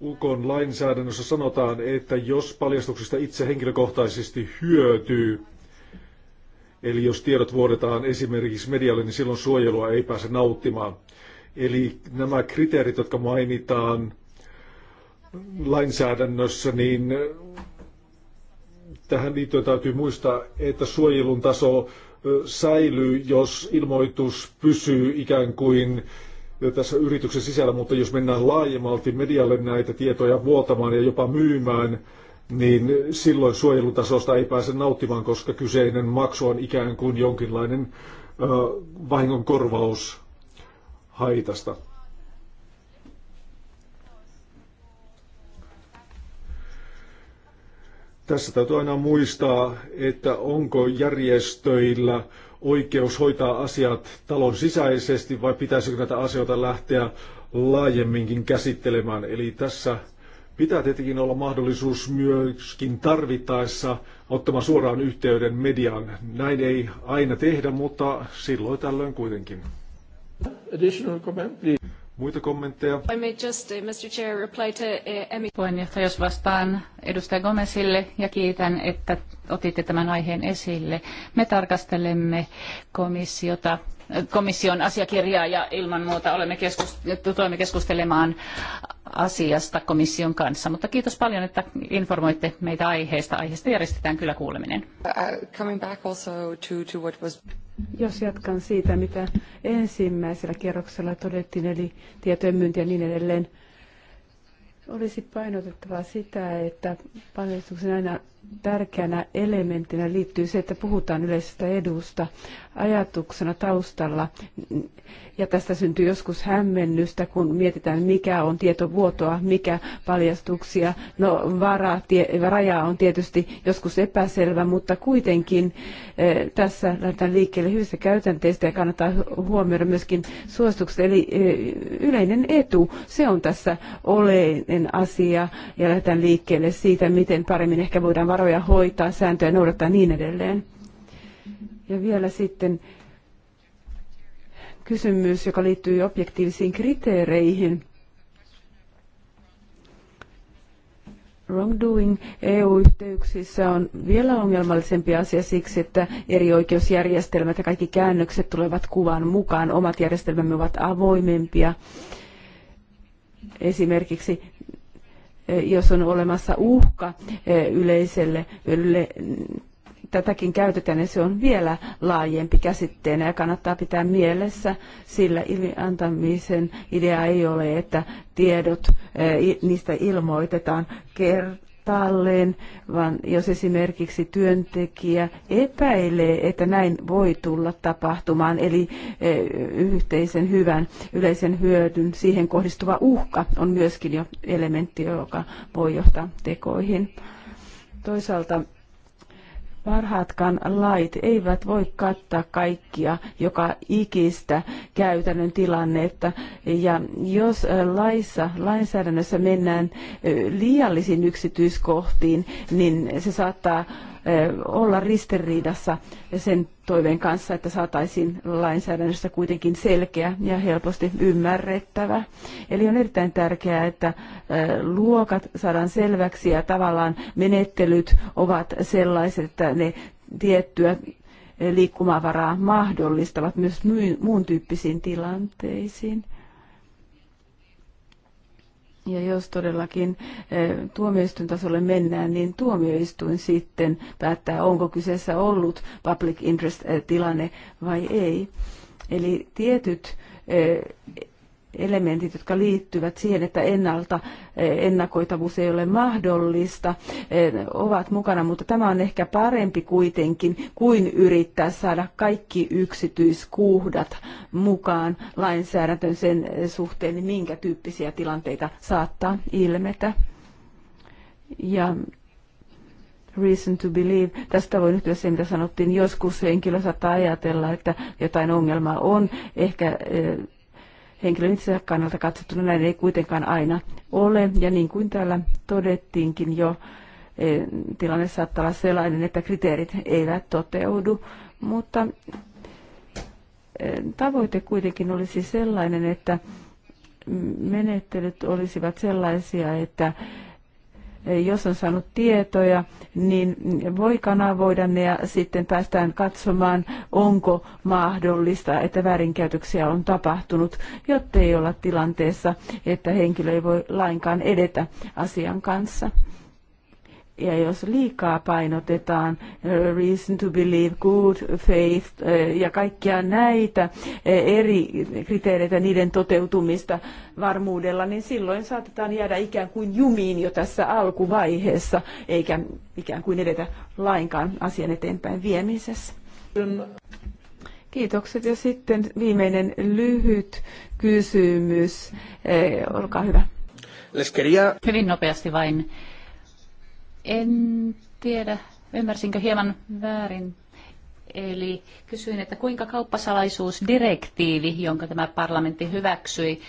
Ukon lainsäädännössä sanotaan, että jos paljastuksista itse henkilökohtaisesti hyötyy, eli jos tiedot vuodetaan esimerkiksi medialle, niin silloin suojelua ei pääse nauttimaan. Eli nämä kriteerit, jotka mainitaan lainsäädännössä, niin tähän liittyen täytyy muistaa, että suojelun taso säilyy, jos ilmoitus pysyy ikään kuin tässä yrityksen sisällä, mutta jos mennään laajemmalti medialle näitä tietoja vuotamaan ja jopa myymään, niin silloin suojelutasosta ei pääse nauttimaan, koska kyseinen maksu on ikään kuin jonkinlainen vahingonkorvaus. vahingon korvaus haitasta. Tässä täytyy aina muistaa, että onko järjestöillä oikeus hoitaa asiat talon sisäisesti vai pitäisikö näitä asioita lähteä laajemminkin käsittelemään. Eli tässä pitää tietenkin olla mahdollisuus myöskin tarvittaessa ottamaan suoraan yhteyden median. Näin ei aina tehdä, mutta silloin tällöin kuitenkin. Additional comment, please. Muita kommentteja? I may just, uh, Mr. Chair, reply to uh, Emmy. Puheenjohtaja, jos vastaan edustaja Gomesille ja kiitän, että otitte tämän aiheen esille. Me tarkastelemme komissiota komission asiakirjaa ja ilman muuta olemme keskust- tulemme keskustelemaan asiasta komission kanssa. Mutta kiitos paljon, että informoitte meitä aiheesta. Aiheesta järjestetään kyllä kuuleminen. Uh, Jos jatkan siitä, mitä ensimmäisellä kierroksella todettiin, eli tietojen myynti ja niin edelleen, olisi painotettava sitä, että paljastuksen aina tärkeänä elementtinä liittyy se, että puhutaan yleisestä edusta ajatuksena taustalla. Ja tästä syntyy joskus hämmennystä, kun mietitään, mikä on tietovuotoa, mikä paljastuksia. No, vara, tie, raja on tietysti joskus epäselvä, mutta kuitenkin e, tässä lähdetään liikkeelle hyvistä käytänteistä ja kannattaa huomioida myöskin suositukset. Eli e, yleinen etu, se on tässä oleinen asia ja lähdetään liikkeelle siitä, miten paremmin ehkä voidaan varoja hoitaa, sääntöjä noudattaa niin edelleen. Ja vielä sitten kysymys, joka liittyy objektiivisiin kriteereihin. Wrongdoing EU-yhteyksissä on vielä ongelmallisempi asia siksi, että eri oikeusjärjestelmät ja kaikki käännökset tulevat kuvan mukaan. Omat järjestelmämme ovat avoimempia esimerkiksi jos on olemassa uhka eh, yleiselle yle, tätäkin käytetään niin se on vielä laajempi käsitteenä ja kannattaa pitää mielessä, sillä antamisen idea ei ole, että tiedot, eh, niistä ilmoitetaan talleen, vaan jos esimerkiksi työntekijä epäilee, että näin voi tulla tapahtumaan, eli e, yhteisen hyvän, yleisen hyödyn, siihen kohdistuva uhka on myöskin jo elementti, joka voi johtaa tekoihin. Toisaalta Parhaatkaan lait eivät voi kattaa kaikkia, joka ikistä käytännön tilannetta. Ja jos laissa, lainsäädännössä mennään liiallisiin yksityiskohtiin, niin se saattaa olla ristiriidassa sen toiveen kanssa, että saataisiin lainsäädännössä kuitenkin selkeä ja helposti ymmärrettävä. Eli on erittäin tärkeää, että luokat saadaan selväksi ja tavallaan menettelyt ovat sellaiset, että ne tiettyä liikkumavaraa mahdollistavat myös muun tyyppisiin tilanteisiin. Ja jos todellakin eh, tasolle mennään, niin tuomioistuin sitten päättää, onko kyseessä ollut public interest-tilanne eh, vai ei. Eli tietyt eh, elementit, jotka liittyvät siihen, että ennalta eh, ennakoitavuus ei ole mahdollista, eh, ovat mukana, mutta tämä on ehkä parempi kuitenkin kuin yrittää saada kaikki yksityiskuhdat mukaan lainsäädäntön sen eh, suhteen, niin minkä tyyppisiä tilanteita saattaa ilmetä. Ja reason to believe. Tästä voi yhtyä se, mitä sanottiin. Joskus henkilö saattaa ajatella, että jotain ongelmaa on. Ehkä henkilön itsensä kannalta katsottuna näin ei kuitenkaan aina ole. Ja niin kuin täällä todettiinkin jo, eh, tilanne saattaa olla sellainen, että kriteerit eivät toteudu, mutta eh, tavoite kuitenkin olisi sellainen, että menettelyt olisivat sellaisia, että jos on saanut tietoja, niin voi kanavoida ne ja sitten päästään katsomaan, onko mahdollista, että väärinkäytöksiä on tapahtunut, jotta ei olla tilanteessa, että henkilö ei voi lainkaan edetä asian kanssa. Ja jos liikaa painotetaan eh, reason to believe, good faith eh, ja kaikkia näitä eh, eri kriteereitä, niiden toteutumista varmuudella, niin silloin saatetaan jäädä ikään kuin jumiin jo tässä alkuvaiheessa, eikä ikään kuin edetä lainkaan asian eteenpäin viemisessä. Kiitokset. Ja sitten viimeinen lyhyt kysymys. Olkaa hyvä. Hyvin nopeasti vain en tiedä, ymmärsinkö hieman väärin. Eli kysyin, että kuinka kauppasalaisuusdirektiivi, jonka tämä parlamentti hyväksyi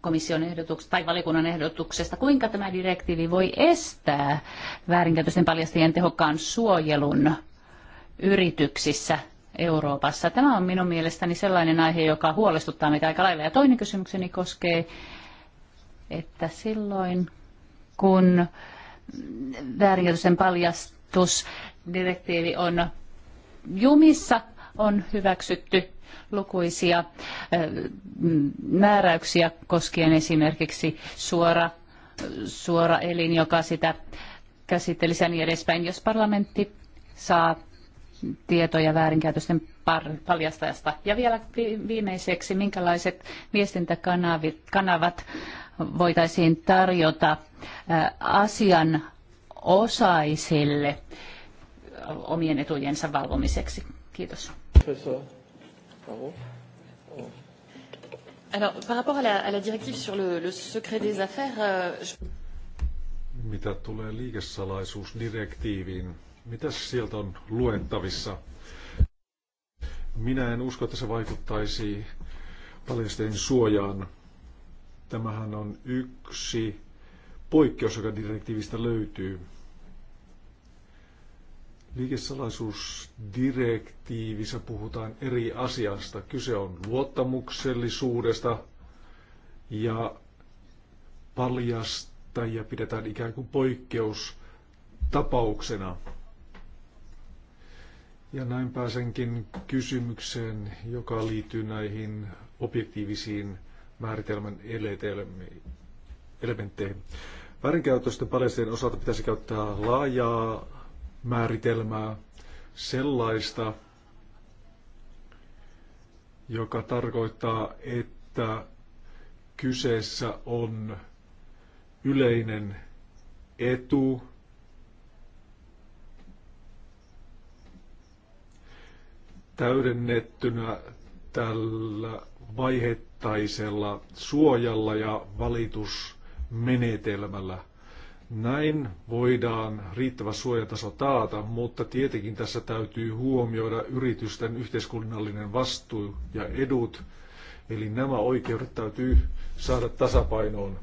komission ehdotuksesta tai valikunnan ehdotuksesta, kuinka tämä direktiivi voi estää väärinkäytösten paljastajien tehokkaan suojelun yrityksissä Euroopassa. Tämä on minun mielestäni sellainen aihe, joka huolestuttaa meitä aika lailla. Ja toinen kysymykseni koskee, että silloin kun väärinkäytösten paljastusdirektiivi on jumissa, on hyväksytty lukuisia määräyksiä koskien esimerkiksi suora, suora elin, joka sitä käsittelisi ja niin edespäin. Jos parlamentti saa tietoja väärinkäytösten paljastajasta. Ja vielä viimeiseksi, minkälaiset viestintäkanavat voitaisiin tarjota asian osaisille omien etujensa valvomiseksi? Kiitos. Alors, par rapport à la, à la directive sur le, le secret des affaires, euh, je... Mitä tulee liikesalaisuusdirektiiviin, Mitäs sieltä on luettavissa? Minä en usko, että se vaikuttaisi paljasteen suojaan. Tämähän on yksi poikkeus, joka direktiivistä löytyy. Liikesalaisuusdirektiivissä puhutaan eri asiasta. Kyse on luottamuksellisuudesta ja paljastajia pidetään ikään kuin poikkeustapauksena. Ja näin pääsenkin kysymykseen, joka liittyy näihin objektiivisiin määritelmän elementteihin. Väärinkäytösten paljastajien osalta pitäisi käyttää laajaa määritelmää, sellaista, joka tarkoittaa, että kyseessä on yleinen etu täydennettynä tällä vaihettaisella suojalla ja valitusmenetelmällä. Näin voidaan riittävä suojataso taata, mutta tietenkin tässä täytyy huomioida yritysten yhteiskunnallinen vastuu ja edut, eli nämä oikeudet täytyy saada tasapainoon.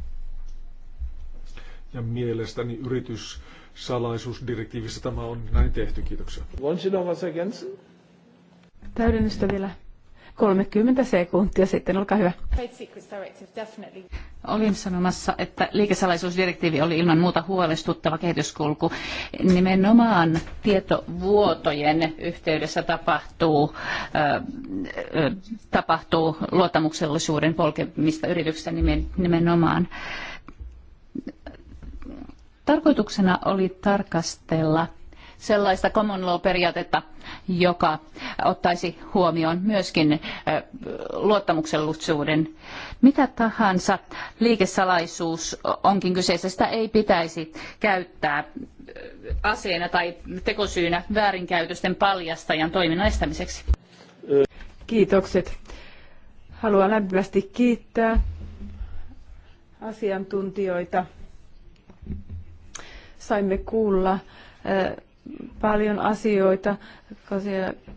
Ja mielestäni yrityssalaisuusdirektiivissä tämä on näin tehty. Kiitoksia. Wollen Sie noch was ergänzen? täydennystä vielä 30 sekuntia sitten, olkaa hyvä. Olin sanomassa, että liikesalaisuusdirektiivi oli ilman muuta huolestuttava kehityskulku. Nimenomaan tietovuotojen yhteydessä tapahtuu, äh, tapahtuu luottamuksellisuuden polkemista yrityksessä nimenomaan. Tarkoituksena oli tarkastella sellaista common law-periaatetta, joka ottaisi huomioon myöskin luottamuksellisuuden. Mitä tahansa liikesalaisuus onkin kyseessä, sitä ei pitäisi käyttää aseena tai tekosyynä väärinkäytösten paljastajan toiminnan estämiseksi. Kiitokset. Haluan lämpimästi kiittää asiantuntijoita. Saimme kuulla paljon asioita.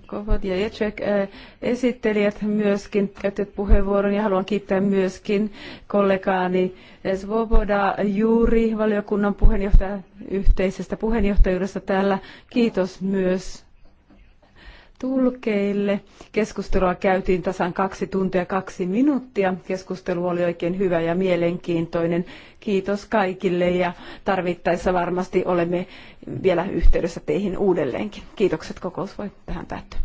Kofodia ja Jacek eh, esittelijät myöskin käyttivät puheenvuoron ja haluan kiittää myöskin kollegaani Svoboda Juuri, valiokunnan puheenjohtaja yhteisestä puheenjohtajuudesta täällä. Kiitos myös tulkeille. Keskustelua käytiin tasan kaksi tuntia kaksi minuuttia. Keskustelu oli oikein hyvä ja mielenkiintoinen. Kiitos kaikille ja tarvittaessa varmasti olemme vielä yhteydessä teihin uudelleenkin. Kiitokset, kokous voi tähän päättyä.